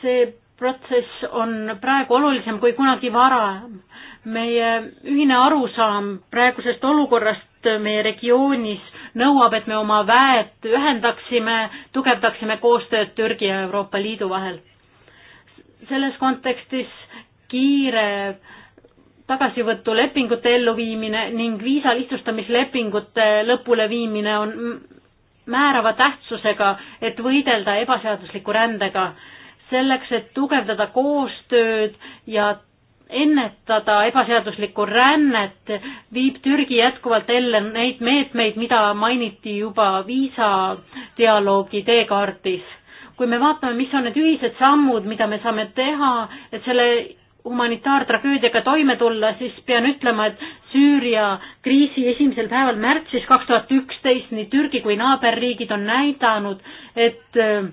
see protsess on praegu olulisem kui kunagi varem. meie ühine arusaam praegusest olukorrast meie regioonis nõuab, et me oma väed ühendaksime, tugevdaksime koostööd Türgi ja Euroopa Liidu vahel selles kontekstis kiire tagasivõtulepingute elluviimine ning viisa lihtsustamislepingute lõpuleviimine on määrava tähtsusega, et võidelda ebaseadusliku rändega. selleks, et tugevdada koostööd ja ennetada ebaseaduslikku rännet, viib Türgi jätkuvalt ellu neid meetmeid, mida mainiti juba viisadialoogi teekaardis kui me vaatame, mis on need ühised sammud, mida me saame teha, et selle humanitaartragöödiaga toime tulla, siis pean ütlema, et Süüria kriisi esimesel päeval märtsis kaks tuhat üksteist nii Türgi kui naaberriigid on näidanud, et äh,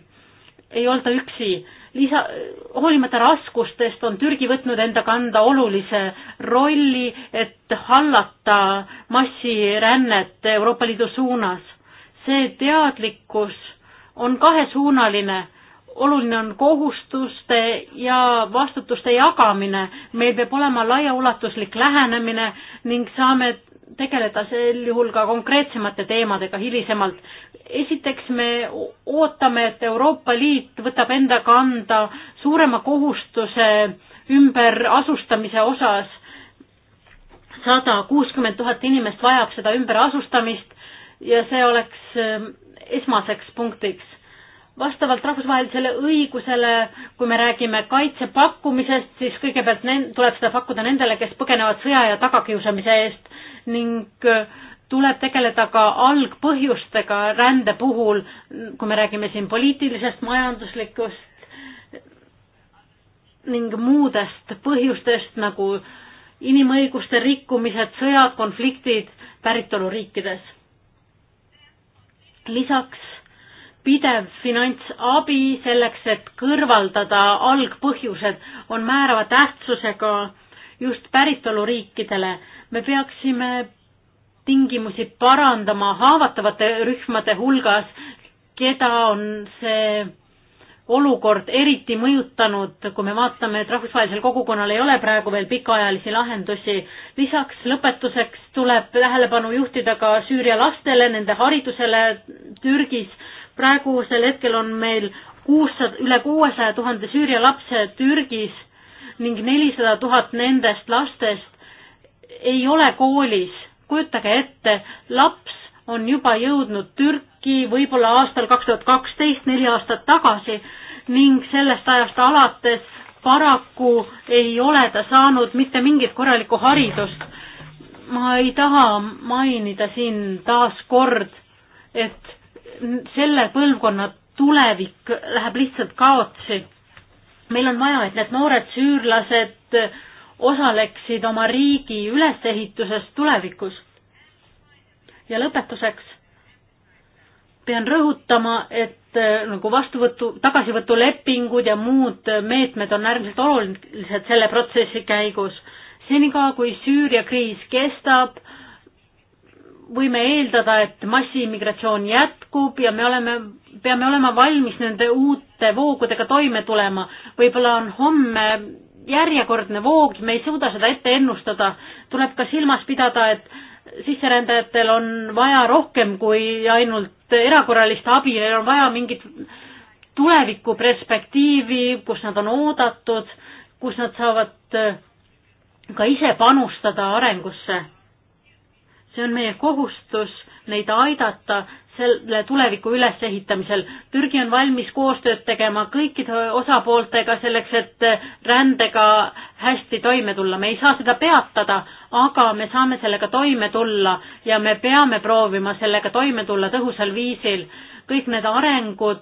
ei olda üksi lisa, hoolimata raskustest on Türgi võtnud enda kanda olulise rolli, et hallata massirännet Euroopa Liidu suunas. see teadlikkus on kahesuunaline. oluline on kohustuste ja vastutuste jagamine, meil peab olema laiaulatuslik lähenemine ning saame tegeleda sel juhul ka konkreetsemate teemadega hilisemalt. esiteks me ootame, et Euroopa Liit võtab enda kanda suurema kohustuse ümberasustamise osas. sada kuuskümmend tuhat inimest vajab seda ümberasustamist ja see oleks esmaseks punktiks. vastavalt rahvusvahelisele õigusele, kui me räägime kaitse pakkumisest, siis kõigepealt tuleb seda pakkuda nendele, kes põgenevad sõja ja tagakiusamise eest ning äh, tuleb tegeleda ka algpõhjustega rände puhul, kui me räägime siin poliitilisest, majanduslikust ning muudest põhjustest nagu inimõiguste rikkumised, sõjad, konfliktid päritoluriikides lisaks pidev finantsabi selleks, et kõrvaldada algpõhjused, on määrava tähtsusega just päritoluriikidele. me peaksime tingimusi parandama haavatavate rühmade hulgas, keda on see olukord eriti mõjutanud, kui me vaatame, et rahvusvahelisel kogukonnal ei ole praegu veel pikaajalisi lahendusi. lisaks lõpetuseks tuleb tähelepanu juhtida ka Süüria lastele, nende haridusele Türgis. praegusel hetkel on meil kuussada, üle kuuesaja tuhande Süüria lapse Türgis ning nelisada tuhat nendest lastest ei ole koolis. kujutage ette, laps on juba jõudnud Türki võib-olla aastal kaks tuhat kaksteist, neli aastat tagasi ning sellest ajast alates paraku ei ole ta saanud mitte mingit korralikku haridust. ma ei taha mainida siin taaskord, et selle põlvkonna tulevik läheb lihtsalt kaotsi. meil on vaja, et need noored süürlased osaleksid oma riigi ülesehituses tulevikus ja lõpetuseks pean rõhutama, et äh, nagu vastuvõtu, tagasivõtulepingud ja muud meetmed on äärmiselt olulised selle protsessi käigus. senikaua, kui Süüria kriis kestab, võime eeldada, et massiimmigratsioon jätkub ja me oleme, peame olema valmis nende uute voogudega toime tulema. võib-olla on homme järjekordne voog, me ei suuda seda ette ennustada. tuleb ka silmas pidada, et sisserändajatel on vaja rohkem kui ainult erakorralist abi, neil on vaja mingit tulevikuperspektiivi, kus nad on oodatud, kus nad saavad äh, ka ise panustada arengusse. see on meie kohustus neid aidata selle tuleviku ülesehitamisel. Türgi on valmis koostööd tegema kõikide osapooltega selleks, et rändega hästi toime tulla. me ei saa seda peatada, aga me saame sellega toime tulla ja me peame proovima sellega toime tulla tõhusal viisil. kõik need arengud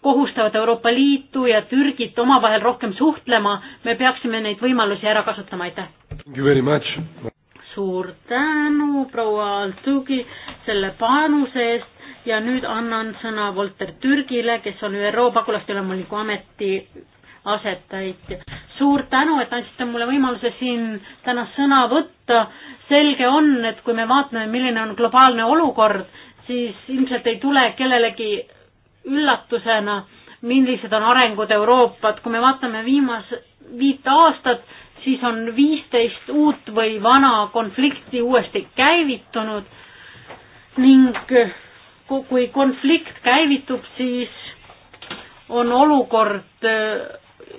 kohustavad Euroopa Liitu ja Türgit omavahel rohkem suhtlema, me peaksime neid võimalusi ära kasutama, aitäh! suur tänu, proua Altugi, selle panuse eest ja nüüd annan sõna Volter Türgile, kes on ÜRO pagulaste ülemvoliniku ameti asetäitja. suur tänu, et andsite mulle võimaluse siin täna sõna võtta. selge on, et kui me vaatame, milline on globaalne olukord, siis ilmselt ei tule kellelegi üllatusena, millised on arengud Euroopat. kui me vaatame viimase, viit aastat, siis on viisteist uut või vana konflikti uuesti käivitunud ning kui konflikt käivitub, siis on olukord äh,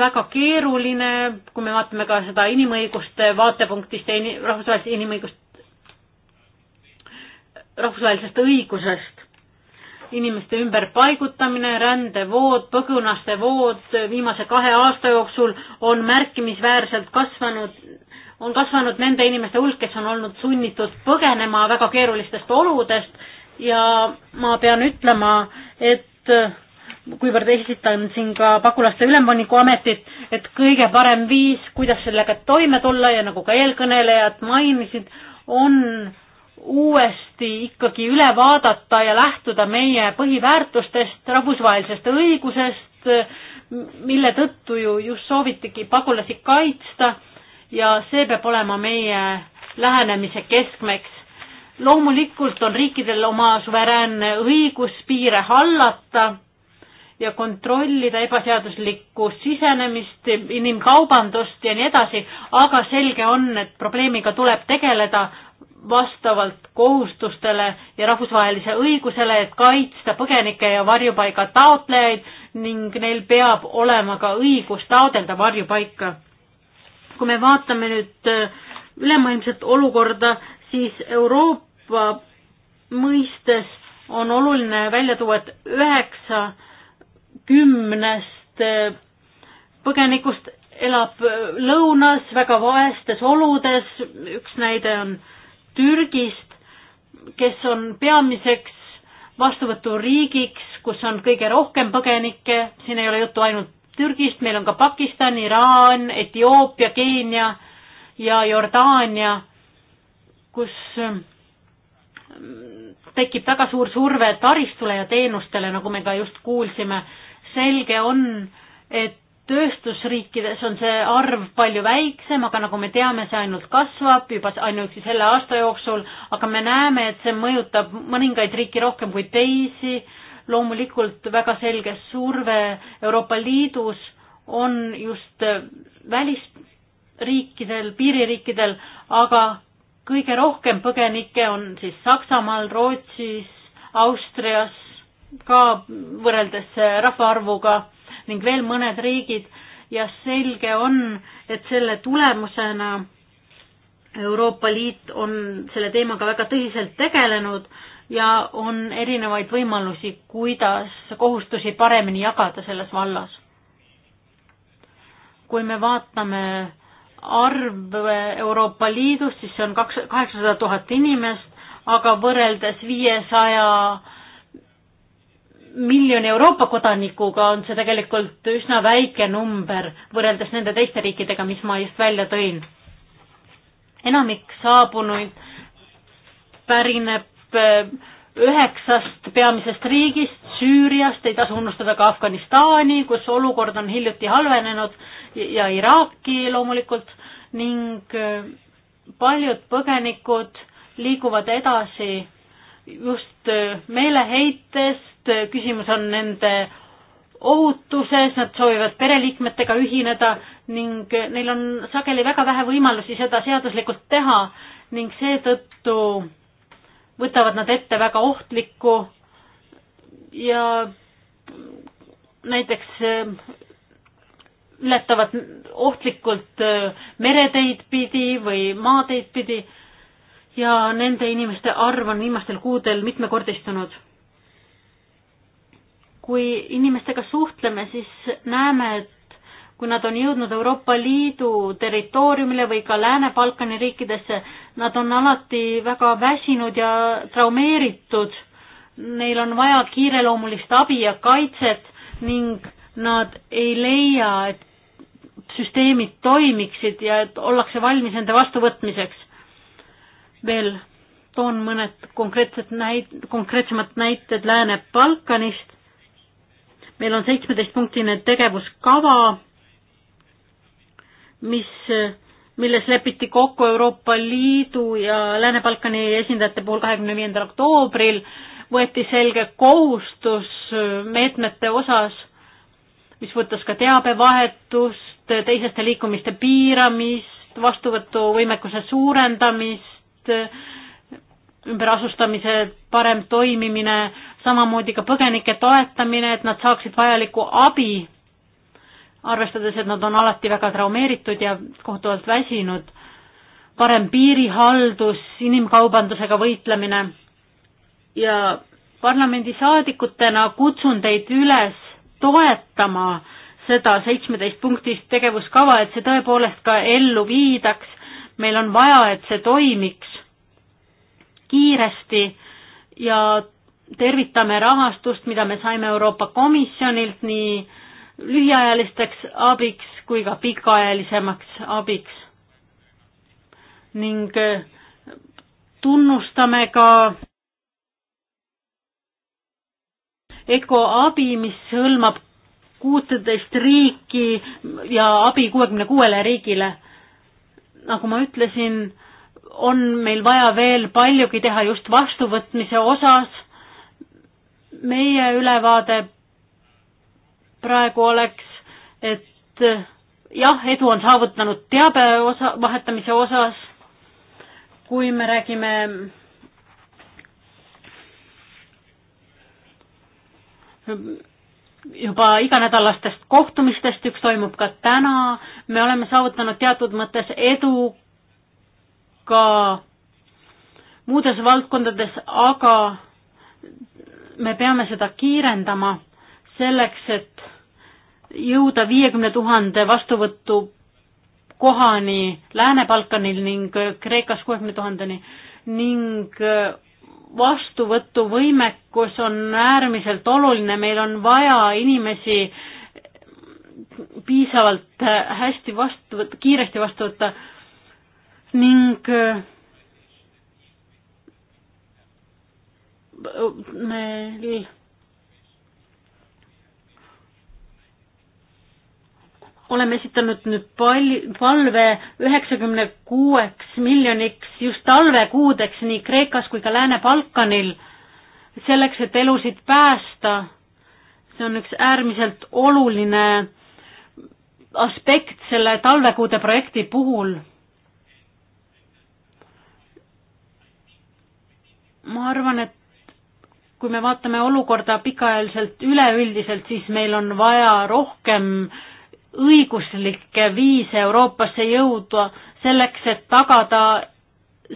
väga keeruline, kui me vaatame ka seda inimõiguste vaatepunktist ja rahvusvahelise inimõigust, rahvusvahelisest õigusest inimeste ümberpaigutamine, rändevood, põgunaste vood viimase kahe aasta jooksul on märkimisväärselt kasvanud, on kasvanud nende inimeste hulk, kes on olnud sunnitud põgenema väga keerulistest oludest ja ma pean ütlema, et kuivõrd esitan siin ka pagulaste ülemvoliniku ametit, et kõige parem viis, kuidas sellega toime tulla ja nagu ka eelkõnelejad mainisid, on uuesti ikkagi üle vaadata ja lähtuda meie põhiväärtustest, rahvusvahelisest õigusest, mille tõttu ju just soovitigi pagulasi kaitsta ja see peab olema meie lähenemise keskmeks. loomulikult on riikidel oma suveräänne õigus piire hallata ja kontrollida ebaseaduslikku sisenemist, inimkaubandust ja nii edasi, aga selge on, et probleemiga tuleb tegeleda vastavalt kohustustele ja rahvusvahelise õigusele, et kaitsta põgenike ja varjupaiga taotlejaid ning neil peab olema ka õigus taotleda varjupaika. kui me vaatame nüüd äh, ülemaailmset olukorda, siis Euroopa mõistes on oluline välja tuua, et üheksa kümnest äh, põgenikust elab äh, lõunas väga vaestes oludes, üks näide on Türgist, kes on peamiseks vastuvõturiigiks, kus on kõige rohkem põgenikke, siin ei ole juttu ainult Türgist, meil on ka Pakistan, Iraan, Etioopia, Keenia ja Jordaania, kus ähm, tekib väga suur surve taristule ja teenustele, nagu me ka just kuulsime. selge on, et tööstusriikides on see arv palju väiksem, aga nagu me teame, see ainult kasvab juba ainuüksi selle aasta jooksul, aga me näeme, et see mõjutab mõningaid riike rohkem kui teisi. loomulikult väga selge surve Euroopa Liidus on just välisriikidel, piiririikidel, aga kõige rohkem põgenikke on siis Saksamaal, Rootsis, Austrias ka võrreldes rahvaarvuga ning veel mõned riigid ja selge on, et selle tulemusena Euroopa Liit on selle teemaga väga tõsiselt tegelenud ja on erinevaid võimalusi, kuidas kohustusi paremini jagada selles vallas. kui me vaatame arve Euroopa Liidus, siis see on kaks, kaheksasada tuhat inimest, aga võrreldes viiesaja 500 miljoni Euroopa kodanikuga on see tegelikult üsna väike number võrreldes nende teiste riikidega, mis ma just välja tõin. enamik saabunuid pärineb äh, üheksast peamisest riigist, Süüriast, ei tasu unustada ka Afganistani, kus olukord on hiljuti halvenenud ja Iraaki loomulikult ning äh, paljud põgenikud liiguvad edasi just Äh, meeleheitest, äh, küsimus on nende ohutuses, nad soovivad pereliikmetega ühineda ning äh, neil on sageli väga vähe võimalusi seda seaduslikult teha ning seetõttu võtavad nad ette väga ohtlikku ja näiteks ületavad ohtlikult mereteid pidi või maateid pidi ja nende inimeste arv on viimastel kuudel mitmekordistunud. kui inimestega suhtleme, siis näeme, et kui nad on jõudnud Euroopa Liidu territooriumile või ka Lääne-Balkani riikidesse, nad on alati väga väsinud ja traumeeritud. Neil on vaja kiireloomulist abi ja kaitset ning nad ei leia, et süsteemid toimiksid ja et ollakse valmis nende vastuvõtmiseks veel toon mõned konkreetsed näid-, konkreetsemad näited Lääne-Balkanist. meil on seitsmeteistpunktine tegevuskava, mis, milles lepiti kokku Euroopa Liidu ja Lääne-Balkani esindajate puhul kahekümne viiendal oktoobril, võeti selge kohustus meetmete osas, mis võttes ka teabevahetust, teiseste liikumiste piiramist, vastuvõtuvõimekuse suurendamist, ümberasustamise parem toimimine, samamoodi ka põgenike toetamine, et nad saaksid vajalikku abi, arvestades, et nad on alati väga traumeeritud ja kohutavalt väsinud, parem piirihaldus, inimkaubandusega võitlemine ja parlamendisaadikutena kutsun teid üles toetama seda seitsmeteist punktist tegevuskava, et see tõepoolest ka ellu viidaks meil on vaja, et see toimiks kiiresti ja tervitame rahastust, mida me saime Euroopa Komisjonilt nii lühiajalisteks abiks kui ka pikaajalisemaks abiks. ning äh, tunnustame ka ECO abi, mis hõlmab kuuteist riiki ja abi kuuekümne kuuele riigile nagu ma ütlesin, on meil vaja veel paljugi teha just vastuvõtmise osas. meie ülevaade praegu oleks, et jah, edu on saavutanud teabe osa, vahetamise osas. kui me räägime juba iganädalastest kohtumistest, üks toimub ka täna, me oleme saavutanud teatud mõttes edu ka muudes valdkondades, aga me peame seda kiirendama selleks, et jõuda viiekümne tuhande vastuvõtu kohani Lääne-Balkanil ning Kreekas kuuekümne tuhandeni ning vastuvõtuvõimekus on äärmiselt oluline, meil on vaja inimesi piisavalt hästi vastu võtta, kiiresti vastu võtta ning äh, meil oleme esitanud nüüd palju, palve üheksakümne kuueks miljoniks just talvekuudeks nii Kreekas kui ka Lääne-Balkanil, selleks, et elusid päästa. see on üks äärmiselt oluline aspekt selle talvekuude projekti puhul. ma arvan, et kui me vaatame olukorda pikaajaliselt üleüldiselt, siis meil on vaja rohkem äh, õiguslikke viise Euroopasse jõuda selleks, et tagada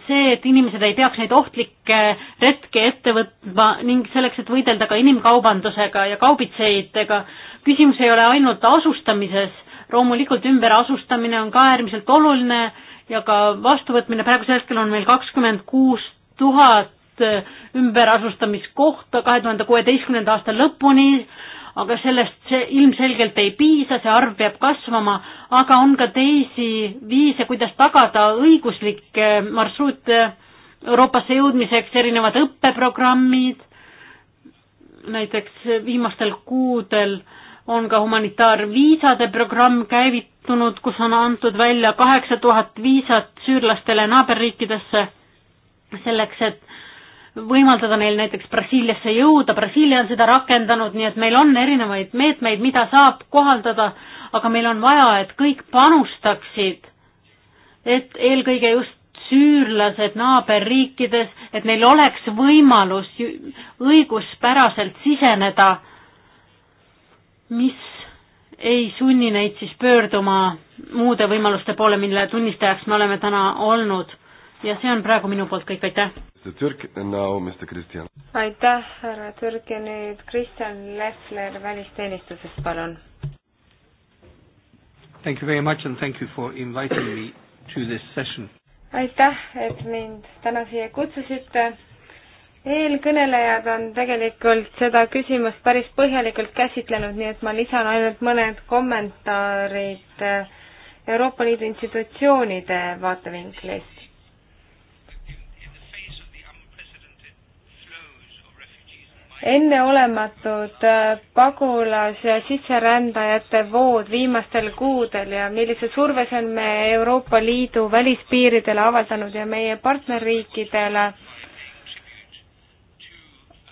see, et inimesed ei peaks neid ohtlikke retki ette võtma ning selleks, et võidelda ka inimkaubandusega ja kaubitsejatega. küsimus ei ole ainult asustamises, loomulikult ümberasustamine on ka äärmiselt oluline ja ka vastuvõtmine, praegusel hetkel on meil kakskümmend kuus tuhat ümberasustamiskohta kahe tuhande kuueteistkümnenda aasta lõpuni, aga sellest see ilmselgelt ei piisa, see arv peab kasvama, aga on ka teisi viise, kuidas tagada õiguslikke eh, marsruute eh, Euroopasse jõudmiseks, erinevad õppeprogrammid, näiteks eh, viimastel kuudel on ka humanitaarviisade programm käivitunud, kus on antud välja kaheksa tuhat viisat süürlastele naaberriikidesse selleks, et võimaldada neil näiteks Brasiiliasse jõuda, Brasiilia on seda rakendanud, nii et meil on erinevaid meetmeid, mida saab kohaldada, aga meil on vaja, et kõik panustaksid, et eelkõige just süürlased naaberriikides, et neil oleks võimalus õiguspäraselt siseneda, mis ei sunni neid siis pöörduma muude võimaluste poole, mille tunnistajaks me oleme täna olnud. ja see on praegu minu poolt kõik, aitäh! Mr Türk and now Mr Kristjan. aitäh, härra Türk ja nüüd Kristjan Lefler välisteenistusest, palun. Thank you very much and thank you for inviting me to this session. aitäh, et mind täna siia kutsusite. eelkõnelejad on tegelikult seda küsimust päris põhjalikult käsitlenud, nii et ma lisan ainult mõned kommentaarid Euroopa Liidu institutsioonide vaatevinklist enneolematud äh, pagulas- ja sisserändajate vood viimastel kuudel ja millise surve see on me Euroopa Liidu välispiiridele avaldanud ja meie partnerriikidele,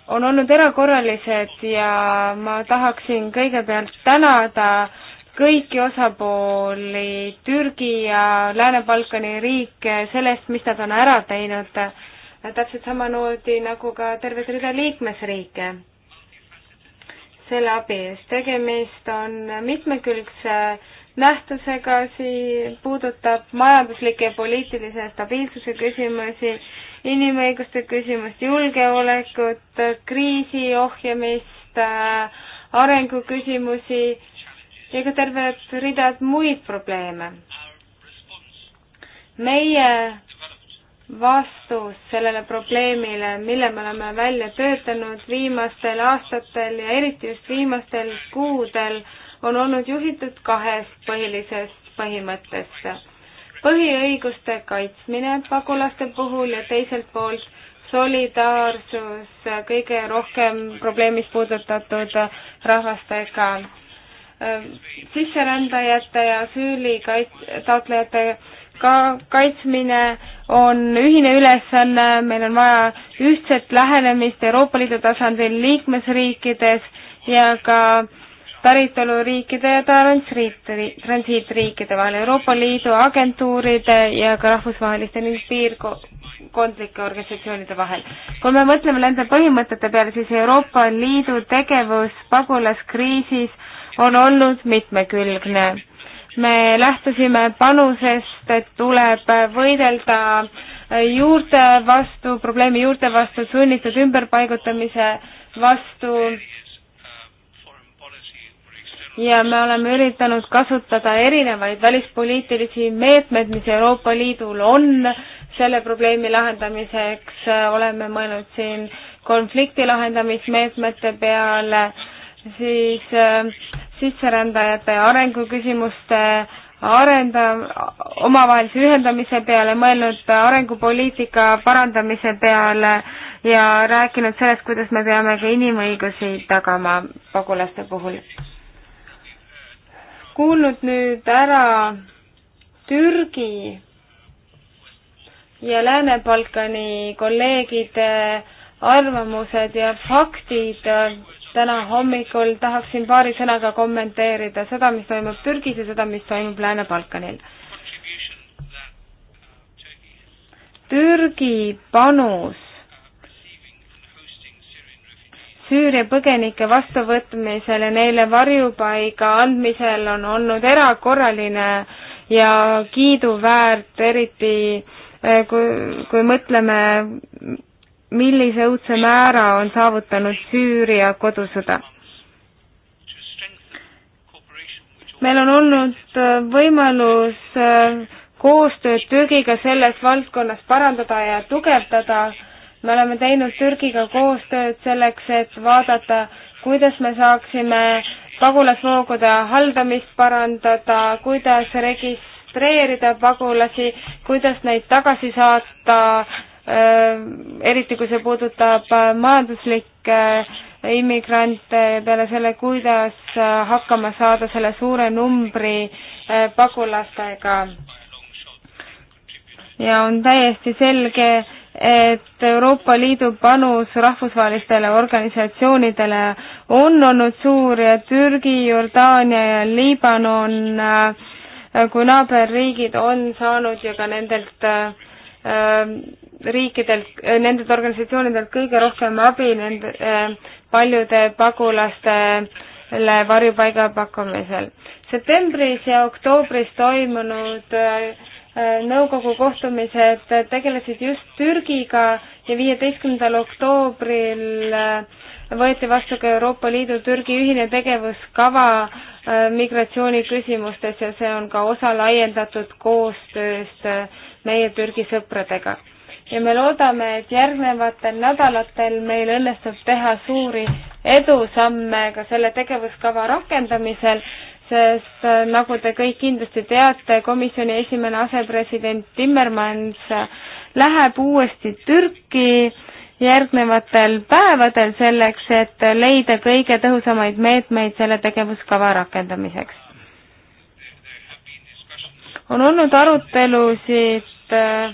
on olnud erakorralised ja ma tahaksin kõigepealt tänada kõiki osapooli, Türgi ja Lääne-Balkani riike sellest, mis nad on ära teinud täpselt samamoodi nagu ka terved rida liikmesriike selle abi eest. tegemist on mitmekülgse nähtusega, see puudutab majanduslikke ja poliitilise stabiilsuse küsimusi, inimõiguste küsimust, julgeolekut, kriisi ohjamist, äh, arenguküsimusi ja ka terved ridad muid probleeme. meie vastus sellele probleemile, mille me oleme välja töötanud viimastel aastatel ja eriti just viimastel kuudel, on olnud juhitud kahest põhilisest põhimõttest. põhiõiguste kaitsmine pagulaste puhul ja teiselt poolt solidaarsus kõige rohkem probleemist puudutatud rahvastega, sisserändajate ja asüüli kaits-, taotlejate ka kaitsmine on ühine ülesanne, meil on vaja ühtset lähenemist Euroopa Liidu tasandil liikmesriikides ja ka päritoluriikide ja transiitriikide vahel, Euroopa Liidu agentuuride ja ka rahvusvaheliste ning piirkondlike organisatsioonide vahel. kui me mõtleme nende põhimõtete peale, siis Euroopa Liidu tegevus pagulaskriisis on olnud mitmekülgne me lähtusime panusest, et tuleb võidelda juurte vastu, probleemi juurte vastu, sunnitud ümberpaigutamise vastu. ja me oleme üritanud kasutada erinevaid välispoliitilisi meetmeid, mis Euroopa Liidul on selle probleemi lahendamiseks, oleme mõelnud siin konflikti lahendamismeetmete peale, siis äh, sisserändajate arenguküsimuste arenda-, omavahelise ühendamise peale, mõelnud arengupoliitika parandamise peale ja rääkinud sellest, kuidas me peame ka inimõigusi tagama pagulaste puhul. kuulnud nüüd ära Türgi ja Lääne-Balkani kolleegide arvamused ja faktid täna hommikul tahaksin paari sõnaga kommenteerida seda, mis toimub Türgis ja seda, mis toimub Lääne-Balkanil. Türgi panus Süüria põgenike vastuvõtmisel ja neile varjupaiga andmisel on olnud erakorraline ja kiiduväärt, eriti eh, kui, kui mõtleme millise õudse määra on saavutanud Süüria kodusõda. meil on olnud äh, võimalus äh, koostööd Türgiga selles valdkonnas parandada ja tugevdada. me oleme teinud Türgiga koostööd selleks, et vaadata, kuidas me saaksime pagulasvoogude haldamist parandada, kuidas registreerida pagulasi, kuidas neid tagasi saata Äh, eriti kui see puudutab äh, majanduslikke äh, immigrante ja peale selle, kuidas hakkama saada selle suure numbri pagulastega. ja on täiesti selge, et Euroopa Liidu panus rahvusvahelistele organisatsioonidele on olnud suur ja Türgi, Jordaania ja Liibanon kui naaberriigid on saanud ju ka nendelt riikidelt, nendelt organisatsioonidelt kõige rohkem abi nende äh, paljude pagulastele varjupaiga pakkumisel. septembris ja oktoobris toimunud äh, äh, nõukogu kohtumised tegelesid just Türgiga ja viieteistkümnendal oktoobril võeti vastu ka Euroopa Liidu Türgi ühine tegevuskava migratsiooniküsimustes ja see on ka osa laiendatud koostööst meie Türgi sõpradega ja me loodame, et järgnevatel nädalatel meil õnnestub teha suuri edusamme ka selle tegevuskava rakendamisel, sest äh, nagu te kõik kindlasti teate, komisjoni esimene asepresident Timmermans äh, läheb uuesti Türki järgnevatel päevadel selleks, et leida kõige tõhusamaid meetmeid selle tegevuskava rakendamiseks. on olnud arutelusid äh,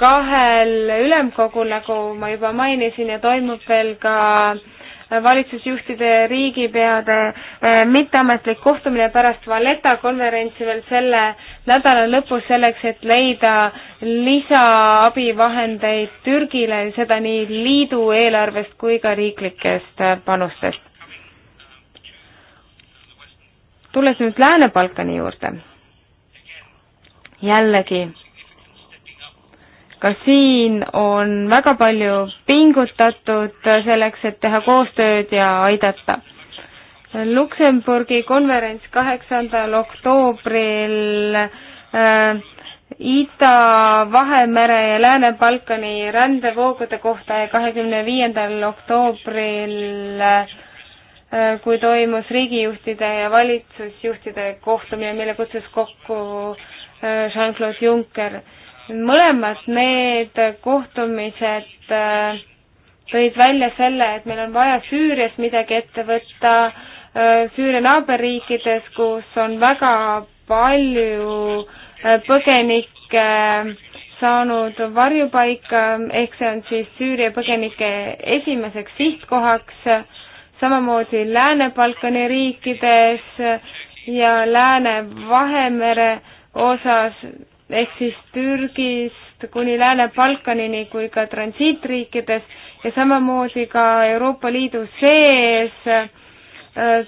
kahel ülemkogul, nagu ma juba mainisin, ja toimub veel ka valitsusjuhtide, riigipeade eh, mitteametlik kohtumine pärast Valletta konverentsi veel selle nädala lõpus selleks, et leida lisaabivahendeid Türgile, seda nii liidu eelarvest kui ka riiklikest panustest. tulles nüüd Lääne-Balkani juurde, jällegi ka siin on väga palju pingutatud selleks, et teha koostööd ja aidata. Luksemburgi konverents kaheksandal oktoobril äh, Ida-Vahemere ja Lääne-Balkani rändevoogude kohta ja kahekümne viiendal oktoobril äh, kui toimus riigijuhtide ja valitsusjuhtide kohtumine, mille kutsus kokku äh, Jean-Claude Juncker mõlemad need kohtumised äh, tõid välja selle, et meil on vaja Süürias midagi ette võtta, äh, Süüria naaberriikides, kus on väga palju äh, põgenikke saanud varjupaika, ehk see on siis Süüria põgenike esimeseks sihtkohaks, samamoodi Lääne-Balkani riikides ja Lääne-Vahemere osas ehk siis Türgist kuni Lääne-Balkanini kui ka transiitriikides ja samamoodi ka Euroopa Liidu sees äh,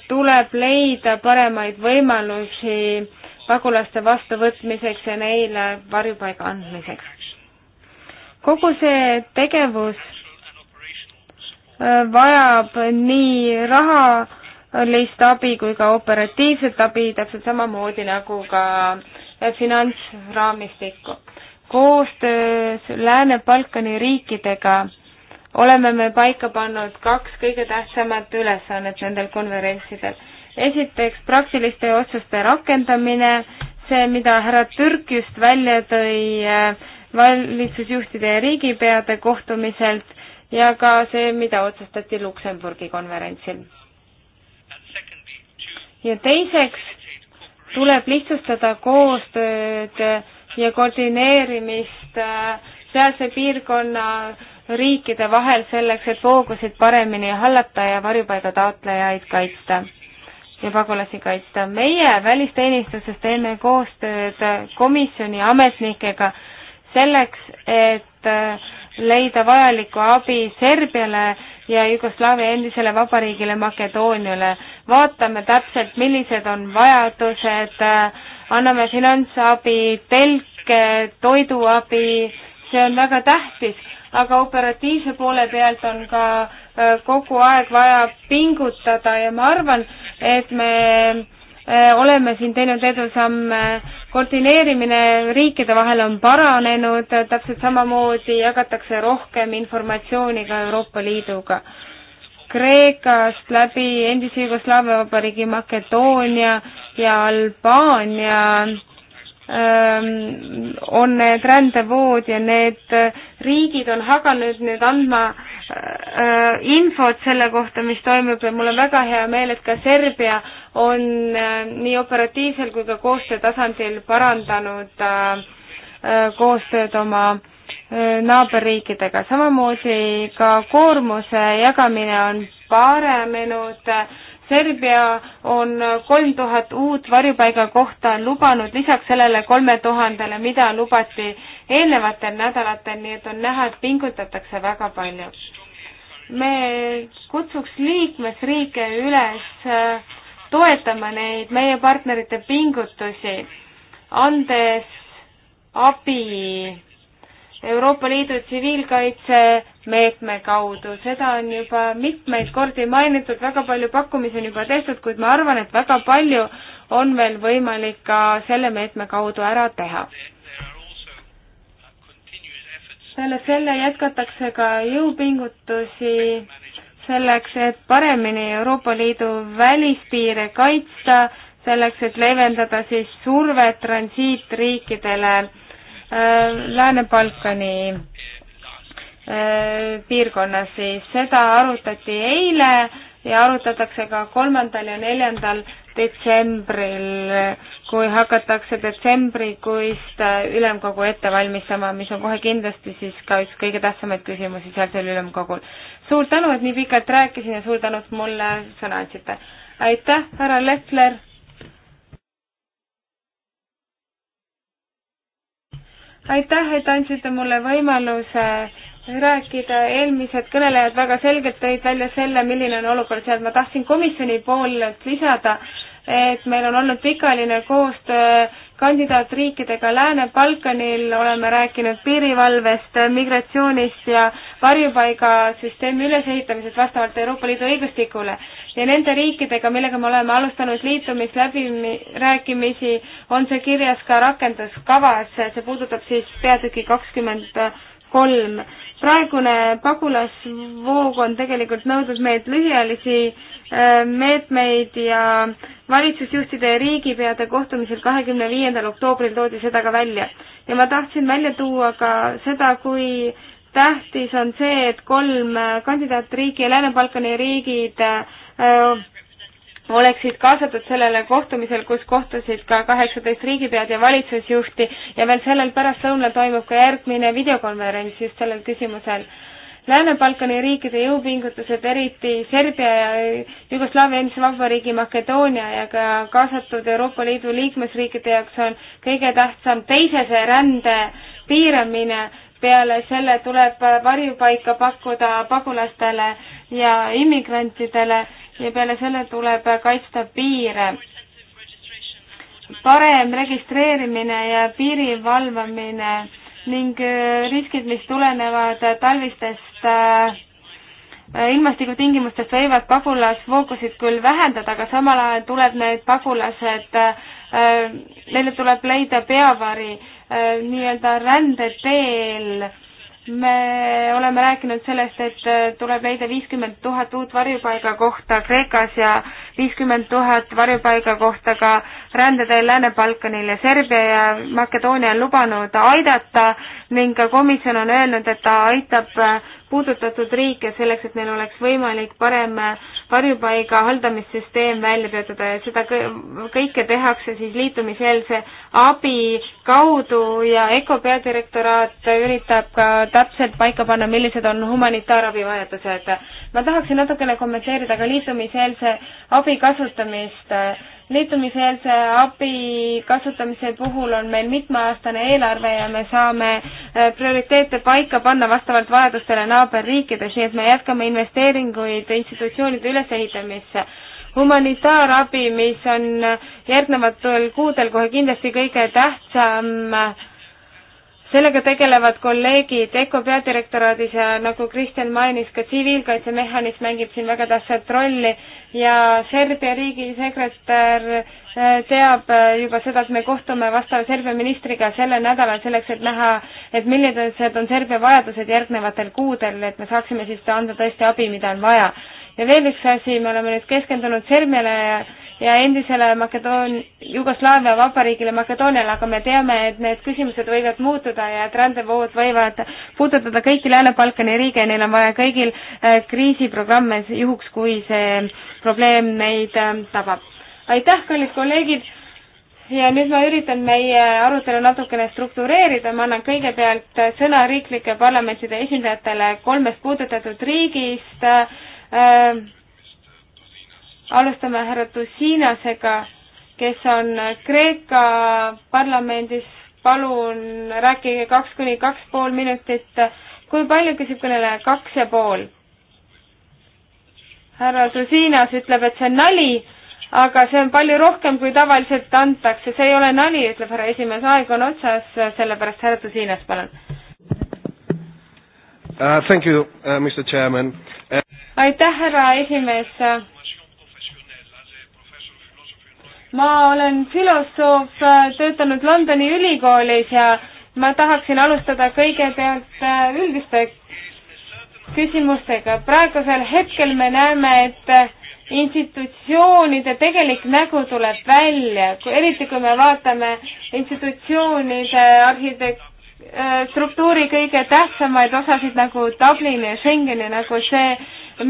tuleb leida paremaid võimalusi pagulaste vastuvõtmiseks ja neile varjupaiga andmiseks. kogu see tegevus äh, vajab nii rahalist abi kui ka operatiivset abi, täpselt samamoodi nagu ka finantsraamistikku. koostöös Lääne-Balkani riikidega oleme me paika pannud kaks kõige tähtsamat ülesannet nendel konverentsidel. esiteks praktiliste otsuste rakendamine, see, mida härra Türk just välja tõi eh, valitsusjuhtide ja riigipeade kohtumiselt ja ka see, mida otsustati Luksemburgi konverentsil. ja teiseks tuleb lihtsustada koostööd ja koordineerimist äh, sealse piirkonna riikide vahel selleks, et voogusid paremini hallata ja varjupaiga taotlejaid kaitsta ja pagulasi kaitsta. meie välisteenistuses teeme koostööd komisjoni ametnikega selleks, et leida vajalikku abi Serbiale ja Jugoslaavia endisele vabariigile Makedooniale. vaatame täpselt, millised on vajadused, anname finantsabi, telke, toiduabi, see on väga tähtis, aga operatiivse poole pealt on ka äh, kogu aeg vaja pingutada ja ma arvan, et me Äh, oleme siin teinud edusamme, koordineerimine riikide vahel on paranenud, täpselt samamoodi jagatakse rohkem informatsiooni ka Euroopa Liiduga. Kreekast läbi endise Jugoslaavia vabariigi Makedoonia ja Albaania ähm, on need rändevood ja need riigid on hakanud nüüd andma Äh, äh, infot selle kohta, mis toimub ja mul on väga hea meel, et ka Serbia on äh, nii operatiivsel kui ka koostöö tasandil parandanud koostööd oma naaberriikidega, samamoodi ka koormuse jagamine on parenenud, Serbia on kolm tuhat uut varjupaiga kohta lubanud, lisaks sellele kolme tuhandele, mida lubati eelnevatel nädalatel, nii et on näha, et pingutatakse väga palju. me kutsuks liikmesriike üles äh, toetama neid meie partnerite pingutusi, andes abi Euroopa Liidu tsiviilkaitsemeetme kaudu, seda on juba mitmeid kordi mainitud, väga palju pakkumisi on juba tehtud, kuid ma arvan, et väga palju on veel võimalik ka selle meetme kaudu ära teha peale selle jätkatakse ka jõupingutusi selleks, et paremini Euroopa Liidu välispiire kaitsta, selleks, et leevendada siis survet transiitriikidele äh, Lääne-Balkani äh, piirkonnas, siis seda arutati eile ja arutatakse ka kolmandal ja neljandal detsembril, kui hakatakse detsembrikuist ülemkogu ette valmistama, mis on kohe kindlasti siis ka üks kõige tähtsamaid küsimusi sealsel ülemkogul. suur tänu, et nii pikalt rääkisin ja suur tänu, et mulle sõna andsite. aitäh, härra Lehtler. aitäh, et andsite mulle võimaluse rääkida, eelmised kõnelejad väga selgelt tõid välja selle, milline on olukord seal, ma tahtsin komisjoni poolelt lisada, et meil on olnud pikaline koostöö kandidaatriikidega Lääne-Balkanil, oleme rääkinud piirivalvest, migratsioonist ja varjupaigasüsteemi ülesehitamisest vastavalt Euroopa Liidu õigustikule. ja nende riikidega, millega me oleme alustanud liitumisläbirääkimisi, on see kirjas ka rakenduskavas, see puudutab siis peatüki kakskümmend 20 kolm. praegune pagulasvoog on tegelikult nõudnud meilt lühiajalisi äh, meetmeid ja valitsusjuhtide ja riigipeade kohtumisel kahekümne viiendal oktoobril toodi seda ka välja. ja ma tahtsin välja tuua ka seda, kui tähtis on see, et kolm kandidaatriiki ja Lääne-Balkani riigid äh, oleksid kaasatud sellele kohtumisel, kus kohtusid ka kaheksateist riigipead ja valitsusjuhti ja veel sellel pärastlõunal toimub ka järgmine videokonverents just sellel küsimusel. Lääne-Balkani riikide jõupingutused, eriti Serbia ja Jugoslaavia endise vabariigi Makedoonia ja ka kaasatud Euroopa Liidu liikmesriikide jaoks on kõige tähtsam teisese rände piiramine, peale selle tuleb varjupaika pakkuda pagulastele ja immigrantidele ja peale selle tuleb kaitsta piire. parem registreerimine ja piiri valvamine ning äh, riskid, mis tulenevad talvistest äh, ilmastikutingimustest võivad pagulasvoogusid küll vähendada, aga samal ajal tuleb need pagulased, äh, neile tuleb leida peavari nii-öelda rändeteel me oleme rääkinud sellest, et äh, tuleb leida viiskümmend tuhat uut varjupaiga kohta Kreekas ja viiskümmend tuhat varjupaiga kohta ka rändeteel Lääne-Balkanil ja Serbia ja Makedoonia on lubanud aidata ning ka komisjon on öelnud, et ta aitab äh, puudutatud riike selleks, et neil oleks võimalik parem varjupaiga haldamissüsteem välja töötada ja seda kõike tehakse siis liitumiseelse abi kaudu ja EKO peadirektoraat üritab ka täpselt paika panna, millised on humanitaarabi vajadused. ma tahaksin natukene kommenteerida ka liitumiseelse abi kasutamist liitumiseelse abi kasutamise puhul on meil mitmeaastane eelarve ja me saame äh, prioriteete paika panna vastavalt vajadustele naaberriikides, nii et me jätkame investeeringuid institutsioonide ülesehitamisse. humanitaarabi, mis on äh, järgnevatel kuudel kohe kindlasti kõige tähtsam äh, sellega tegelevad kolleegid EKO peadirektoraadis ja nagu Kristjan mainis, ka tsiviilkaitsemehhanism mängib siin väga tähtsat rolli ja Serbia riigisekretär äh, teab äh, juba seda, et me kohtume vastava Serbia ministriga sellel nädalal selleks, et näha, et millised on Serbia vajadused järgnevatel kuudel, et me saaksime siis anda tõesti abi, mida on vaja. ja veel üks asi, me oleme nüüd keskendunud Serbiale ja ja endisele Makedoon-, Jugoslaavia vabariigile Makedooniale, aga me teame, et need küsimused võivad muutuda ja et rändevood võivad puudutada kõiki Lääne-Balkani riike ja neil on vaja kõigil äh, kriisiprogramme juhuks, kui see probleem neid äh, tabab. aitäh, kallid kolleegid! ja nüüd ma üritan meie arutelu natukene struktureerida, ma annan kõigepealt sõna riiklike parlamentide esindajatele kolmest puudutatud riigist äh,, alustame härra Tusiinasega, kes on Kreeka parlamendis. palun rääkige kaks kuni kaks pool minutit. kui palju küsib kõneleja? kaks ja pool. härra Tusiinas ütleb, et see on nali, aga see on palju rohkem, kui tavaliselt antakse. see ei ole nali, ütleb härra esimees. aeg on otsas, sellepärast härra Tusiinas, palun. Uh, thank you, uh, Mr. Chairman. Uh... aitäh, härra esimees ma olen filosoof, äh, töötanud Londoni ülikoolis ja ma tahaksin alustada kõigepealt äh, üldiste küsimustega. praegusel hetkel me näeme, et äh, institutsioonide tegelik nägu tuleb välja, eriti kui me vaatame institutsioonide arhitekt-, struktuuri kõige tähtsamaid osasid nagu Dublini ja Schengeni, nagu see,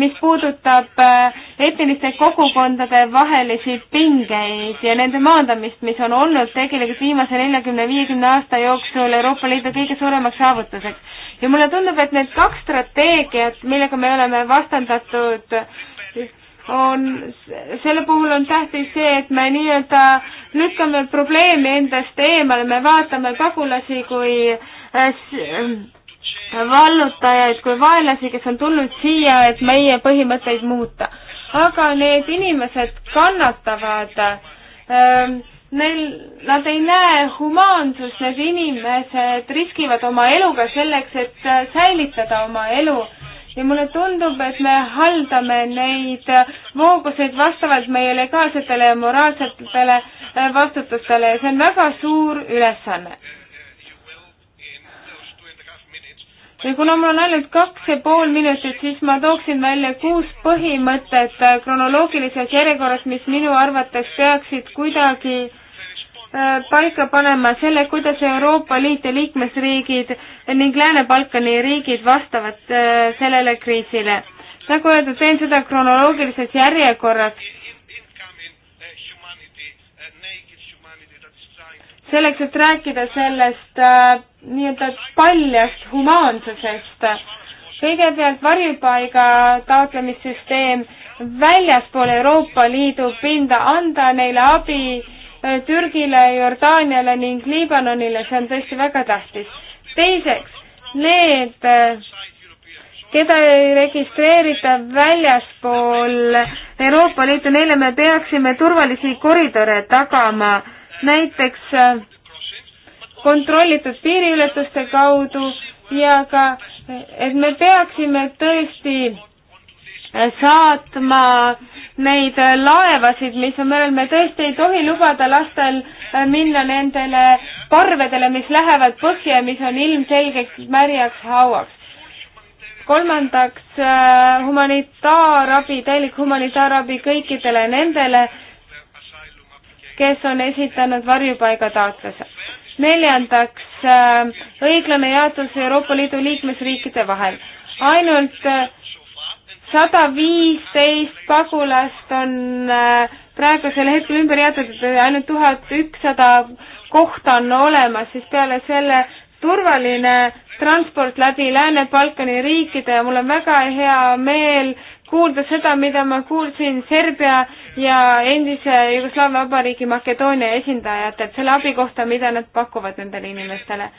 mis puudutab äh, etniliste kogukondade vahelisi pingeid ja nende maandamist, mis on olnud tegelikult viimase neljakümne, viiekümne aasta jooksul Euroopa Liidu kõige suuremaks saavutuseks. ja mulle tundub, et need kaks strateegiat, millega me oleme vastandatud, on, selle puhul on tähtis see, et me nii-öelda lükkame probleemi endast eemale, me vaatame pagulasi kui äh, vallutajaid kui vaenlasi, kes on tulnud siia, et meie põhimõtteid muuta. aga need inimesed kannatavad ähm,, neil, nad ei näe humaansust, need inimesed riskivad oma eluga selleks, et äh, säilitada oma elu ja mulle tundub, et me haldame neid vooguseid vastavalt meie legaalsetele ja moraalsetele äh, vastutustele ja see on väga suur ülesanne või kuna mul on ainult kaks ja pool minutit, siis ma tooksin välja kuus põhimõtet kronoloogilises järjekorras, mis minu arvates peaksid kuidagi äh, paika panema selle, kuidas Euroopa Liit ja liikmesriigid ning Lääne-Balkani riigid vastavad äh, sellele kriisile. nagu öeldud, teen seda kronoloogilises järjekorras. selleks, et rääkida sellest äh, nii-öelda paljast humaansusest. kõigepealt varjupaiga taotlemissüsteem väljaspool Euroopa Liidu pinda, anda neile abi eh, Türgile, Jordaaniale ning Liibanonile, see on tõesti väga tähtis. teiseks, need, eh, keda ei registreerita väljaspool Euroopa Liitu, neile me peaksime turvalisi koridore tagama, näiteks eh, kontrollitud piiriületuste kaudu ja ka, et me peaksime tõesti saatma neid laevasid, mis on merel, me tõesti ei tohi lubada lastel minna nendele parvedele, mis lähevad põhja ja mis on ilmselgeks märjaks hauaks. kolmandaks, äh, humanitaarabi, täielik humanitaarabi kõikidele nendele, kes on esitanud varjupaigataotluse neljandaks, äh, õiglane jaotus Euroopa Liidu liikmesriikide vahel. ainult äh, sada viisteist pagulast on äh, praegusel hetkel ümber jaotatud, ainult tuhat ükssada kohta on olemas, siis peale selle turvaline transport läbi Lääne-Balkani riikide ja mul on väga hea meel äh, kuulda seda, mida ma kuulsin Serbia ja endise Jugoslaavia Vabariigi Makedoonia esindajatelt selle abi kohta, mida nad pakuvad nendele inimestele.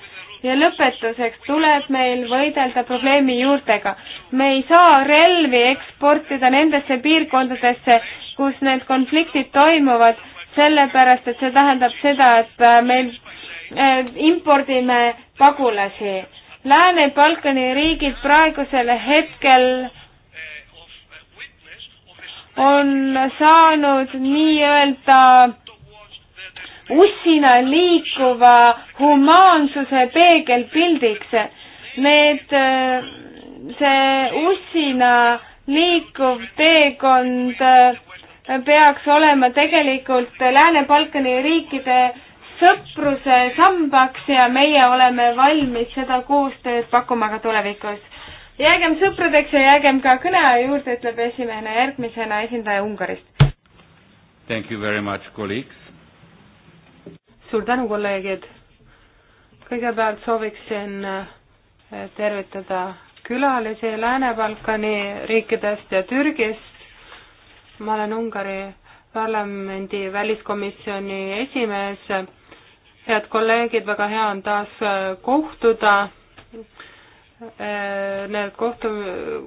ja lõpetuseks tuleb meil võidelda probleemi juurtega. me ei saa relvi eksportida nendesse piirkondadesse, kus need konfliktid toimuvad, sellepärast et see tähendab seda, et äh, meil äh, impordime pagulasi. Lääne-Balkani riigid praegusel hetkel on saanud nii-öelda ussina liikuva humaansuse peegelpildiks. Need, äh, see ussina liikuv teekond äh, peaks olema tegelikult Lääne-Balkani riikide sõpruse sambaks ja meie oleme valmis seda koostööd pakkuma ka tulevikus jäägem sõpradeks ja jäägem ka kõneaja juurde, ütleb esimene, järgmisena esindaja Ungarist. Thank you very much, colleagues. suur tänu, kolleegid. kõigepealt sooviksin eh, tervitada külalisi Lääne-Balkani riikidest ja Türgist. ma olen Ungari parlamendi väliskomisjoni esimees. head kolleegid, väga hea on taas eh, kohtuda Eh, need kohtu,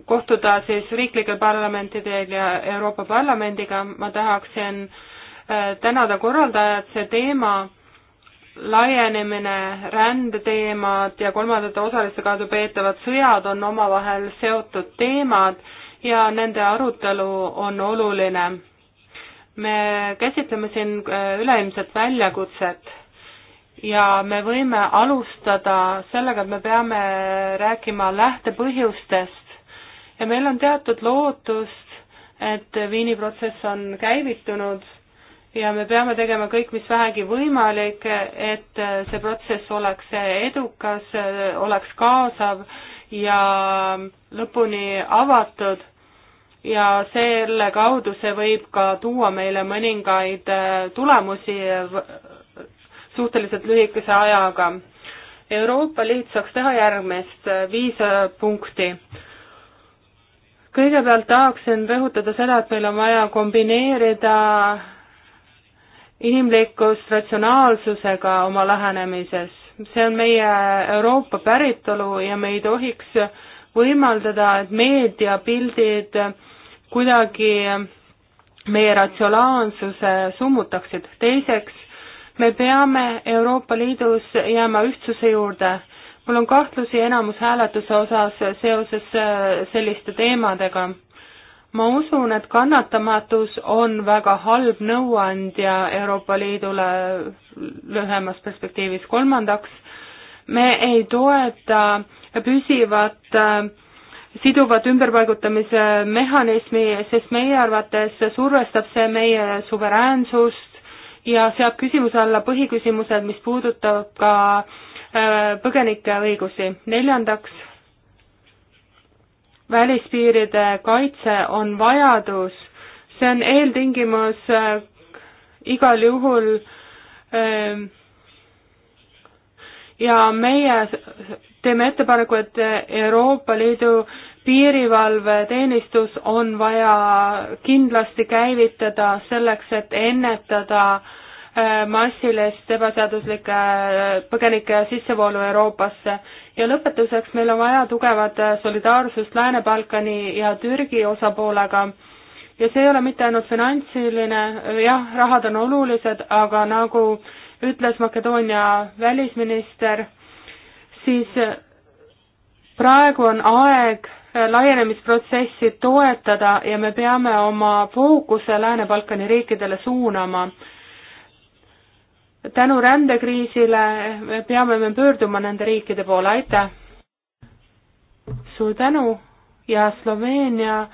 kohtuda siis riiklike parlamentidel ja Euroopa Parlamendiga, ma tahaksin eh, tänada korraldajat, see teema, laienemine, rändeteemad ja kolmandate osaliste kaudu peetavad sõjad on omavahel seotud teemad ja nende arutelu on oluline. me käsitleme siin eh, üleilmset väljakutset ja me võime alustada sellega, et me peame rääkima lähtepõhjustest ja meil on teatud lootust, et Viini protsess on käivitunud ja me peame tegema kõik, mis vähegi võimalik, et see protsess oleks edukas, oleks kaasav ja lõpuni avatud ja selle kaudu see võib ka tuua meile mõningaid tulemusi suhteliselt lühikese ajaga. Euroopa Liit saaks teha järgmist, äh, viis äh, punkti. kõigepealt tahaksin rõhutada seda, et meil on vaja kombineerida inimlikkust ratsionaalsusega oma lähenemises. see on meie Euroopa päritolu ja me ei tohiks võimaldada, et meediapildid kuidagi meie ratsionaalsuse summutaksid. teiseks, me peame Euroopa Liidus jääma ühtsuse juurde. mul on kahtlusi enamushääletuse osas seoses äh, selliste teemadega. ma usun, et kannatamatus on väga halb nõuandja Euroopa Liidule lühemas perspektiivis. kolmandaks, me ei toeta püsivat äh, siduvat ümberpaigutamise mehhanismi, sest meie arvates survestab see meie suveräänsust ja seab küsimuse alla põhiküsimused, mis puudutab ka äh, põgenike õigusi. neljandaks, välispiiride kaitse on vajadus, see on eeltingimus äh, igal juhul ähm, ja meie teeme ettepaneku, et Euroopa Liidu piirivalveteenistus on vaja kindlasti käivitada selleks, et ennetada äh, massilist ebaseaduslike äh, põgenike sissevoolu Euroopasse. ja lõpetuseks, meil on vaja tugevat äh, solidaarsust Lääne-Balkani ja Türgi osapoolega ja see ei ole mitte ainult finantsiline, jah, rahad on olulised, aga nagu ütles Makedoonia välisminister, siis praegu on aeg laienemisprotsessi toetada ja me peame oma fookuse Lääne-Balkani riikidele suunama. tänu rändekriisile me peame me pöörduma nende riikide poole, aitäh! suur tänu ja Sloveenia äh,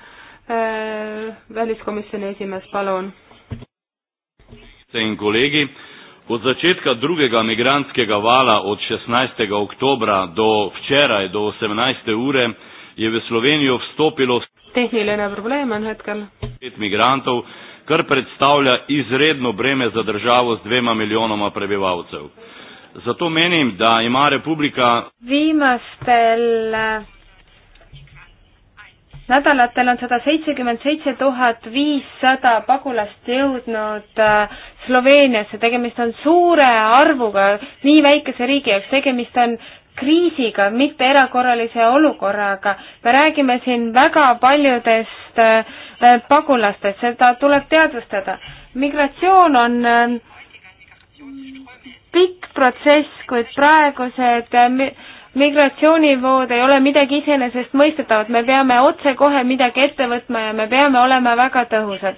väliskomisjoni esimees, palun! Od začetka drugega migranskega vala od 16. oktobra do včeraj do 18. ure je v Slovenijo vstopilo tehniline probleem on hetkel. pet migrantov, kar predstavlja izredno breme za državo z dvema milijonoma prebivalcev. Zato menim, da ima republika viimastel nädalatel on sada seitsekümmend seitse tuhat viissada pagulast jõudnud äh, Sloveeniasse, tegemist on suure arvuga nii väikese riigi jaoks, tegemist on kriisiga, mitte erakorralise olukorraga. me räägime siin väga paljudest äh, pagulastest, seda tuleb teadvustada. migratsioon on äh, pikk protsess, kuid praegused äh, migratsioonivood ei ole midagi iseenesestmõistetavat, me peame otsekohe midagi ette võtma ja me peame olema väga tõhusad.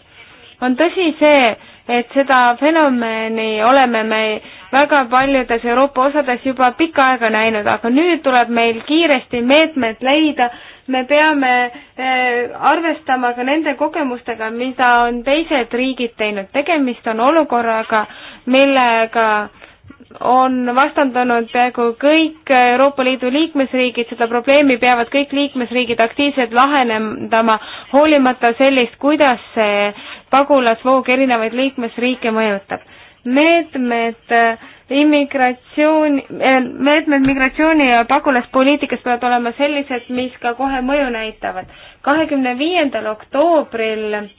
on tõsi see, et seda fenomeni oleme me väga paljudes Euroopa osades juba pikka aega näinud, aga nüüd tuleb meil kiiresti meetmed leida, me peame eh, arvestama ka nende kogemustega, mida on teised riigid teinud, tegemist on olukorraga, millega on vastandanud peaaegu kõik Euroopa Liidu liikmesriigid, seda probleemi peavad kõik liikmesriigid aktiivselt lahendama, hoolimata sellest, kuidas see pagulasvoog erinevaid liikmesriike mõjutab meetmed äh, immigratsioon, äh, meetmed migratsiooni ja pagulaspoliitikas peavad olema sellised, mis ka kohe mõju näitavad. kahekümne viiendal oktoobril äh,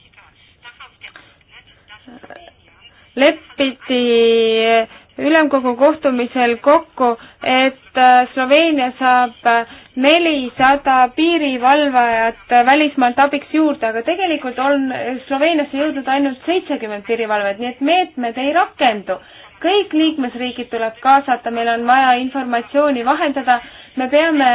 leppiti ülemkogu kohtumisel kokku, et äh, Sloveenia saab äh, nelisada piirivalvajat äh, välismaalt abiks juurde, aga tegelikult on Sloveeniasse jõudnud ainult seitsekümmend piirivalvet, nii et meetmed ei rakendu. kõik liikmesriigid tuleb kaasata, meil on vaja informatsiooni vahendada, me peame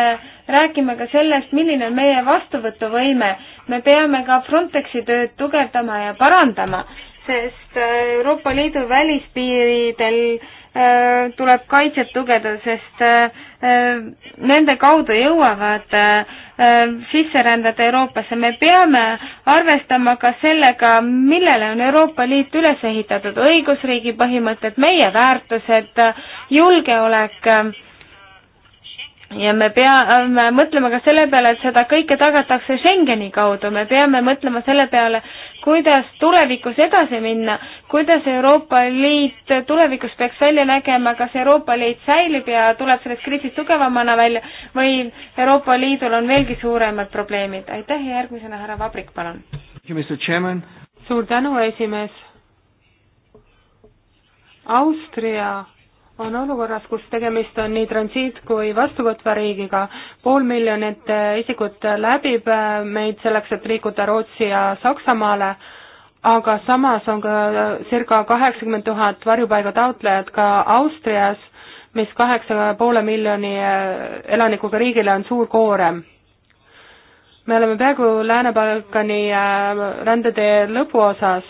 rääkima ka sellest, milline on meie vastuvõtuvõime. me peame ka Frontexi tööd tugevdama ja parandama sest äh, Euroopa Liidu välispiiridel äh, tuleb kaitset tugevda, sest äh, nende kaudu jõuavad sisserändajad Euroopasse. me peame arvestama ka sellega, millele on Euroopa Liit üles ehitatud, õigusriigi põhimõtted, meie väärtused, julgeolek ja me peame mõtlema ka selle peale, et seda kõike tagatakse Schengeni kaudu, me peame mõtlema selle peale, kuidas tulevikus edasi minna, kuidas Euroopa Liit tulevikus peaks välja nägema, kas Euroopa Liit säilib ja tuleb sellest kriisist tugevamana välja või Euroopa Liidul on veelgi suuremad probleemid. aitäh ja järgmisena härra Vabrik, palun. suur tänu, esimees. Austria on olukorras, kus tegemist on nii transiit- kui vastuvõtva riigiga. pool miljonit äh, isikut läbib äh, meid selleks, et liikuda Rootsi ja Saksamaale, aga samas on ka äh, circa kaheksakümmend tuhat varjupaiga taotlejat ka Austrias, mis kaheksa ja poole miljoni elanikuga riigile on suur koorem. me oleme peaaegu Lääne-Balkani rändetee lõpuosas.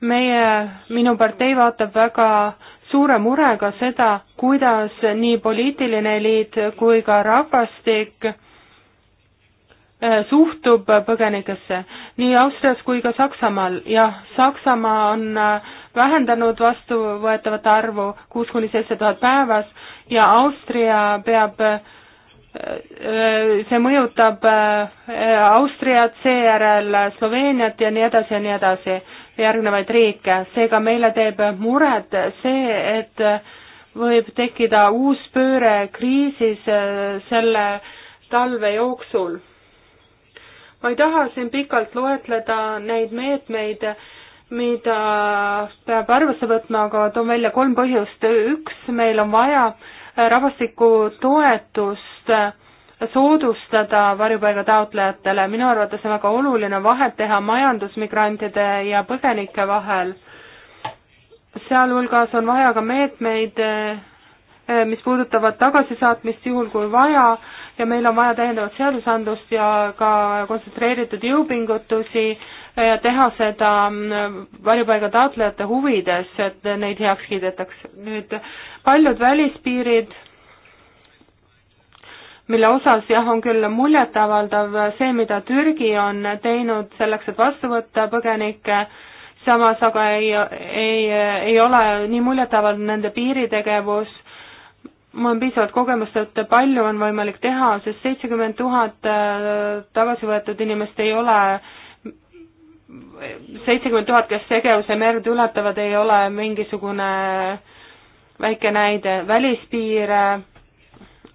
meie, minu partei vaatab väga suure murega seda, kuidas nii poliitiline eliit kui ka rahvastik äh, suhtub põgenikesse nii Austrias kui ka Saksamaal. jah, Saksamaa on äh, vähendanud vastuvõetavate arvu kuus kuni seitse tuhat päevas ja Austria peab, äh, see mõjutab Austriat, seejärel Sloveeniat ja nii edasi ja nii edasi järgnevaid riike, seega meile teeb muret see, et võib tekkida uus pööre kriisis äh, selle talve jooksul. ma ei taha siin pikalt loetleda neid meetmeid, mida peab arvesse võtma, aga toon välja kolm põhjust. üks, meil on vaja rahvastikutoetust soodustada varjupaiga taotlejatele, minu arvates on väga oluline vahet teha majandusmigrantide ja põgenike vahel. sealhulgas on vaja ka meetmeid, eh, mis puudutavad tagasisaatmist juhul, kui vaja, ja meil on vaja täiendavat seadusandlust ja ka kontsentreeritud jõupingutusi ja eh, teha seda mm, varjupaiga taotlejate huvides, et neid heaks kiidetaks. nüüd paljud välispiirid mille osas jah, on küll muljetavaldav see, mida Türgi on teinud selleks, et vastu võtta põgenikke, samas aga ei, ei, ei ole nii muljetavaldav nende piiritegevus, mul on piisavalt kogemust, et palju on võimalik teha, sest seitsekümmend tuhat äh, tagasi võetud inimest ei ole, seitsekümmend tuhat, kes tegevuse merd ületavad, ei ole mingisugune väike näide, välispiire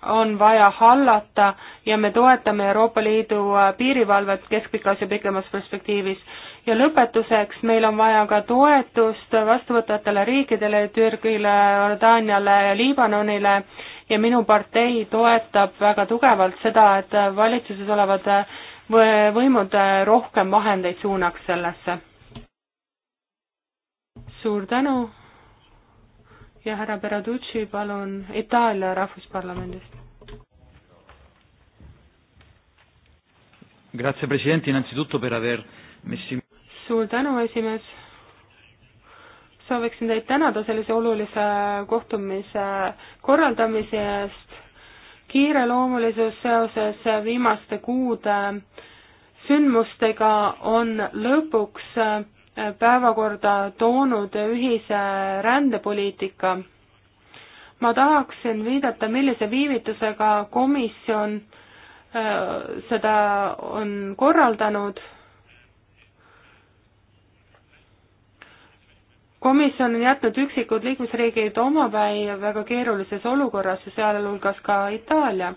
on vaja hallata ja me toetame Euroopa Liidu äh, piirivalvet keskpikas ja pikemas perspektiivis. ja lõpetuseks, meil on vaja ka toetust vastuvõtvatele riikidele, Türgile, Jordaaniale ja Liibanonile ja minu partei toetab väga tugevalt seda, et valitsuses olevad äh, võimud äh, rohkem vahendeid suunaks sellesse. suur tänu ja härra Beraducci, palun, Itaalia Rahvusparlamendist. Grazie Presidente innanzitutto per aver messi suur tänu, esimees. sooviksin teid tänada sellise olulise kohtumise korraldamise eest. kiireloomulisus seoses viimaste kuude sündmustega on lõpuks äh, päevakorda toonud ühise rändepoliitika. ma tahaksin viidata, millise viivitusega komisjon äh, seda on korraldanud. komisjon on jätnud üksikud liikmesriigid omapäi väga keerulises olukorras ja sealhulgas ka Itaalia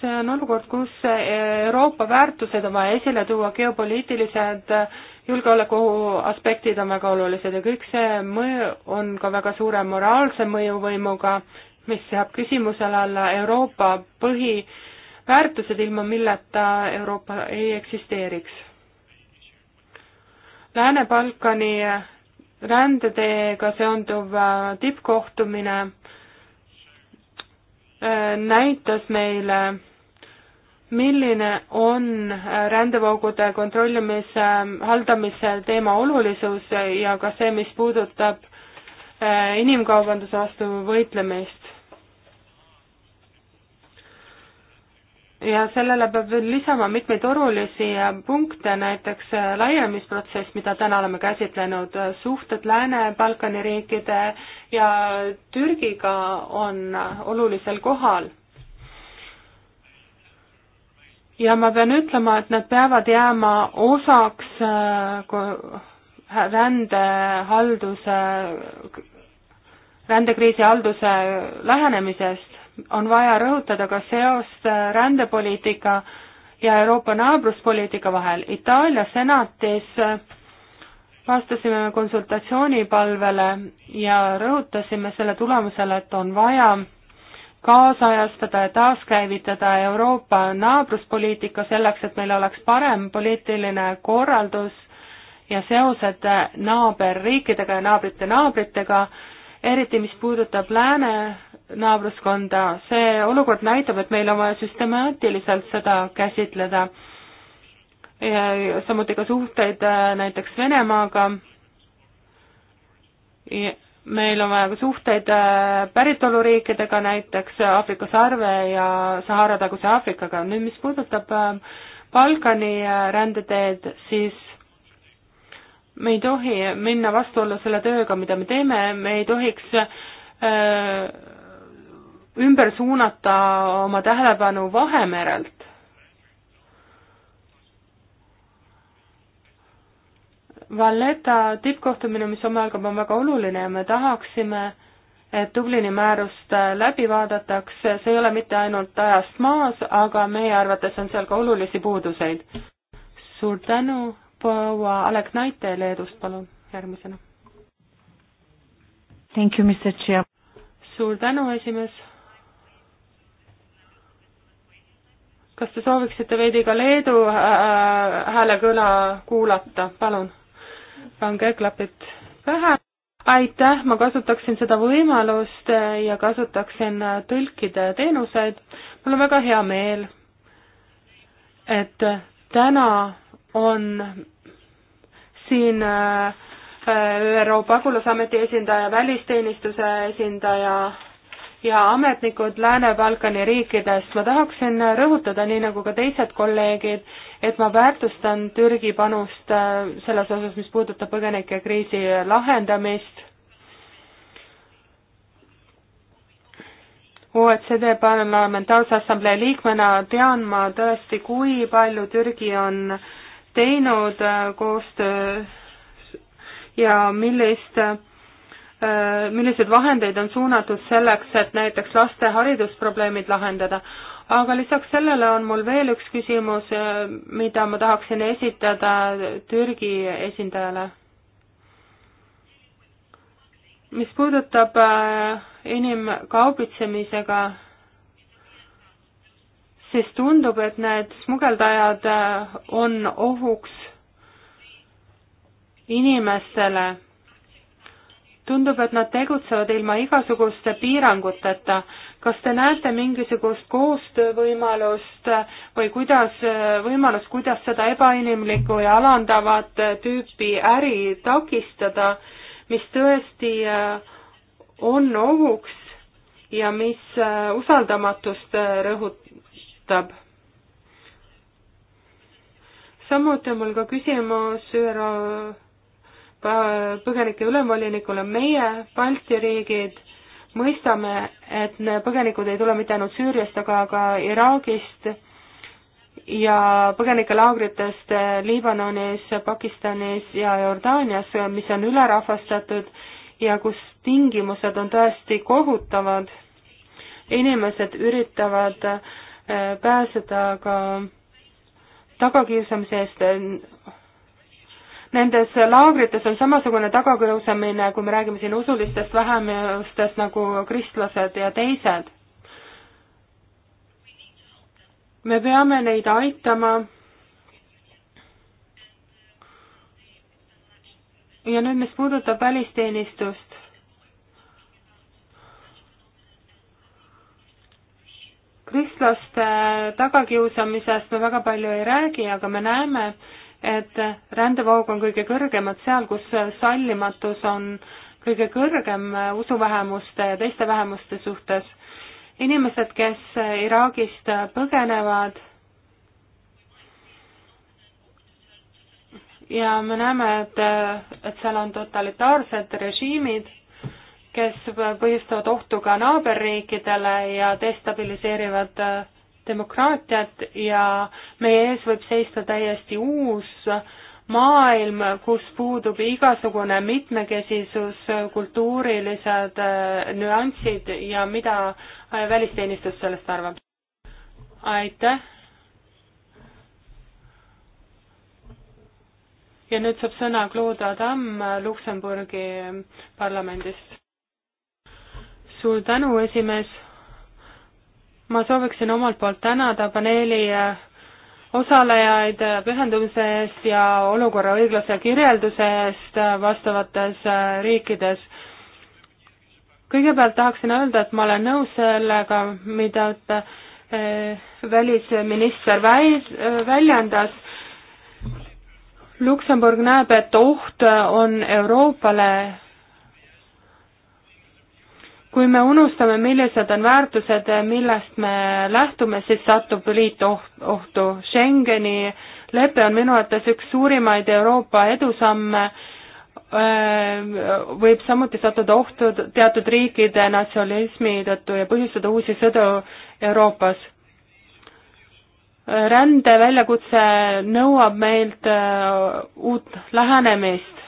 see on olukord, kus Euroopa väärtused on vaja esile tuua, geopoliitilised julgeoleku aspektid on väga olulised, aga üks see mõju on ka väga suure moraalse mõjuvõimuga, mis seab küsimusele alla Euroopa põhiväärtused, ilma milleta Euroopa ei eksisteeriks. Lääne-Balkani rändeteega seonduv äh, tippkohtumine äh, näitas meile milline on äh, rändevoogude kontrollimise, äh, haldamise teema olulisus ja ka see, mis puudutab äh, inimkaubanduse vastu võitlemist. ja sellele peab veel lisama mitmeid olulisi punkte, näiteks laienemisprotsess, mida täna oleme käsitlenud, suhted Lääne-Balkani riikide ja Türgiga on olulisel kohal ja ma pean ütlema, et nad peavad jääma osaks äh, rändehalduse, rändekriisi halduse lähenemisest. on vaja rõhutada ka seost äh, rändepoliitika ja Euroopa naabruspoliitika vahel. Itaalia senatis äh, vastasime konsultatsioonipalvele ja rõhutasime selle tulemusele, et on vaja kaasajastada ja taaskäivitada Euroopa naabruspoliitika selleks, et meil oleks parem poliitiline korraldus ja seosed naaberriikidega ja naabrite naabritega, eriti mis puudutab lääne naabruskonda, see olukord näitab, et meil on vaja süstemaatiliselt seda käsitleda. samuti ka suhteid äh, näiteks Venemaaga meil on vaja ka suhteid äh, päritoluriikidega, näiteks äh, Aafrika sarve ja Sahara taguse Aafrikaga. nüüd, mis puudutab ähm, Balkani äh, rändeteed, siis me ei tohi minna vastuollu selle tööga, mida me teeme, me ei tohiks öö, ümber suunata oma tähelepanu Vahemerelt. Valletta tippkohtumine, mis homme algab, on väga oluline ja me tahaksime, et Dublini määrust äh, läbi vaadatakse, see ei ole mitte ainult ajast maas, aga meie arvates on seal ka olulisi puuduseid. suur tänu, proua Alek Naite Leedust, palun, järgmisena. Thank you, Mr Chair. suur tänu, esimees. kas te sooviksite veidi ka Leedu äh, äh, hääle kõla kuulata, palun? pange klapid pähe. aitäh, ma kasutaksin seda võimalust ja kasutaksin tõlkide teenuseid. mul on väga hea meel, et täna on siin äh, ÜRO pagulasameti esindaja, välisteenistuse esindaja ja ametnikud Lääne-Balkani riikidest. ma tahaksin rõhutada, nii nagu ka teised kolleegid, et ma väärtustan Türgi panust äh, selles osas, mis puudutab põgenike kriisi lahendamist. OECD Parlamentaarse Assamblee liikmena tean ma tõesti, kui palju Türgi on teinud äh, koostöö ja millist äh, Äh, milliseid vahendeid on suunatud selleks, et näiteks laste haridusprobleemid lahendada. aga lisaks sellele on mul veel üks küsimus, äh, mida ma tahaksin esitada Türgi esindajale. mis puudutab äh, inimkaubitsemisega, siis tundub, et need smugeldajad on ohuks inimestele tundub, et nad tegutsevad ilma igasuguste piiranguteta. kas te näete mingisugust koostöövõimalust või kuidas, võimalust, kuidas seda ebainimlikku ja alandavat tüüpi äri takistada, mis tõesti äh, on ohuks ja mis äh, usaldamatust äh, rõhutab? samuti on mul ka küsimus ÜRO põgenike ülemvolinikule, meie, Balti riigid, mõistame, et põgenikud ei tule mitte ainult Süüriast, aga ka Iraagist ja põgenikelaagritest Liibanonis, Pakistanis ja Jordaanias, mis on ülerahvastatud ja kus tingimused on tõesti kohutavad. inimesed üritavad äh, pääseda ka tagakiusamise eest nendes laagrites on samasugune tagakiusamine, kui me räägime siin usulistest vähemustest nagu kristlased ja teised. me peame neid aitama. ja nüüd, mis puudutab välisteenistust. kristlaste tagakiusamisest me väga palju ei räägi, aga me näeme, et rändevoog on kõige kõrgemad seal, kus sallimatus on kõige kõrgem usuvähemuste ja teiste vähemuste suhtes. inimesed, kes Iraagist põgenevad ja me näeme, et, et seal on totalitaarsed režiimid, kes põhjustavad ohtu ka naaberriikidele ja destabiliseerivad äh, demokraatiat ja meie ees võib seista täiesti uus maailm, kus puudub igasugune mitmekesisus, kultuurilised äh, nüansid ja mida äh, välisteenistus sellest arvab? aitäh! ja nüüd saab sõna Claude Adam Luksemburgi parlamendist. suur tänu, esimees ma sooviksin omalt poolt tänada paneeli äh, osalejaid äh, pühendumise eest ja olukorra õiglase kirjelduse eest äh, vastavates riikides. kõigepealt tahaksin öelda, et ma olen nõus sellega, mida välisminister väis-, väljendas. Luksemburg näeb, et oht on Euroopale kui me unustame, millised on väärtused, millest me lähtume, siis satub liit ohtu. Schengeni lepe on minu arvates üks suurimaid Euroopa edusamme, äh, võib samuti sattuda ohtu teatud riikide natsionalismi tõttu ja põhjustada uusi sõdu Euroopas. rände väljakutse nõuab meilt äh, uut lähenemist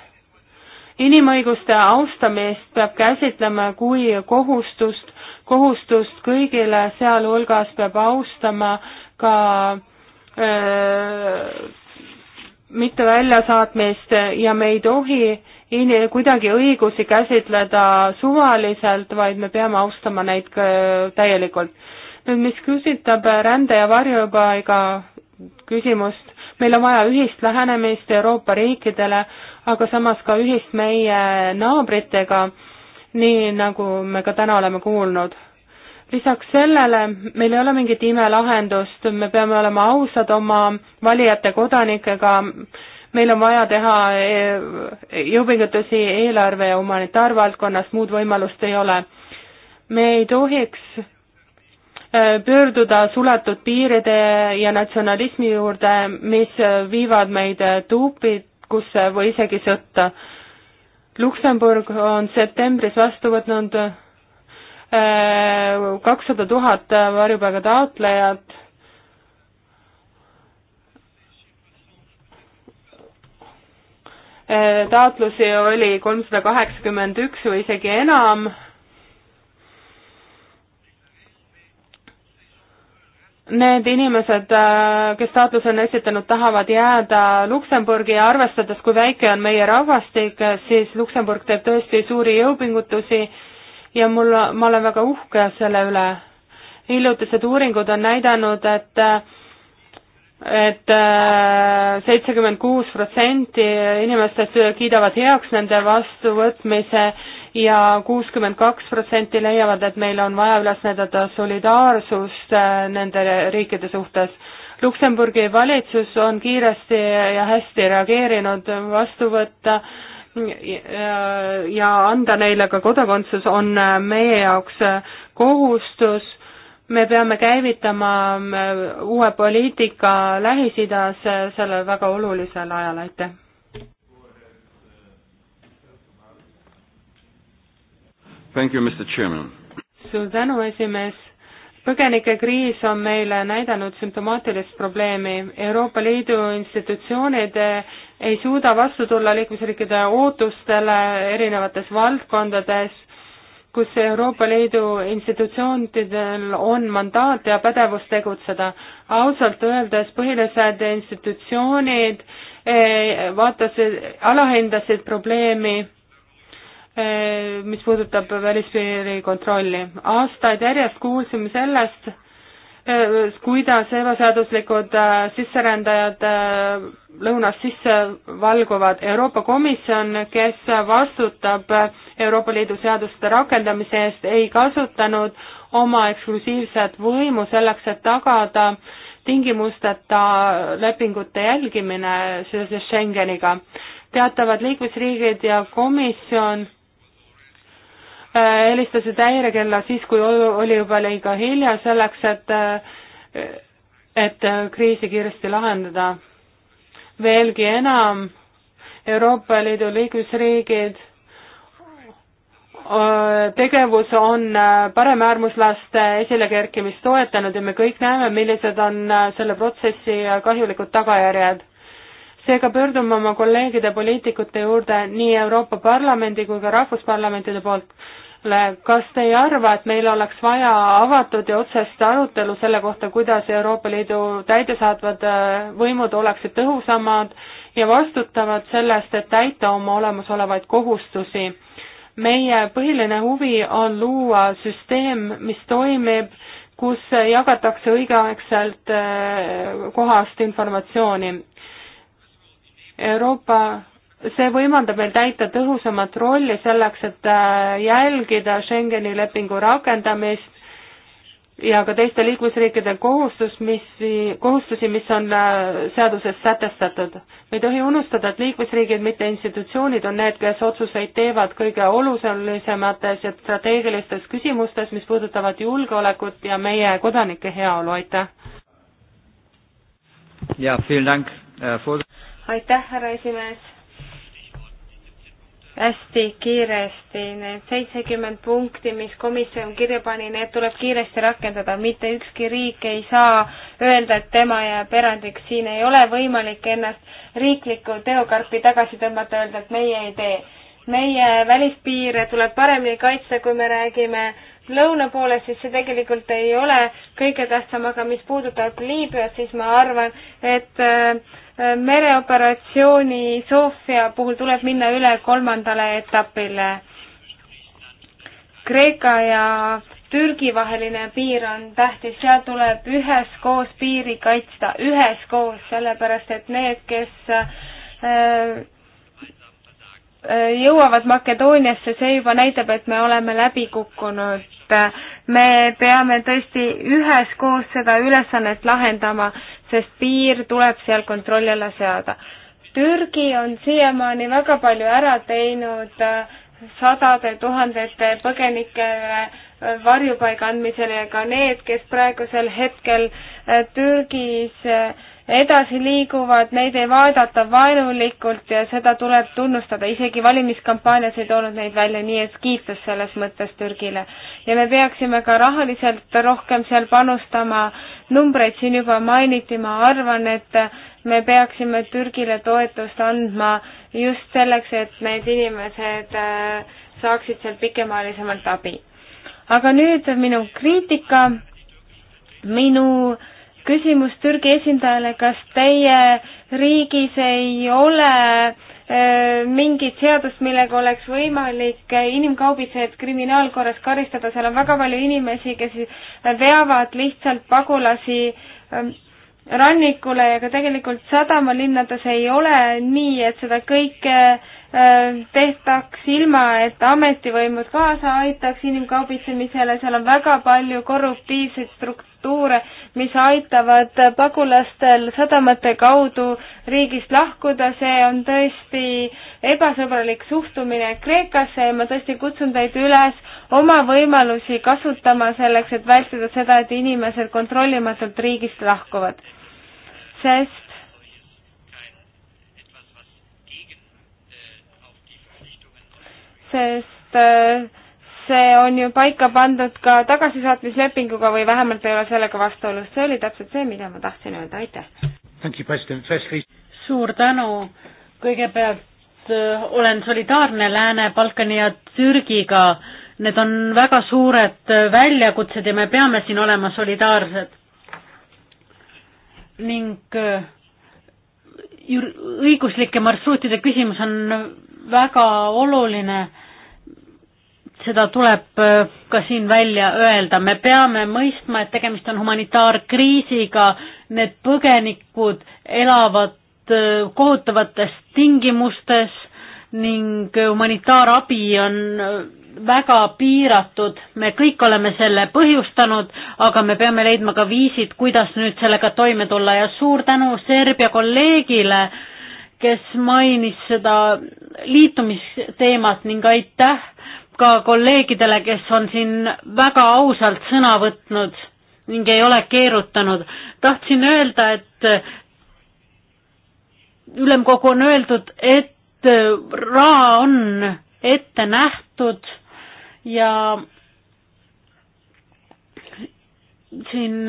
inimõiguste austamist peab käsitlema kui kohustust, kohustust kõigile, sealhulgas peab austama ka öö, äh, mitte väljasaatmist ja me ei tohi in-, kuidagi õigusi käsitleda suvaliselt, vaid me peame austama neid täielikult. nüüd, mis küsitab rände ja varjupaiga küsimust, meil on vaja ühist lähenemist Euroopa riikidele, aga samas ka ühist meie naabritega, nii nagu me ka täna oleme kuulnud. lisaks sellele meil ei ole mingit imelahendust, me peame olema ausad oma valijate kodanikega, meil on vaja teha eh, jõupingutusi eelarve ja humanitaarvaldkonnas, muud võimalust ei ole. me ei tohiks Äh, pöörduda suletud piiride ja natsionalismi juurde, mis viivad meid äh, tuupikusse või isegi sõtta. Luksemburg on septembris vastu võtnud äh, kakssada tuhat varjupaiga taotlejat taotlusi oli kolmsada kaheksakümmend üks või isegi enam need inimesed, äh, kes taotluse on esitanud, tahavad jääda Luksemburgi ja arvestades, kui väike on meie rahvastik, siis Luksemburg teeb tõesti suuri jõupingutusi ja mul, ma olen väga uhke selle üle. hiljutised uuringud on näidanud, et et äh, seitsekümmend kuus protsenti inimestest kiidavad heaks nende vastuvõtmise ja kuuskümmend kaks protsenti leiavad, et meil on vaja üles näidata solidaarsust äh, nende riikide suhtes. Luksemburgi valitsus on kiiresti ja hästi reageerinud vastu võtta ja anda neile ka kodakondsus on äh, meie jaoks äh, kohustus me peame käivitama uue poliitika Lähis-Idas sellel väga olulisel ajal, aitäh! Thank you, Mr Chairman. suur tänu, esimees. põgenikekriis on meile näidanud sümptomaatilist probleemi. Euroopa Liidu institutsioonid ei suuda vastu tulla liikmesriikide ootustele erinevates valdkondades, kus Euroopa Liidu institutsioonidel on mandaat ja pädevus tegutseda. ausalt öeldes põhilised institutsioonid eh, vaatasid, alahindasid probleemi Äh, mis puudutab välispiiri kontrolli. aastaid järjest kuulsime sellest, äh, kuidas ebaseaduslikud äh, sisserändajad lõunast sisse valguvad. Euroopa Komisjon, kes vastutab Euroopa Liidu seaduste rakendamise eest, ei kasutanud oma eksklusiivset võimu selleks, et tagada tingimusteta lepingute jälgimine seoses Schengeniga. teatavad liikmesriigid ja komisjon Äh, helistasid häirekella siis, kui oli juba liiga hilja selleks, et, äh, et äh, kriisi kiiresti lahendada. veelgi enam, Euroopa Liidu liikmesriigid tegevus on paremäärmuslaste esilekerkimist toetanud ja me kõik näeme, millised on selle protsessi kahjulikud tagajärjed. seega pöördume oma kolleegide poliitikute juurde nii Euroopa Parlamendi kui ka rahvusparlamentide poolt kas te ei arva, et meil oleks vaja avatud ja otsest arutelu selle kohta, kuidas Euroopa Liidu täidesaatvad äh, võimud oleksid tõhusamad ja vastutavad sellest, et täita oma olemasolevaid kohustusi? meie põhiline huvi on luua süsteem, mis toimib, kus jagatakse õigeaegselt äh, kohast informatsiooni. Euroopa see võimaldab meil täita tõhusamat rolli selleks, et äh, jälgida Schengeni lepingu rakendamist ja ka teiste liikmesriikide kohustus, mis, kohustusi, mis on äh, seaduses sätestatud. me ei tohi unustada, et liikmesriigid, mitte institutsioonid, on need, kes otsuseid teevad kõige olulisemates ja strateegilistes küsimustes, mis puudutavad julgeolekut ja meie kodanike heaolu, aitäh! jaa, äh, aitäh, härra esimees! hästi kiiresti. Need seitsekümmend punkti, mis komisjon kirja pani, need tuleb kiiresti rakendada, mitte ükski riik ei saa öelda, et tema jääb erandiks, siin ei ole võimalik ennast riikliku teokarpi tagasi tõmmata, öelda, et meie ei tee. meie välispiire tuleb paremini kaitsta, kui me räägime lõuna poole, siis see tegelikult ei ole kõige tähtsam, aga mis puudutab Liibüat, siis ma arvan, et äh, mereoperatsiooni Sofia puhul tuleb minna üle kolmandale etapile. Kreeka ja Türgi vaheline piir on tähtis, seal tuleb üheskoos piiri kaitsta, üheskoos, sellepärast et need, kes äh, äh jõuavad Makedooniasse, see juba näitab, et me oleme läbi kukkunud et me peame tõesti üheskoos seda ülesannet lahendama, sest piir tuleb seal kontrolli alla seada. Türgi on siiamaani väga palju ära teinud äh, sadade tuhandete põgenikele äh, varjupaiga andmisele ja ka need, kes praegusel hetkel äh, Türgis edasi liiguvad, neid ei vaadata vaenulikult ja seda tuleb tunnustada, isegi valimiskampaanias ei toonud neid välja, nii et kiitus selles mõttes Türgile. ja me peaksime ka rahaliselt rohkem seal panustama, numbreid siin juba mainiti, ma arvan, et me peaksime Türgile toetust andma just selleks, et need inimesed äh, saaksid seal pikemaajalisemalt abi. aga nüüd minu kriitika, minu äh, küsimus Türgi esindajale, kas teie riigis ei ole äh, mingit seadust, millega oleks võimalik inimkaubitsejad kriminaalkorras karistada, seal on väga palju inimesi, kes veavad lihtsalt pagulasi ähm, rannikule ja ka tegelikult sadamalinnades ei ole nii, et seda kõike äh, tehtaks ilma, et ametivõimud kaasa aitaks inimkaubitsemisele, seal on väga palju korruptiivseid struktuure, mis aitavad pagulastel sadamate kaudu riigist lahkuda, see on tõesti ebasõbralik suhtumine Kreekasse ja ma tõesti kutsun teid üles oma võimalusi kasutama selleks, et vältida seda, et inimesed kontrollimatult riigist lahkuvad. sest sest äh, see on ju paika pandud ka tagasisaatmislepinguga või vähemalt ei ole sellega vastuolus. see oli täpselt see, mida ma tahtsin öelda, aitäh. suur tänu. kõigepealt äh, olen solidaarne Lääne-Balkani ja Türgiga. Need on väga suured äh, väljakutsed ja me peame siin olema solidaarsed. ning äh, õiguslike marsruutide küsimus on väga oluline seda tuleb äh, ka siin välja öelda, me peame mõistma, et tegemist on humanitaarkriisiga, need põgenikud elavad äh, kohutavates tingimustes ning äh, humanitaarabi on väga piiratud, me kõik oleme selle põhjustanud, aga me peame leidma ka viisid, kuidas nüüd sellega toime tulla ja suur tänu Serbia kolleegile, kes mainis seda liitumisteemat ning aitäh ka kolleegidele, kes on siin väga ausalt sõna võtnud ning ei ole keerutanud. tahtsin öelda, et ülemkogu on öeldud, et raha on ette nähtud ja siin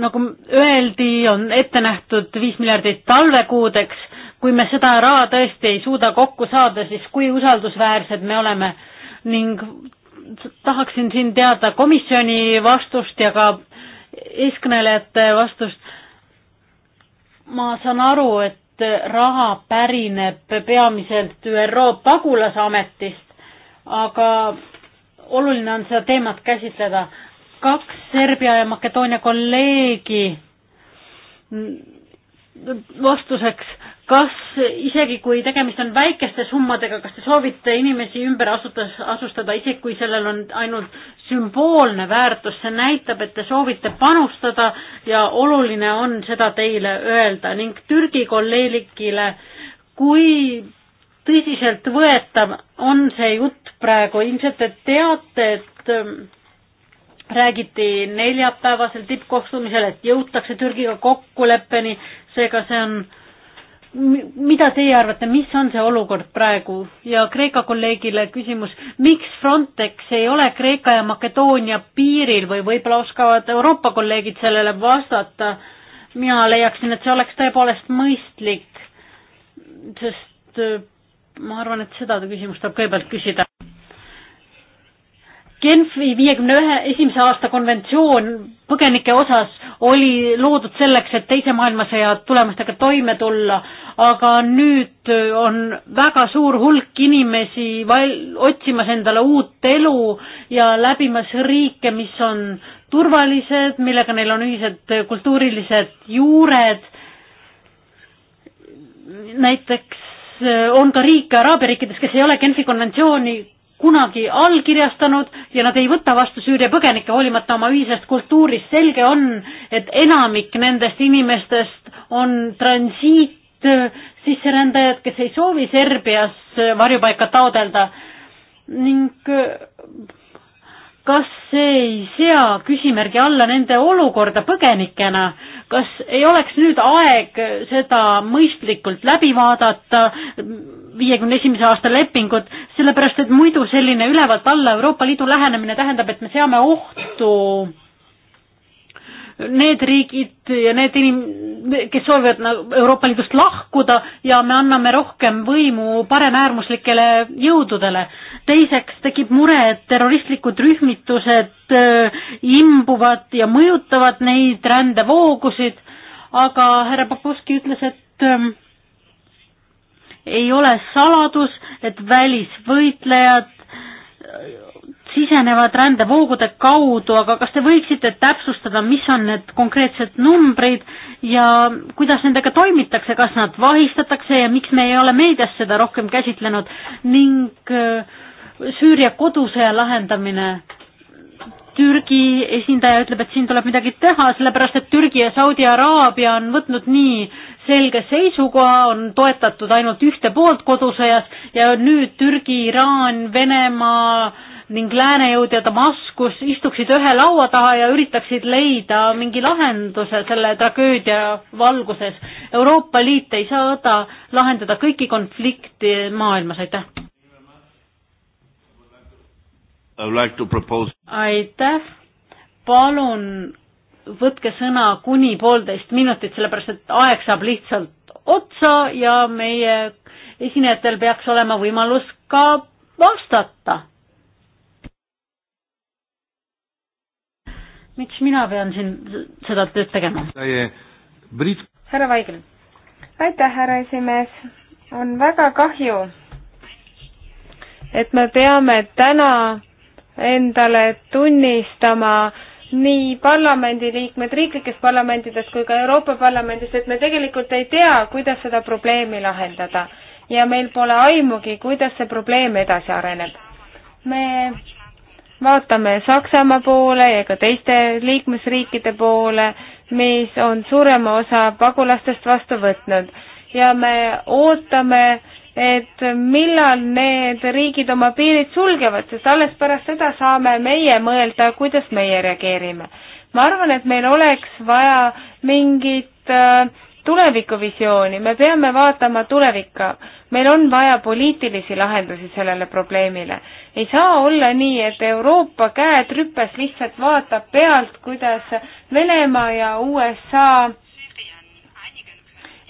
nagu öeldi, on ette nähtud viis miljardit talvekuudeks kui me seda raha tõesti ei suuda kokku saada, siis kui usaldusväärsed me oleme ning tahaksin siin teada komisjoni vastust ja ka eeskõnelejate vastust. ma saan aru, et raha pärineb peamiselt ÜRO pagulasametist, aga oluline on seda teemat käsitleda. kaks Serbia ja Makedoonia kolleegi vastuseks kas isegi, kui tegemist on väikeste summadega, kas te soovite inimesi ümber asutas, asustada, isegi kui sellel on ainult sümboolne väärtus, see näitab, et te soovite panustada ja oluline on seda teile öelda ning Türgi kolleegile, kui tõsiseltvõetav on see jutt praegu, ilmselt te teate, et ähm, räägiti neljapäevasel tippkohtumisel, et jõutakse Türgiga kokkuleppeni, seega see on mida teie arvate, mis on see olukord praegu ja Kreeka kolleegile küsimus, miks Frontex ei ole Kreeka ja Makedoonia piiril või võib-olla oskavad Euroopa kolleegid sellele vastata? mina leiaksin, et see oleks tõepoolest mõistlik, sest äh, ma arvan, et seda küsimust tuleb kõigepealt küsida. Genfi viiekümne ühe esimese aasta konventsioon põgenike osas oli loodud selleks, et teise maailmasõja tulemustega toime tulla, aga nüüd on väga suur hulk inimesi val-, otsimas endale uut elu ja läbimas riike, mis on turvalised, millega neil on ühised kultuurilised juured, näiteks eh, on ka riike Araabia riikides, kes ei ole Genfi konventsiooni kunagi allkirjastanud ja nad ei võta vastu Süüria põgenikke hoolimata oma ühisest kultuurist. selge on, et enamik nendest inimestest on transiitsisserändajad, äh, kes ei soovi Serbias äh, varjupaika taodelda ning äh, kas see ei sea küsimärgi alla nende olukorda põgenikena, kas ei oleks nüüd aeg seda mõistlikult läbi vaadata, viiekümne esimese aasta lepingut, sellepärast et muidu selline ülevalt alla Euroopa Liidu lähenemine tähendab, et me seame ohtu need riigid ja need inim-, kes soovivad nagu Euroopa Liidust lahkuda ja me anname rohkem võimu paremäärmuslikele jõududele. teiseks tekib mure, et terroristlikud rühmitused äh, imbuvad ja mõjutavad neid rändevoogusid, aga härra Popovski ütles, et ähm, ei ole saladus, et välisvõitlejad sisenevad rändevoogude kaudu, aga kas te võiksite täpsustada, mis on need konkreetsed numbrid ja kuidas nendega toimitakse, kas nad vahistatakse ja miks me ei ole meedias seda rohkem käsitlenud ning äh, Süüria kodusõja lahendamine? Türgi esindaja ütleb, et siin tuleb midagi teha, sellepärast et Türgi ja Saudi Araabia on võtnud nii selge seisukoha, on toetatud ainult ühte poolt kodusõjas ja nüüd Türgi, Iraan, Venemaa, ning Läänejõud ja Damaskus istuksid ühe laua taha ja üritaksid leida mingi lahenduse selle tragöödia valguses. Euroopa Liit ei saada lahendada kõiki konflikte maailmas, aitäh! Like propose... aitäh, palun võtke sõna kuni poolteist minutit, sellepärast et aeg saab lihtsalt otsa ja meie esinejatel peaks olema võimalus ka vastata miks mina pean siin seda tööd tegema? härra Vaigel. aitäh, härra esimees. on väga kahju, et me peame täna endale tunnistama, nii parlamendiliikmed riiklikest parlamentidest kui ka Euroopa Parlamendist, et me tegelikult ei tea, kuidas seda probleemi lahendada. ja meil pole aimugi, kuidas see probleem edasi areneb. me vaatame Saksamaa poole ja ka teiste liikmesriikide poole, mis on suurema osa pagulastest vastu võtnud ja me ootame, et millal need riigid oma piirid sulgevad, sest alles pärast seda saame meie mõelda, kuidas meie reageerime. ma arvan, et meil oleks vaja mingit äh, tulevikuvisiooni, me peame vaatama tulevikku. meil on vaja poliitilisi lahendusi sellele probleemile. ei saa olla nii, et Euroopa käed rüpes lihtsalt vaatab pealt, kuidas Venemaa ja USA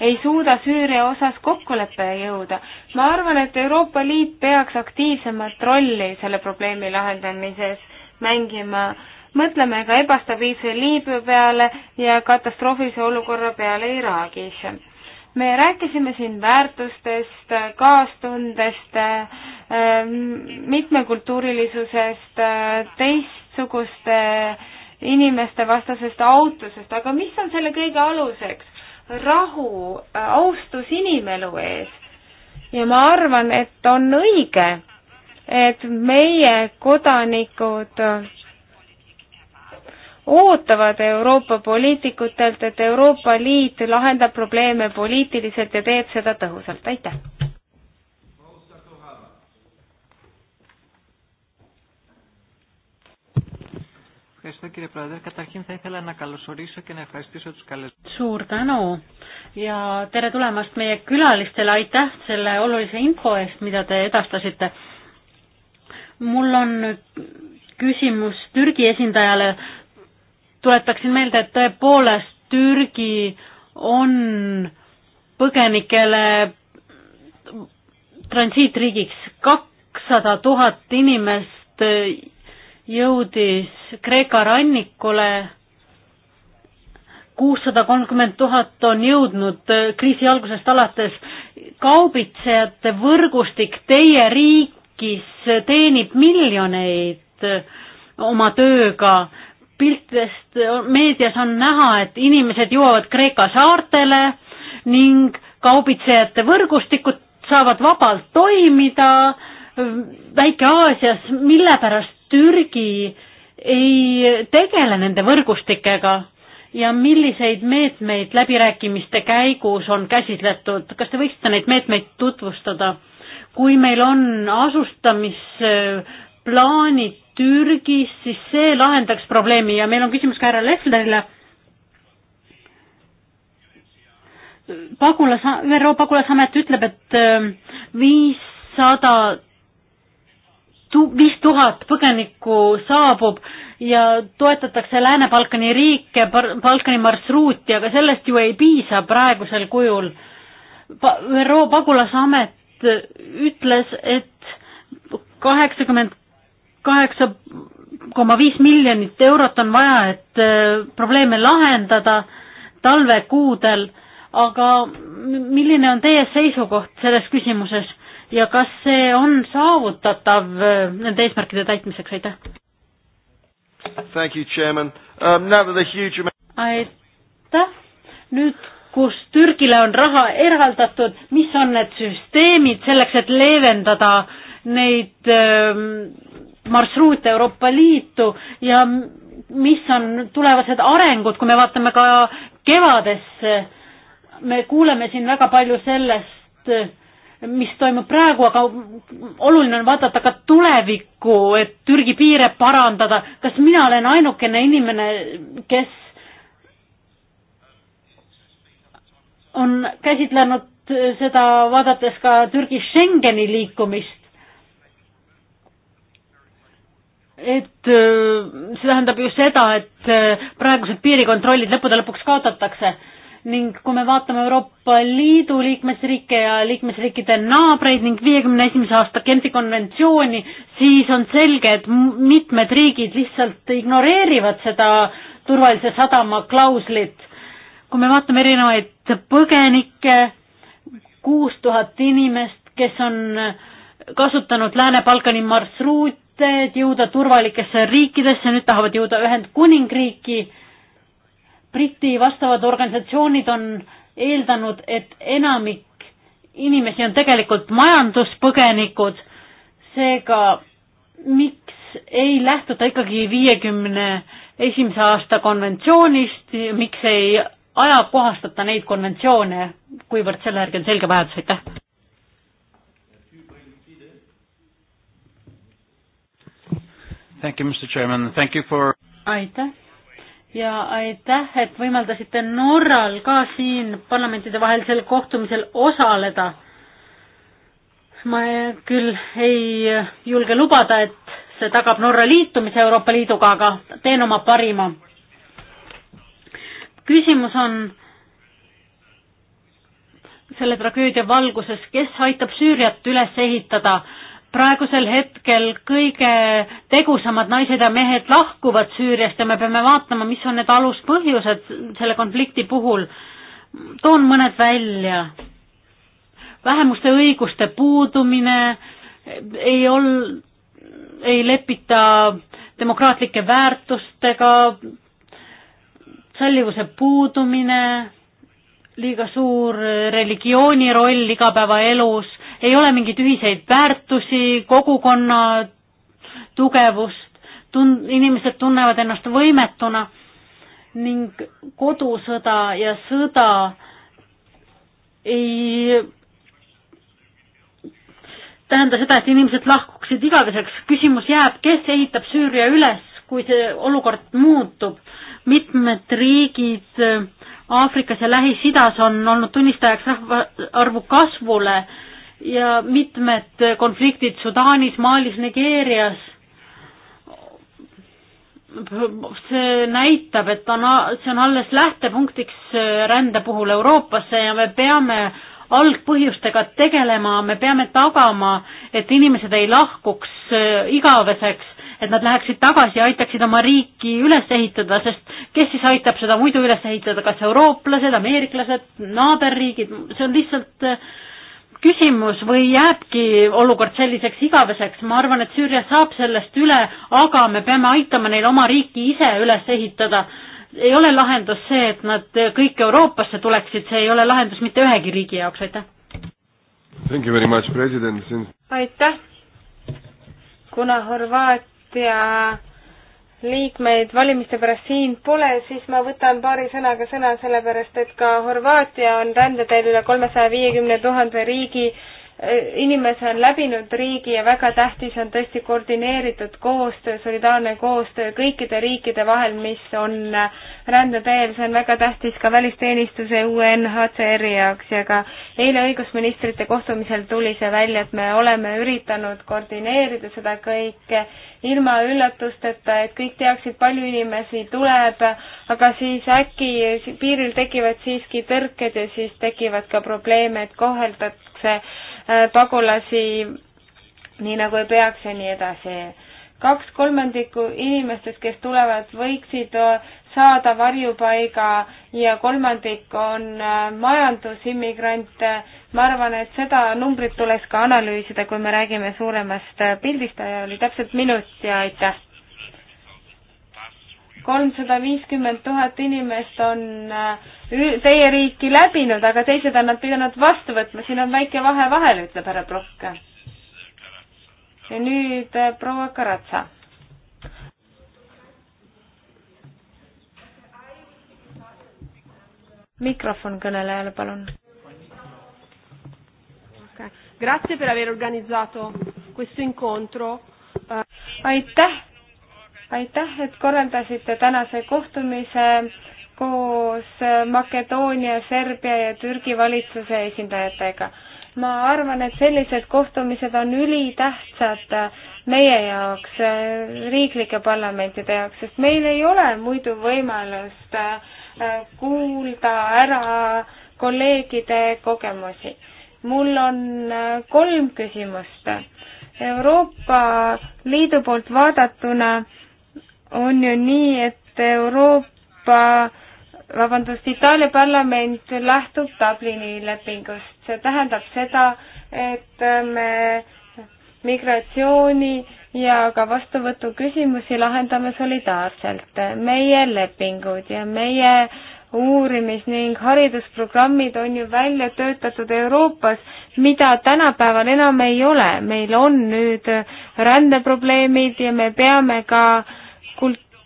ei suuda Süüria osas kokkuleppele jõuda. ma arvan, et Euroopa Liit peaks aktiivsemat rolli selle probleemi lahendamises mängima mõtleme ka ebastabiilse Liibüa peale ja katastroofilise olukorra peale Iraagis. me rääkisime siin väärtustest, kaastundest, ähm, mitmekultuurilisusest, teistsuguste inimeste vastasest autusest, aga mis on selle kõige aluseks? rahu, äh, austus inimelu ees. ja ma arvan, et on õige, et meie kodanikud ootavad Euroopa poliitikutelt, et Euroopa Liit lahendab probleeme poliitiliselt ja teeb seda tõhusalt, aitäh! Ευχαριστώ κύριε Πρόεδρε. Καταρχήν θα ήθελα να καλωσορίσω και να ευχαριστήσω τους καλεσμένους. Suur tänu ja tere tulemast meie külalistele, aitäh selle olulise info eest, mida te edastasite. mul on küsimus Türgi esindajale tuletaksin meelde, et tõepoolest Türgi on põgenikele transiitriigiks. kakssada tuhat inimest jõudis Kreeka rannikule, kuussada kolmkümmend tuhat on jõudnud kriisi algusest alates. kaubitsejate võrgustik teie riigis teenib miljoneid oma tööga piltidest meedias on näha, et inimesed jõuavad Kreeka saartele ning kaubitsejate võrgustikud saavad vabalt toimida äh, Väike-Aasias, mille pärast Türgi ei tegele nende võrgustikega ja milliseid meetmeid läbirääkimiste käigus on käsitletud, kas te võiksite neid meetmeid tutvustada? kui meil on asustamisplaanid Türgis, siis see lahendaks probleemi ja meil on küsimus ka härra Leflerile. pagulas, ÜRO pagulasamet ütleb, et ähm, viissada, viis tuhat põgenikku saabub ja toetatakse Lääne-Balkani riike, Balkani marsruuti, aga sellest ju ei piisa praegusel kujul. ÜRO pagulasamet ütles, et kaheksakümmend kaheksa koma viis miljonit eurot on vaja, et äh, probleeme lahendada talvekuudel, aga milline on teie seisukoht selles küsimuses ja kas see on saavutatav äh, nende eesmärkide täitmiseks, aitäh! Um, aitäh! nüüd, kus Türgile on raha eraldatud, mis on need süsteemid selleks, et leevendada neid öö, ähm, marsruut Euroopa Liitu ja mis on tulevased arengud, kui me vaatame ka kevadesse. me kuuleme siin väga palju sellest, mis toimub praegu, aga oluline on vaadata ka tulevikku, et Türgi piire parandada. kas mina olen ainukene inimene, kes on käsitlenud seda, vaadates ka Türgi Schengeni liikumist? et äh, see tähendab ju seda, et äh, praegused piirikontrollid lõppude lõpuks kaotatakse ning kui me vaatame Euroopa Liidu liikmesriike ja liikmesriikide naabreid ning viiekümne esimese aasta Genfi konventsiooni, siis on selge, et mitmed riigid lihtsalt ignoreerivad seda turvalise sadama klauslit. kui me vaatame erinevaid põgenikke, kuus tuhat inimest, kes on äh, kasutanud Lääne-Balkani marsruuti, ette, et jõuda turvalikesse riikidesse, nüüd tahavad jõuda Ühendkuningriiki. Briti vastavad organisatsioonid on eeldanud, et enamik inimesi on tegelikult majanduspõgenikud, seega miks ei lähtuta ikkagi viiekümne esimese aasta konventsioonist, miks ei ajakohastata neid konventsioone, kuivõrd selle järgi on selge vajadus, aitäh? Thank you, Mr Chairman, thank you for aitäh ja aitäh, et võimaldasite Norral ka siin parlamentidevahelisel kohtumisel osaleda. ma küll ei julge lubada, et see tagab Norra liitumise Euroopa Liiduga, aga teen oma parima. küsimus on selle tragöödia valguses, kes aitab Süüriat üles ehitada praegusel hetkel kõige tegusamad naised ja mehed lahkuvad Süüriast ja me peame vaatama, mis on need aluspõhjused selle konflikti puhul. toon mõned välja. vähemuste õiguste puudumine, ei ol-, ei lepita demokraatlike väärtustega, sallivuse puudumine, liiga suur religiooni roll igapäevaelus ei ole mingeid ühiseid väärtusi, kogukonna tugevust, tun-, inimesed tunnevad ennast võimetuna ning kodusõda ja sõda ei tähenda seda, et inimesed lahkuksid igaveseks, küsimus jääb, kes ehitab Süüria üles, kui see olukord muutub. mitmed riigid äh, Aafrikas ja Lähis-Idas on olnud tunnistajaks rahvaarvu kasvule ja mitmed konfliktid Sudaanis, Malis, Nigeerias. see näitab, et on, see on alles lähtepunktiks rände puhul Euroopasse ja me peame algpõhjustega tegelema, me peame tagama, et inimesed ei lahkuks äh, igaveseks, et nad läheksid tagasi ja aitaksid oma riiki üles ehitada, sest kes siis aitab seda muidu üles ehitada, kas eurooplased, ameeriklased, naaberriigid, see on lihtsalt äh, küsimus või jääbki olukord selliseks igaveseks, ma arvan, et Süüria saab sellest üle, aga me peame aitama neil oma riiki ise üles ehitada. ei ole lahendus see, et nad kõik Euroopasse tuleksid, see ei ole lahendus mitte ühegi riigi jaoks, aitäh. Thank you very much, president. aitäh. kuna Horvaatia liikmeid valimiste pärast siin pole, siis ma võtan paari sõnaga sõna, sellepärast et ka Horvaatia on rändeteel üle kolmesaja viiekümne tuhande riigi inimese on läbinud riigi ja väga tähtis on tõesti koordineeritud koostöö, solidaarne koostöö kõikide riikide vahel, mis on rändeteel, see on väga tähtis ka välisteenistuse UNHCR-i jaoks ja ka eile õigusministrite kohtumisel tuli see välja, et me oleme üritanud koordineerida seda kõike ilma üllatusteta, et kõik teaksid, palju inimesi tuleb, aga siis äkki piiril tekivad siiski tõrked ja siis tekivad ka probleeme, et koheldakse Äh, pagulasi nii nagu ei peaks ja nii edasi. kaks kolmandikku inimestest, kes tulevad, võiksid äh, saada varjupaiga ja kolmandik on äh, majandusimmigrante. ma arvan, et seda numbrit tuleks ka analüüsida, kui me räägime suuremast pildist. oli täpselt minut ja aitäh! kolmsada viiskümmend tuhat inimest on äh, teie riiki läbinud, aga teised on nad pidanud vastu võtma, siin on väike vahe vahel, ütleb härra Prokk. ja nüüd äh, proua Karatsa. mikrofon kõnelejale, palun. Grazie per aver organizzato questo incontro. aitäh aitäh, et korraldasite tänase kohtumise koos Makedoonia, Serbia ja Türgi valitsuse esindajatega. ma arvan, et sellised kohtumised on ülitähtsad meie jaoks, riiklike parlamentide jaoks, sest meil ei ole muidu võimalust äh, kuulda ära kolleegide kogemusi. mul on äh, kolm küsimust. Euroopa Liidu poolt vaadatuna on ju nii, et Euroopa, vabandust, Itaalia parlament lähtub Dublini lepingust. see tähendab seda, et me migratsiooni ja ka vastuvõtu küsimusi lahendame solidaarselt. meie lepingud ja meie uurimis- ning haridusprogrammid on ju välja töötatud Euroopas, mida tänapäeval enam ei ole. meil on nüüd rändeprobleemid ja me peame ka äh,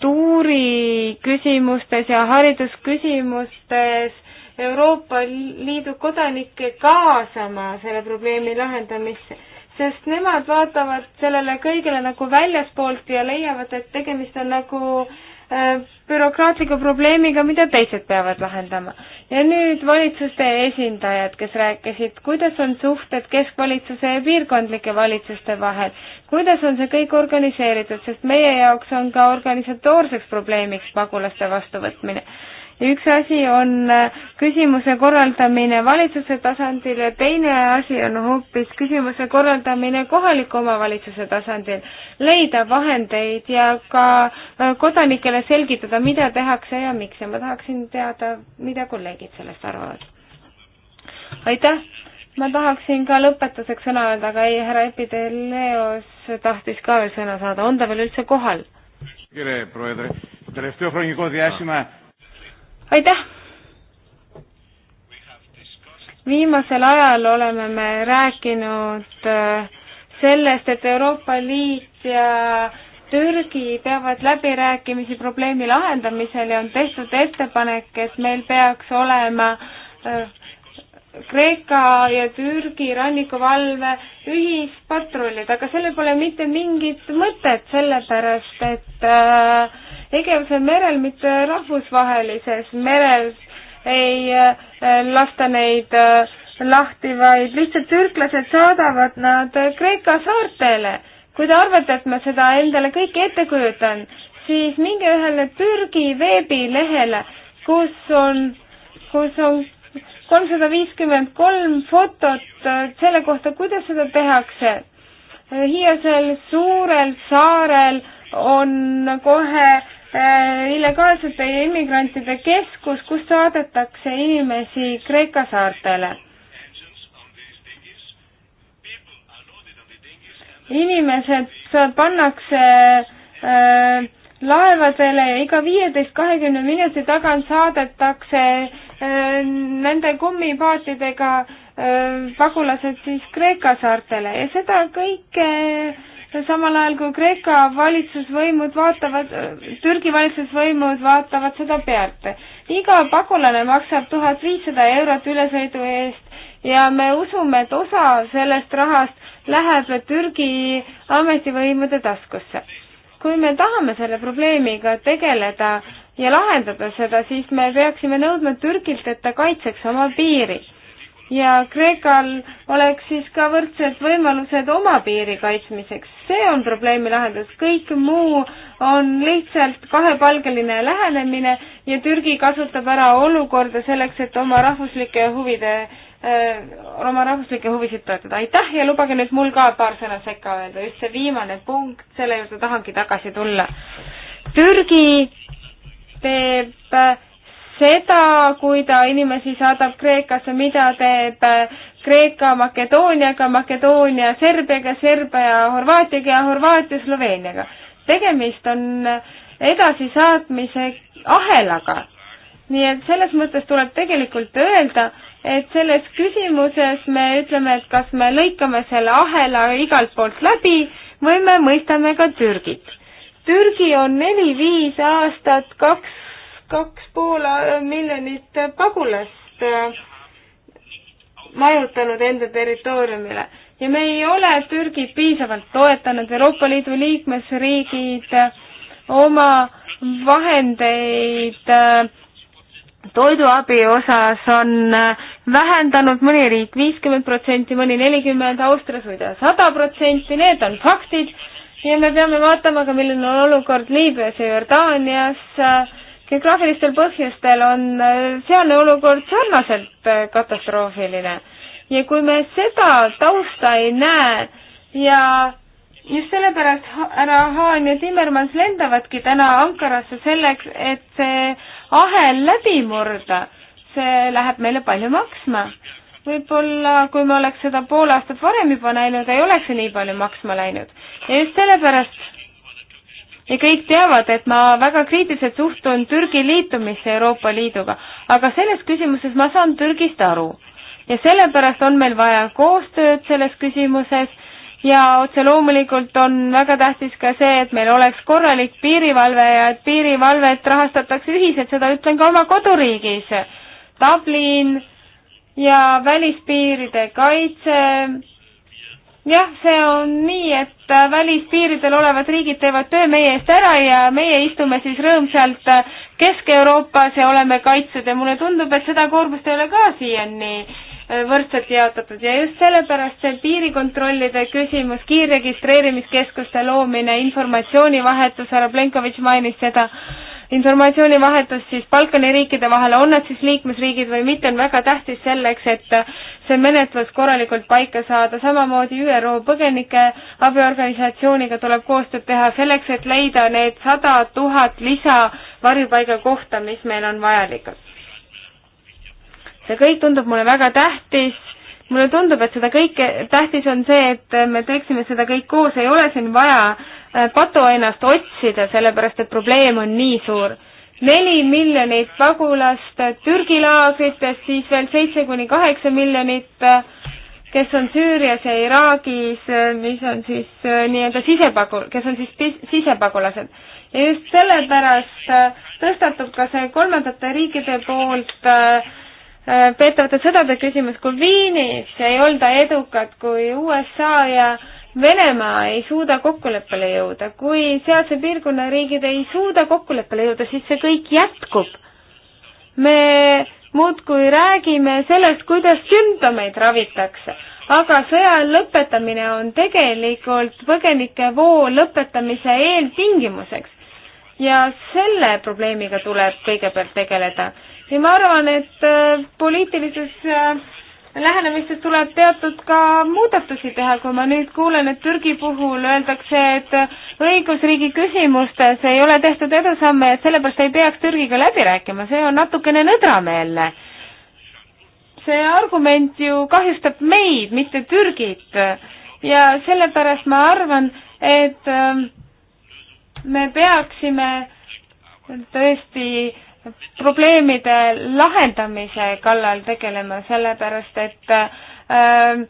kultuuriküsimustes ja haridusküsimustes Euroopa Liidu kodanikke kaasama selle probleemi lahendamisse, sest nemad vaatavad sellele kõigele nagu väljaspoolt ja leiavad, et tegemist on nagu äh, Äh, bürokraatliku probleemiga, mida teised peavad lahendama. ja nüüd valitsuste esindajad, kes rääkisid, kuidas on suhted keskvalitsuse ja piirkondlike valitsuste vahel, kuidas on see kõik organiseeritud, sest meie jaoks on ka organisatoorseks probleemiks pagulaste vastuvõtmine ja üks asi on äh, küsimuse korraldamine valitsuse tasandil ja teine asi on hoopis küsimuse korraldamine kohaliku omavalitsuse tasandil. leida vahendeid ja ka äh, kodanikele selgitada, mida tehakse ja miks ja ma tahaksin teada, mida kolleegid sellest arvavad. aitäh! ma tahaksin ka lõpetuseks sõna öelda, aga ei, härra Epideleos tahtis ka veel sõna saada, on ta veel üldse kohal? tere, proua Edre, tere, Stefani koodi äsja aitäh! viimasel ajal oleme me rääkinud äh, sellest, et Euroopa Liit ja Türgi peavad läbirääkimisi probleemi lahendamisel ja on tehtud ettepanek, et meil peaks olema äh, Kreeka ja Türgi rannikuvalve ühispatrullid, aga sellel pole mitte mingit mõtet, sellepärast et äh, Egeuse merel, mitte rahvusvahelises merel ei äh, lasta neid äh, lahti, vaid lihtsalt türklased saadavad nad äh, Kreeka saartele. kui te arvate, et ma seda endale kõike ette kujutan, siis minge ühele Türgi veebilehele, kus on, kus on kolmsada viiskümmend kolm fotot äh, selle kohta, kuidas seda tehakse. Äh, Hiiasel suurel saarel on kohe äh, illegaalsete immigrantide keskus, kus saadetakse inimesi Kreeka saartele. inimesed pannakse äh, laevadele ja iga viieteist, kahekümne minuti tagant saadetakse äh, Äh, nende kummipaatidega äh, pagulased siis Kreeka saartele ja seda kõike samal ajal kui Kreeka valitsusvõimud vaatavad, äh, Türgi valitsusvõimud vaatavad seda pealt. iga pagulane maksab tuhat viissada eurot ülesõidu eest ja me usume, et osa sellest rahast läheb Türgi ametivõimude taskusse. kui me tahame selle probleemiga tegeleda, ja lahendada seda, siis me peaksime nõudma Türgilt, et ta kaitseks oma piiri. ja Kreekal oleks siis ka võrdsed võimalused oma piiri kaitsmiseks. see on probleemi lahendus, kõik muu on lihtsalt kahepalgeline lähenemine ja Türgi kasutab ära olukorda selleks, et oma rahvuslike huvide äh, oma rahvuslikke huvisid toetada. aitäh ja lubage nüüd mul ka paar sõna sekka öelda, just see viimane punkt, selle juurde tahangi tagasi tulla. Türgi teeb seda, kui ta inimesi saadab Kreekasse, mida teeb Kreeka Makedooniaga, Makedoonia Serbiaga, Serbia Horvaatiaga ja Horvaatia Sloveeniaga. tegemist on edasisaatmise ahelaga. nii et selles mõttes tuleb tegelikult öelda, et selles küsimuses me ütleme, et kas me lõikame selle ahela igalt poolt läbi või me mõistame ka Türgit Türgi on neli-viis aastat kaks, kaks pool äh, miljonit pagulast äh, majutanud enda territooriumile ja me ei ole Türgit piisavalt toetanud, Euroopa Liidu liikmesriigid äh, oma vahendeid toiduabi osas on vähendanud mõni riik viiskümmend protsenti, mõni nelikümmend, Austrias muide sada protsenti, need on faktid ja me peame vaatama ka, milline on olukord Liibüas ja Jordaanias. geograafilistel põhjustel on sealne olukord sarnaselt katastroofiline ja kui me seda tausta ei näe ja just sellepärast härra Haan ja Timmermans lendavadki täna Ankarasse selleks, et see ahel läbi murda. see läheb meile palju maksma võib-olla kui me oleks seda pool aastat varem juba näinud, ei oleks see nii palju maksma läinud. ja just sellepärast ja kõik teavad, et ma väga kriitiliselt suhtun Türgi liitumisse Euroopa Liiduga, aga selles küsimuses ma saan Türgist aru. ja sellepärast on meil vaja koostööd selles küsimuses ja otse loomulikult on väga tähtis ka see, et meil oleks korralik piirivalve ja et piirivalvet rahastatakse ühiselt, seda ütlen ka oma koduriigis. Dublin ja välispiiride kaitse. jah, see on nii, et välispiiridel olevad riigid teevad töö meie eest ära ja meie istume siis rõõmsalt Kesk-Euroopas ja oleme kaitsjad ja mulle tundub, et seda koormust ei ole ka siiani võrdselt jaotatud ja just sellepärast see piirikontrollide küsimus, kiirregistreerimiskeskuste loomine, informatsioonivahetus, härra Plenkovitš mainis seda, informatsioonivahetus siis Balkani riikide vahel, on nad siis liikmesriigid või mitte, on väga tähtis selleks, et see menetlus korralikult paika saada, samamoodi ÜRO põgenike abiorganisatsiooniga tuleb koostööd teha selleks, et leida need sada tuhat lisa varjupaiga kohta, mis meil on vajalikud. see kõik tundub mulle väga tähtis mulle tundub, et seda kõike, tähtis on see, et me teeksime seda kõik koos, ei ole siin vaja Äh, patu ennast otsida, sellepärast et probleem on nii suur. neli miljonit pagulast Türgi laagrites, siis veel seitse kuni kaheksa miljonit, äh, kes on Süürias ja Iraagis, äh, mis on siis nii-öelda sisepagu-, kes on siis sisepagulased. ja just sellepärast tõstatub ka see kolmandate riikide poolt äh, peetavate sõdade küsimus, kui Viinis ei olda edukad, kui USA ja Venemaa ei suuda kokkuleppele jõuda, kui sealse piirkonna riigid ei suuda kokkuleppele jõuda, siis see kõik jätkub. me muudkui räägime sellest, kuidas sümptomeid ravitakse, aga sõja lõpetamine on tegelikult põgenikevoo lõpetamise eeltingimuseks. ja selle probleemiga tuleb kõigepealt tegeleda ja ma arvan, et äh, poliitilises äh, lähenemistes tuleb teatud ka muudatusi teha, kui ma nüüd kuulen, et Türgi puhul öeldakse, et õigusriigi küsimustes ei ole tehtud edusamme, et sellepärast ei peaks Türgiga läbi rääkima, see on natukene nõdrameelne. see argument ju kahjustab meid, mitte Türgit ja sellepärast ma arvan, et ähm, me peaksime tõesti probleemide lahendamise kallal tegelema, sellepärast et äh,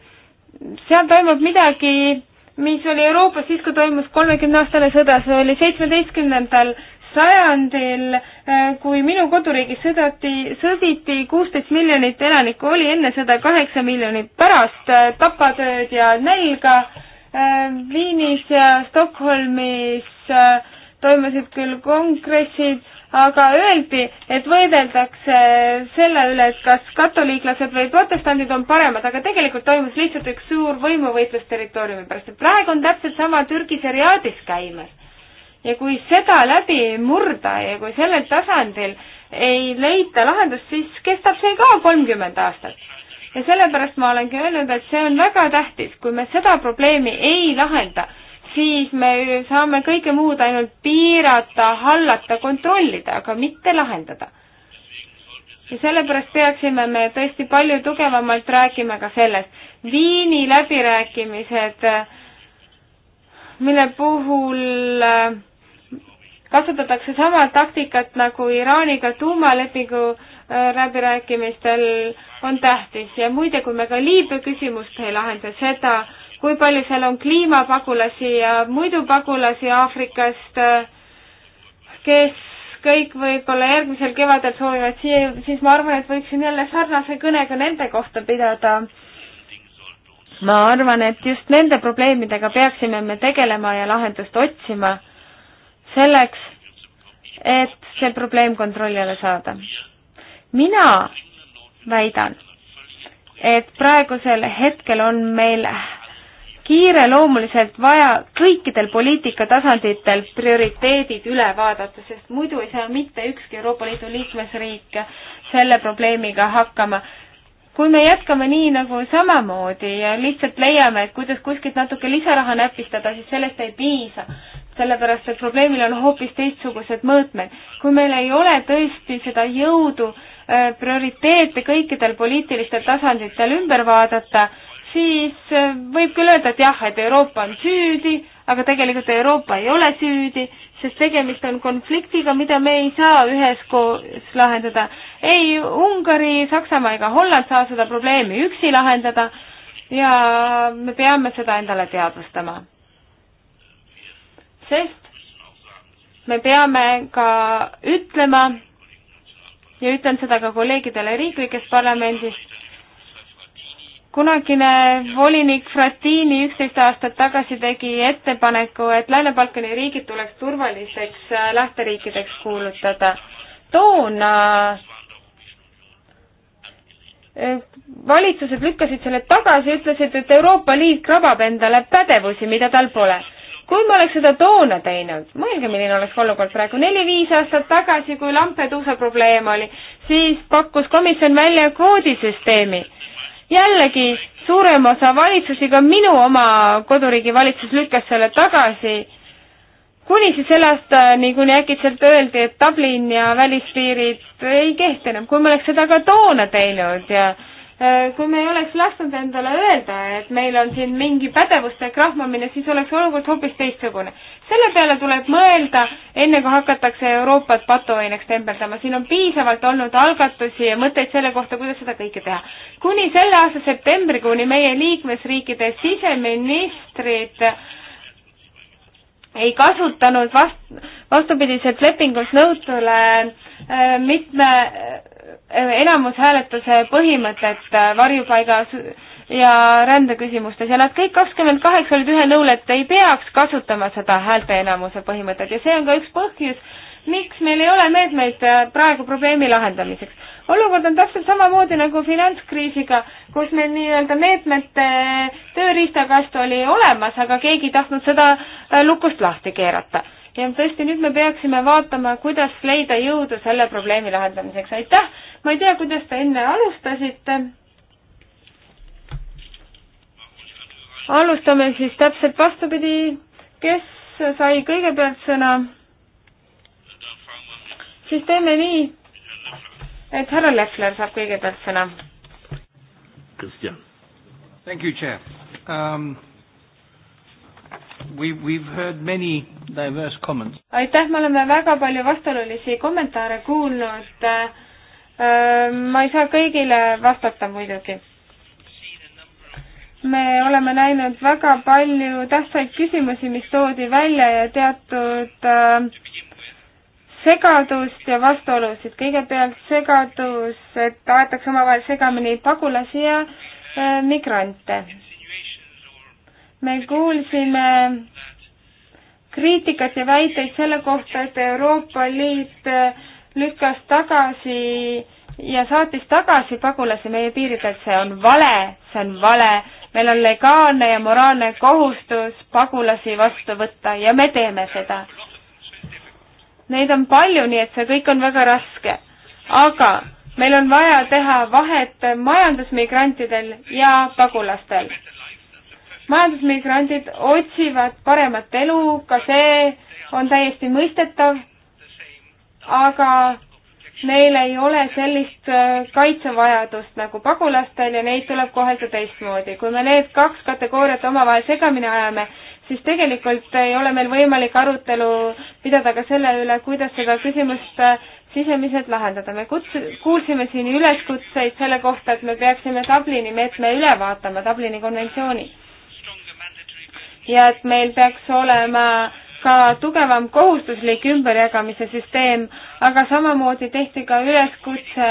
seal toimub midagi, mis oli Euroopas siis, kui toimus kolmekümne aastane sõda, see oli seitsmeteistkümnendal sajandil, äh, kui minu koduriigis sõdati, sõditi kuusteist miljonit elanikku, oli enne sõda kaheksa miljonit, pärast äh, tapatööd ja nälga äh, Viinis ja Stockholmis toimusid küll kongressid, aga öeldi, et võideldakse selle üle, et kas katoliiklased või protestandid on paremad, aga tegelikult toimus lihtsalt üks suur võimuvõitlus territooriumi pärast, et praegu on täpselt sama Türgi seriaadis käimas. ja kui seda läbi ei murda ja kui sellel tasandil ei leita lahendust, siis kestab see ka kolmkümmend aastat. ja sellepärast ma olengi öelnud, et see on väga tähtis, kui me seda probleemi ei lahenda siis me saame kõike muud ainult piirata, hallata, kontrollida, aga mitte lahendada. ja sellepärast peaksime me tõesti palju tugevamalt rääkima ka sellest. Viini läbirääkimised, mille puhul äh, kasutatakse sama taktikat nagu Iraaniga tuumalepingu äh, läbirääkimistel, on tähtis ja muide, kui me ka Liibüa küsimust ei lahenda, seda kui palju seal on kliimapagulasi ja muidu pagulasi Aafrikast, kes kõik võib-olla järgmisel kevadel soovivad siia, siis ma arvan, et võiksin jälle sarnase kõne ka nende kohta pidada. ma arvan, et just nende probleemidega peaksime me tegelema ja lahendust otsima selleks, et see probleem kontrolli alla saada. mina väidan, et praegusel hetkel on meil kiireloomuliselt vaja kõikidel poliitikatasanditel prioriteedid üle vaadata, sest muidu ei saa mitte ükski Euroopa Liidu liikmesriik selle probleemiga hakkama. kui me jätkame nii nagu samamoodi ja lihtsalt leiame, et kuidas kuskilt natuke lisaraha näpistada, siis sellest ei piisa, sellepärast et probleemil on hoopis teistsugused mõõtmed. kui meil ei ole tõesti seda jõudu, Äh, prioriteete kõikidel poliitilistel tasanditel ümber vaadata, siis äh, võib küll öelda, et jah, et Euroopa on süüdi, aga tegelikult Euroopa ei ole süüdi, sest tegemist on konfliktiga, mida me ei saa üheskoos lahendada. ei Ungari, Saksamaa ega Holland saa seda probleemi üksi lahendada ja me peame seda endale teadvustama. sest me peame ka ütlema, ja ütlen seda ka kolleegidele riiklikest parlamendist. kunagine volinik Frattini üksteist aastat tagasi tegi ettepaneku, et Lääne-Balkani riigid tuleks turvaliseks äh, lähteriikideks kuulutada. toona äh, äh, valitsused lükkasid selle tagasi, ütlesid, et Euroopa Liit krabab endale pädevusi, mida tal pole kui ma oleks seda toona teinud, mõelge, milline oleks olukord praegu, neli-viis aastat tagasi, kui Lampeduusa probleem oli, siis pakkus komisjon välja kvoodisüsteemi. jällegi, suurem osa valitsusi, ka minu oma koduriigi valitsus lükkas selle tagasi, kuni siis selle aastani, kuni äkitselt öeldi, et Dublin ja välispiirid ei kehti enam, kui ma oleks seda ka toona teinud ja äh, Äh, kui me ei oleks lasknud endale öelda, et meil on siin mingi pädevuste krahmamine, siis oleks olukord hoopis teistsugune. selle peale tuleb mõelda, enne kui hakatakse Euroopat patuoineks tembeldama. siin on piisavalt olnud algatusi ja mõtteid selle kohta, kuidas seda kõike teha. kuni selle aasta septembrikuuni meie liikmesriikide siseministrid ei kasutanud vast-, vastupidiselt lepingus nõutule äh, mitme enamushääletuse põhimõtet äh, varjupaigas ja rändeküsimustes ja nad kõik kakskümmend kaheksa olid ühel nõul, et ei peaks kasutama seda häälteenamuse põhimõtet ja see on ka üks põhjus, miks meil ei ole meetmeid äh, praegu probleemi lahendamiseks. olukord on täpselt samamoodi nagu finantskriisiga, kus meil nii-öelda meetmete äh, tööriistakast oli olemas, aga keegi ei tahtnud seda lukust lahti keerata ja tõesti, nüüd me peaksime vaatama, kuidas leida jõudu selle probleemi lahendamiseks. aitäh, ma ei tea, kuidas te enne alustasite. alustame siis täpselt vastupidi, kes sai kõigepealt sõna? siis teeme nii, et härra Lefler saab kõigepealt sõna. Kristjan. Thank you, chair um.... We, we've heard many diverse comments. aitäh, me oleme väga palju vastuolulisi kommentaare kuulnud. Äh, ma ei saa kõigile vastata muidugi. me oleme näinud väga palju tähtsaid küsimusi, mis toodi välja ja teatud äh, segadust ja vastuolusid. kõigepealt segadus, et aetakse omavahel segamini pagulasi ja äh, migrante me kuulsime kriitikat ja väiteid selle kohta, et Euroopa Liit äh, lükkas tagasi ja saatis tagasi pagulasi meie piiridelt, see on vale, see on vale. meil on legaalne ja moraalne kohustus pagulasi vastu võtta ja me teeme seda. Neid on palju, nii et see kõik on väga raske. aga meil on vaja teha vahet majandusmigrantidel ja pagulastel majandusmigrandid otsivad paremat elu, ka see on täiesti mõistetav, aga neil ei ole sellist äh, kaitsevajadust nagu pagulastel ja neid tuleb kohelda teistmoodi. kui me need kaks kategooriat omavahel segamini ajame, siis tegelikult ei ole meil võimalik arutelu pidada ka selle üle, kuidas seda küsimust äh, sisemiselt lahendada. me kuts-, kuulsime siin üleskutseid selle kohta, et me peaksime Dublini meetme üle vaatama, Dublini konventsiooni ja et meil peaks olema ka tugevam kohustuslik ümberjagamise süsteem, aga samamoodi tehti ka üleskutse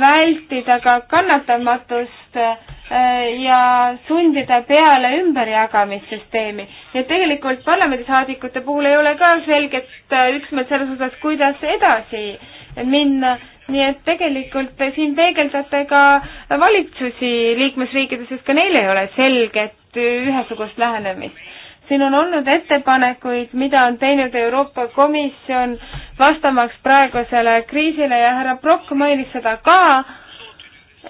vältida ka kannatamatust äh, ja sundida peale ümberjagamissüsteemi. ja tegelikult parlamendisaadikute puhul ei ole ka selget äh, üksmeelt selles osas, kuidas edasi minna, nii et tegelikult siin peegeldate ka valitsusi liikmesriikides, sest ka neil ei ole selget ühesugust lähenemist. siin on olnud ettepanekuid, mida on teinud Euroopa Komisjon vastamaks praegusele kriisile ja härra Prokk mainis seda ka,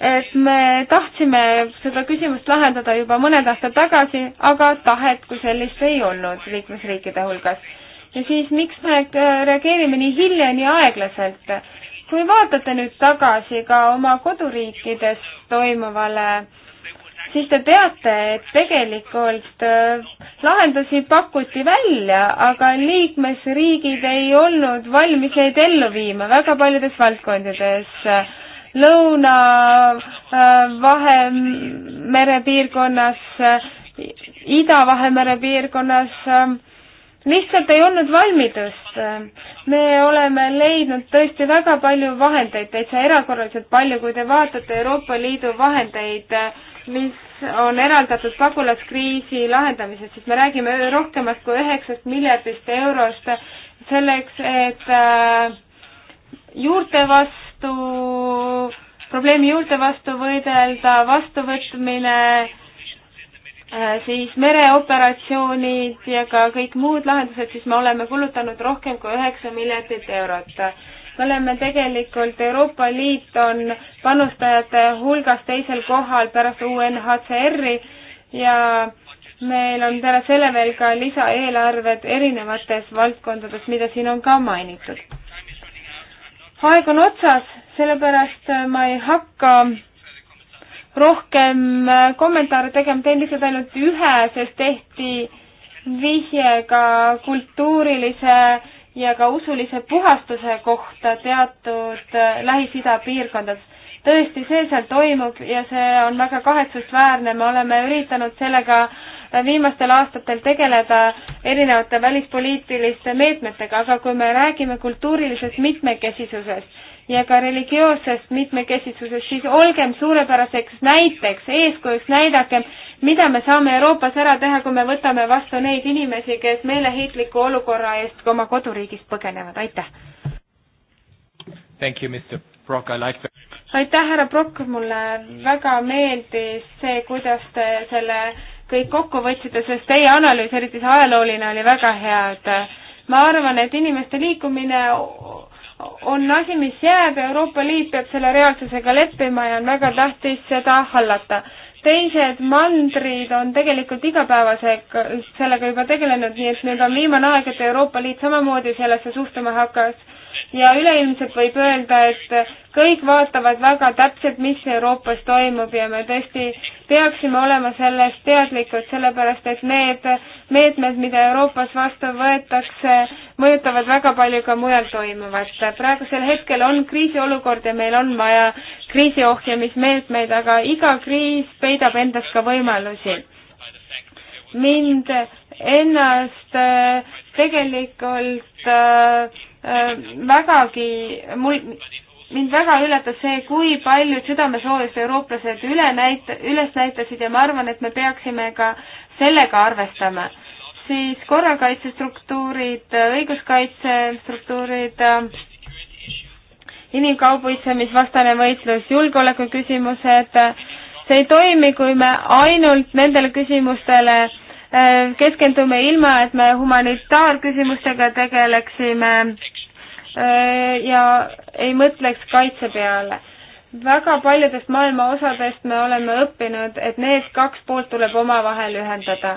et me tahtsime seda küsimust lahendada juba mõned aastad tagasi, aga tahet kui sellist ei olnud liikmesriikide hulgas. ja siis miks me reageerime nii hilja, nii aeglaselt? kui vaatate nüüd tagasi ka oma koduriikides toimuvale äh, siis te teate, et tegelikult äh, lahendusi pakuti välja, aga liikmesriigid ei olnud valmis neid ellu viima väga paljudes valdkondades. Lõuna äh, Vahemere piirkonnas, äh, Ida-Vahemere piirkonnas lihtsalt ei olnud valmidust. me oleme leidnud tõesti väga palju vahendeid, täitsa erakorraliselt palju, kui te vaatate Euroopa Liidu vahendeid äh, mis on eraldatud pagulaskriisi lahendamisest, siis me räägime rohkemast kui üheksast miljardist eurost selleks, et äh, juurte vastu, probleemi juurte vastu võidelda, vastuvõtmine, äh, siis mereoperatsioonid ja ka kõik muud lahendused, siis me oleme kulutanud rohkem kui üheksa miljardit eurot me oleme tegelikult, Euroopa Liit on panustajate hulgas teisel kohal pärast UNHCR-i ja meil on peale selle veel ka lisaeelarved erinevates valdkondades, mida siin on ka mainitud. aeg on otsas, sellepärast ma ei hakka rohkem kommentaare tegema, teen lihtsalt ainult ühe, sest tehti vihje ka kultuurilise ja ka usulise puhastuse kohta teatud äh, Lähis-Ida piirkondades. tõesti, see seal toimub ja see on väga kahetsusväärne, me oleme üritanud sellega äh, viimastel aastatel tegeleda erinevate välispoliitiliste meetmetega, aga kui me räägime kultuurilisest mitmekesisusest, ja ka religioossest mitmekesisusest, siis olgem suurepäraseks näiteks, eeskujuks näidakem, mida me saame Euroopas ära teha, kui me võtame vastu neid inimesi, kes meeleheitliku olukorra eest oma koduriigist põgenevad, aitäh! Thank you, Mr Brock, I like that. aitäh, härra Brock, mulle väga meeldis see, kuidas te selle kõik kokku võtsite, sest teie analüüs, eriti see ajalooline, oli väga hea, et ma arvan, et inimeste liikumine on asi, mis jääb, Euroopa Liit peab selle reaalsusega leppima ja on väga tähtis seda hallata teised mandrid on tegelikult igapäevasega, sellega juba tegelenud, nii et nüüd on viimane aeg, et Euroopa Liit samamoodi sellesse suhtuma hakkas ja üleilmselt võib öelda, et kõik vaatavad väga täpselt, mis Euroopas toimub ja me tõesti peaksime olema sellest teadlikud, sellepärast et need meetmed, mida Euroopas vastu võetakse, mõjutavad väga palju ka mujal toimuvat. praegusel hetkel on kriisiolukord ja meil on vaja kriisiohjamismeetmeid, aga iga kriis peidab endas ka võimalusi. mind ennast äh, tegelikult äh, Äh, vägagi, mul, mind väga üllatas see, kui paljud südamesoojust eurooplased üle näit-, üles näitasid ja ma arvan, et me peaksime ka sellega arvestama. siis korrakaitsestruktuurid, õiguskaitsestruktuurid, inimkaubitsemisvastane võitlus, julgeolekuküsimused, see ei toimi, kui me ainult nendele küsimustele äh, Äh, keskendume ilma, et me humanitaarküsimustega tegeleksime äh, ja ei mõtleks kaitse peale. väga paljudest maailma osadest me oleme õppinud, et need kaks poolt tuleb omavahel ühendada.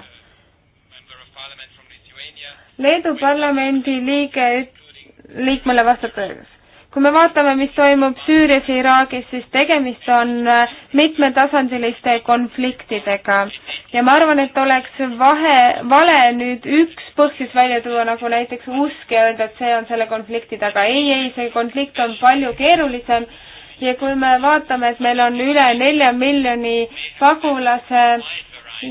Leedu parlamendi liige, liikmele vastates kui me vaatame, mis toimub Süürias ja Iraagis, siis tegemist on äh, mitmetasandiliste konfliktidega. ja ma arvan, et oleks vahe, vale nüüd üks põhjus välja tuua, nagu näiteks usk ja öelda, et see on selle konflikti taga. ei, ei, see konflikt on palju keerulisem ja kui me vaatame, et meil on üle nelja miljoni pagulase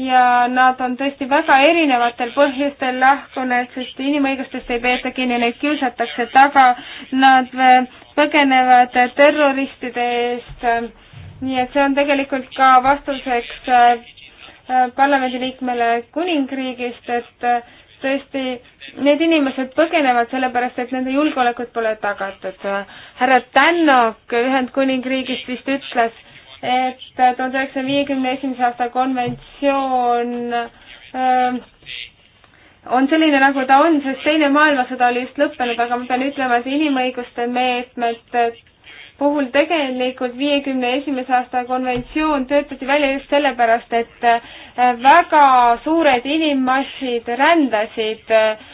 ja nad on tõesti väga erinevatel põhjustel lahkunud, sest inimõigustest ei peeta kinni, neid kiusatakse taga, nad eh, põgenevad terroristide eest. nii et see on tegelikult ka vastuseks eh, eh, parlamendiliikmele kuningriigist, et tõesti need inimesed põgenevad sellepärast, et nende julgeolekut pole tagatud. härra Tännok Ühendkuningriigist vist ütles et tuhande üheksasaja viiekümne esimese aasta konventsioon öö, ähm, on selline, nagu ta on, sest Teine maailmasõda oli just lõppenud, aga ma pean ütlema, et inimõiguste meetmete puhul tegelikult viiekümne esimese aasta konventsioon töötati välja just sellepärast, et äh, väga suured inimmassid rändasid äh,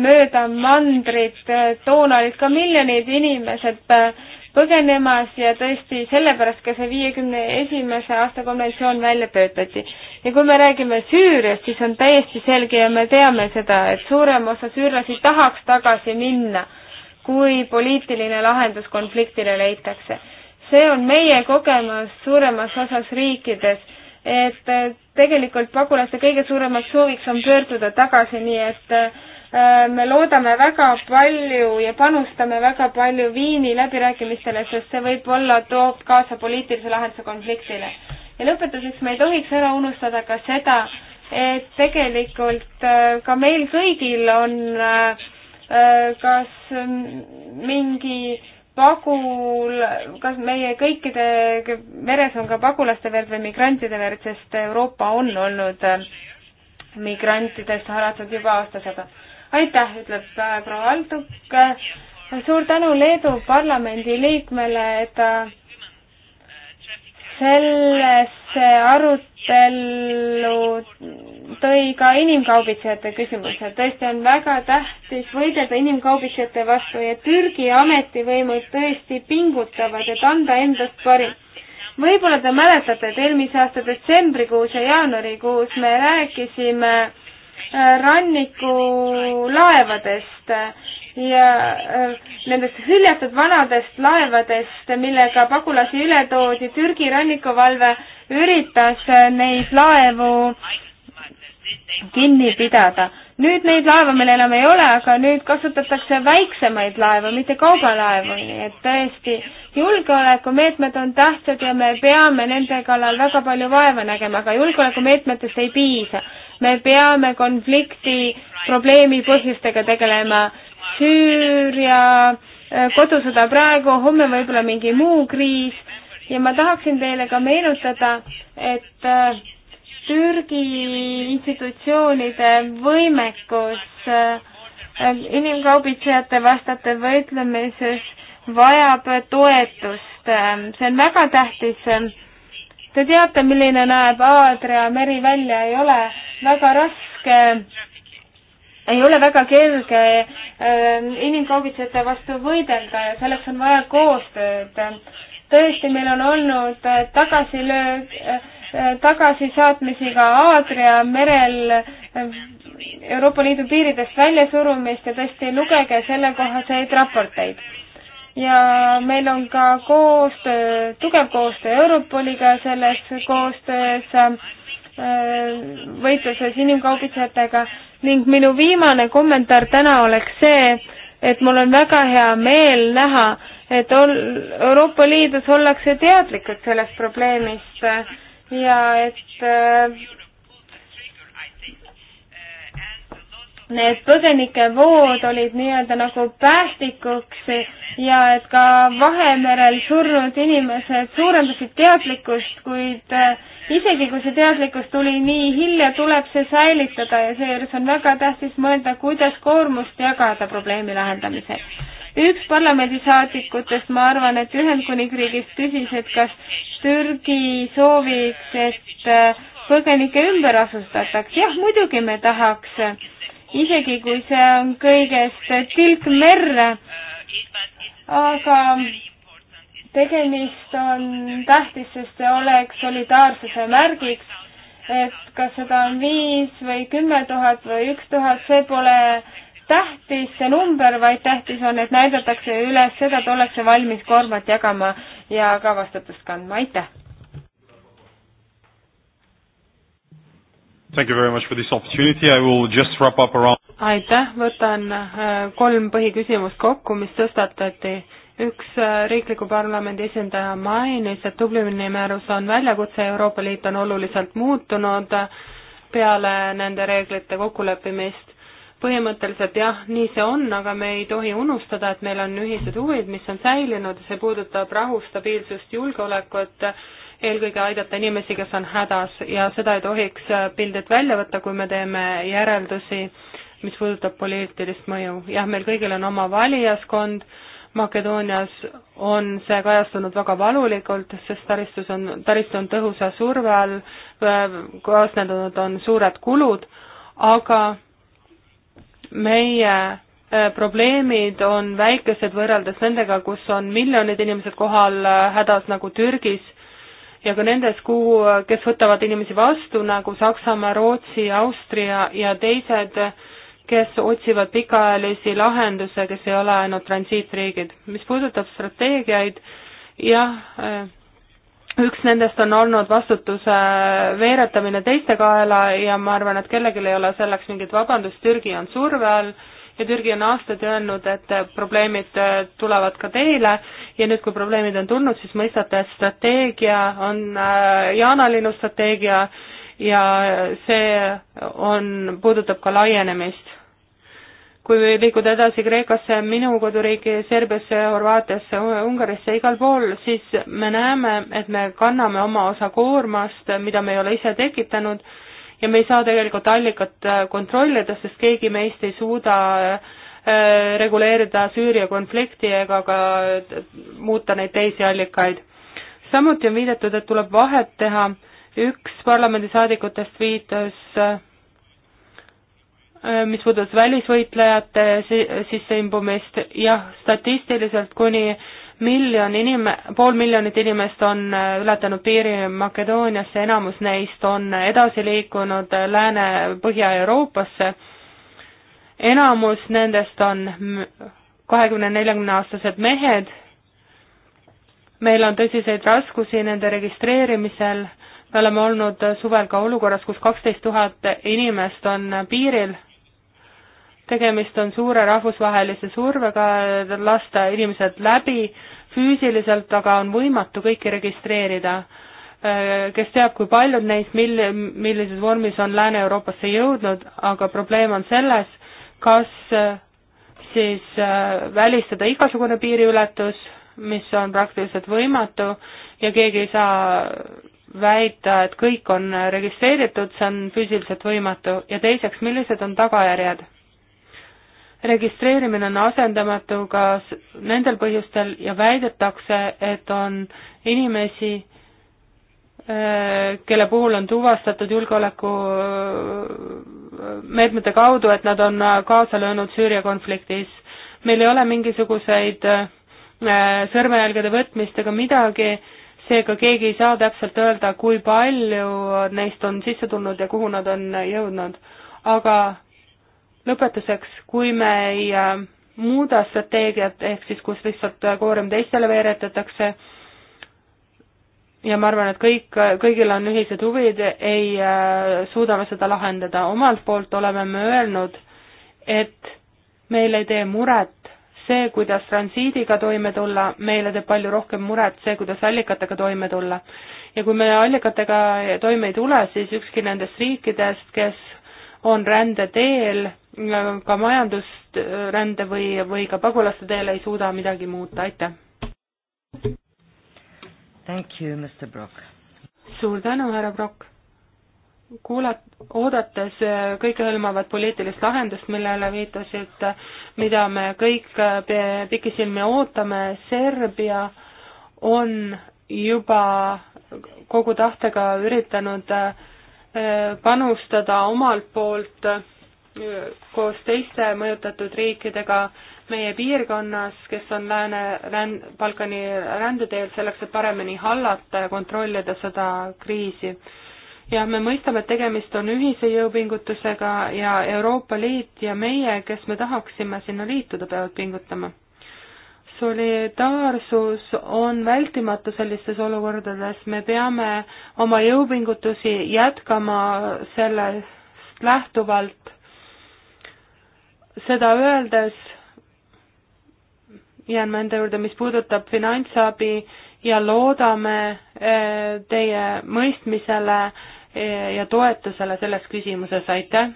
mööda mandrit, äh, toona olid ka miljonid inimesed äh, põgenemas ja tõesti sellepärast ka see viiekümne esimese aasta konventsioon välja töötati. ja kui me räägime Süüriast, siis on täiesti selge ja me teame seda, et suurem osa süürlasi tahaks tagasi minna, kui poliitiline lahendus konfliktile leitakse. see on meie kogemus suuremas osas riikides, et tegelikult pagulaste kõige suuremaks sooviks on pöörduda tagasi, nii et äh, Äh, me loodame väga palju ja panustame väga palju Viini läbirääkimistele, sest see võib-olla toob kaasa poliitilise lahenduse konfliktile. ja lõpetuseks me ei tohiks ära unustada ka seda, et tegelikult äh, ka meil kõigil on äh, kas mingi pagul, kas meie kõikide veres on ka pagulaste verd või migrantide verd, sest Euroopa on olnud migrantidest haratud juba aastasada aitäh, ütleb proua Altuk. suur tänu Leedu parlamendi liikmele, et ta sellesse arutellu tõi ka inimkaubitsejate küsimuse. tõesti on väga tähtis võidelda inimkaubitsejate vastu ja Türgi ametivõimud tõesti pingutavad, et anda endast parim võib-olla te mäletate, et eelmise aasta detsembrikuus ja jaanuarikuus me rääkisime rannikulaevadest ja äh, nendest hüljatud vanadest laevadest, millega pagulasi üle toodi. Türgi rannikuvalve üritas neid laevu kinni pidada, nüüd neid laeva meil enam ei ole, aga nüüd kasutatakse väiksemaid laevu, mitte kaubalaevu, nii et tõesti, julgeolekumeetmed on tähtsad ja me peame nende kallal väga palju vaeva nägema, aga julgeolekumeetmetest ei piisa. me peame konflikti probleemi põhjustega tegelema, Süüria äh, kodusõda praegu, homme võib-olla mingi muu kriis ja ma tahaksin teile ka meenutada, et äh, Türgi institutsioonide võimekus äh, inimkaubitsejate vastate võitlemises vajab toetust. Äh, see on väga tähtis. Te teate, milline näeb Aadria meri välja, ei ole väga raske, ei ole väga kerge äh, inimkaubitsejate vastu võidelda ja selleks on vaja koostööd. tõesti, meil on olnud tagasilöök Äh, tagasisaatmisiga Aadria merel äh, Euroopa Liidu piiridest väljasurumist ja tõesti lugege sellekohaseid raporteid. ja meil on ka koostöö, tugev koostöö Europoliga selles koostöös äh, võitluses inimkaubitsejatega ning minu viimane kommentaar täna oleks see, et mul on väga hea meel näha, et ol-, Euroopa Liidus ollakse teadlikud sellest probleemist ja et äh, need põgenikevood olid nii-öelda nagu päästikuks ja et ka Vahemerel surnud inimesed suurendasid teadlikkust, kuid äh, isegi kui see teadlikkus tuli nii hilja, tuleb see säilitada ja seejuures on väga tähtis mõelda, kuidas koormust jagada probleemi lahendamisel. üks parlamendisaadikutest, ma arvan, et Ühendkuningriigist küsis, et kas Türgi sooviks, et äh, põgenikke ümber asustataks. jah, muidugi me tahaks isegi kui see on kõigest tilk merre. aga tegemist on tähtis, sest see oleks solidaarsuse märgiks, et kas seda on viis või kümme tuhat või üks tuhat, see pole tähtis see number, vaid tähtis on, et näidatakse üles seda, et ollakse valmis koormat jagama ja ka vastutust kandma, aitäh! Thank you very much for this opportunity. I will just wrap up around aitäh, võtan äh, kolm põhiküsimust kokku, mis tõstatati. üks äh, riikliku parlamendi esindaja mainis, et Dublini määrus on väljakutse, Euroopa Liit on oluliselt muutunud äh, peale nende reeglite kokkuleppimist. põhimõtteliselt jah, nii see on, aga me ei tohi unustada, et meil on ühised huvid, mis on säilinud, see puudutab rahu, stabiilsust, julgeolekut eelkõige aidata inimesi, kes on hädas ja seda ei tohiks äh, pildilt välja võtta, kui me teeme järeldusi, mis puudutab poliitilist mõju. jah, meil kõigil on oma valijaskond, Makedoonias on see kajastunud väga valulikult, sest taristus on, taristu on tõhusa surve all, äh, kaasnenud on suured kulud, aga meie äh, probleemid on väikesed võrreldes nendega, kus on miljonid inimesed kohal hädas nagu Türgis ja ka nendes, kuhu, kes võtavad inimesi vastu, nagu Saksamaa, Rootsi, Austria ja teised, kes otsivad pikaajalisi lahenduse, kes ei ole ainult transiitriigid. mis puudutab strateegiaid, jah, üks nendest on olnud vastutuse veeretamine teiste kaela ja ma arvan, et kellelgi ei ole selleks mingit vabandust, Türgi on surve all ja Türgi on aastaid öelnud, et probleemid äh, tulevad ka teile ja nüüd, kui probleemid on tulnud, siis mõistate, et strateegia on äh, jaanalinnu strateegia ja see on, puudutab ka laienemist. kui liikuda edasi Kreekasse, minu koduriiki, Serbiasse, Horvaatiasse, Ungarisse, igal pool, siis me näeme, et me kanname oma osa koormast, mida me ei ole ise tekitanud ja me ei saa tegelikult allikat äh, kontrollida, sest keegi meist ei suuda äh, reguleerida Süüria konflikti ega ka äh, muuta neid teisi allikaid. samuti on viidatud, et tuleb vahet teha, üks parlamendisaadikutest viitas mis puudutas välisvõitlejate sisseimumist, jah, statistiliselt kuni miljon inim-, pool miljonit inimest on äh, ületanud piiri Makedooniasse, enamus neist on edasi liikunud äh, Lääne-, Põhja-Euroopasse, enamus nendest on kahekümne, neljakümne aastased mehed, meil on tõsiseid raskusi nende registreerimisel, me oleme olnud äh, suvel ka olukorras, kus kaksteist tuhat inimest on piiril, tegemist on suure rahvusvahelise survega lasta inimesed läbi, füüsiliselt aga on võimatu kõiki registreerida. Äh, kes teab, kui paljud neist mil-, millises vormis on Lääne-Euroopasse jõudnud, aga probleem on selles, kas äh, siis äh, välistada igasugune piiriületus, mis on praktiliselt võimatu ja keegi ei saa väita, et kõik on registreeritud, see on füüsiliselt võimatu, ja teiseks, millised on tagajärjed registreerimine on asendamatu ka nendel põhjustel ja väidetakse, et on inimesi, äh, kelle puhul on tuvastatud julgeolekumeetmete äh, kaudu, et nad on äh, kaasa löönud Süüria konfliktis. meil ei ole mingisuguseid sõrmejälgede võtmist ega midagi, seega keegi ei saa täpselt öelda, kui palju neist on sisse tulnud ja kuhu nad on jõudnud. aga lõpetuseks, kui me ei äh, muuda strateegiat, ehk siis kus lihtsalt äh, koorem teistele veeretatakse, ja ma arvan, et kõik, äh, kõigil on ühised huvid, ei suuda me seda lahendada. omalt poolt oleme me öelnud, et meile ei tee muret see, kuidas transiidiga toime tulla, meile teeb palju rohkem muret see, kuidas allikatega toime tulla. ja kui me allikatega toime ei tule, siis ükski nendest riikidest, kes on rände teel, ka majandust rände või, või ka pagulaste teel ei suuda midagi muuta, aitäh. Thank you, Mr Brock. suur tänu, härra Brock. kuulat-, oodates kõikehõlmavat poliitilist lahendust, millele viitasid, mida me kõik pikisilmi ootame, Serbia on juba kogu tahtega üritanud eh, panustada omalt poolt koos teiste mõjutatud riikidega meie piirkonnas, kes on Lääne, Lään-, Balkani rändeteel, selleks et paremini hallata ja kontrollida seda kriisi. ja me mõistame, et tegemist on ühise jõupingutusega ja Euroopa Liit ja meie, kes me tahaksime sinna liituda, peavad pingutama. solidaarsus on vältimatu sellistes olukordades, me peame oma jõupingutusi jätkama sellest lähtuvalt seda öeldes jään ma enda juurde, mis puudutab finantsabi ja loodame eh, teie mõistmisele eh, ja toetusele selles küsimuses, aitäh!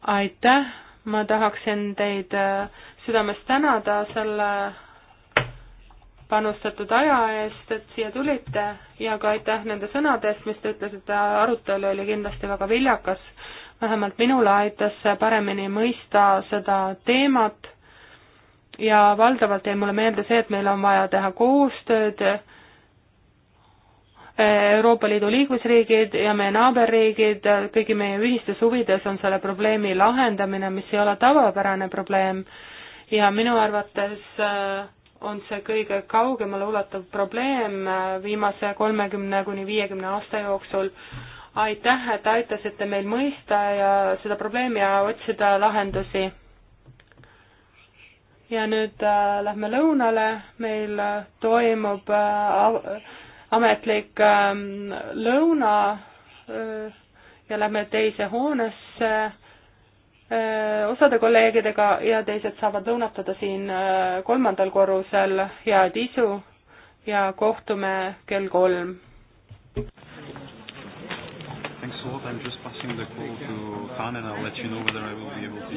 aitäh, ma tahaksin teid eh, südamest tänada selle panustatud aja eest, et siia tulite ja ka aitäh nende sõnade eest, mis te ütlesite, arutelu oli kindlasti väga viljakas vähemalt minule aitas see paremini mõista seda teemat ja valdavalt jäi mulle meelde see, et meil on vaja teha koostööd eh, Euroopa Liidu liikmesriigid ja meie naaberriigid, kõigi meie ühistes huvides on selle probleemi lahendamine, mis ei ole tavapärane probleem ja minu arvates eh, on see kõige kaugemale ulatuv probleem eh, viimase kolmekümne kuni viiekümne aasta jooksul aitäh, et aitasite meil mõista ja seda probleemi ja otsida lahendusi. ja nüüd äh, lähme lõunale, meil äh, toimub äh, ametlik äh, lõuna äh, ja lähme teise hoonesse äh, osade kolleegidega ja teised saavad lõunatada siin äh, kolmandal korrusel, head isu ja kohtume kell kolm taking the call to Khan, and I'll let you know whether I will be able to.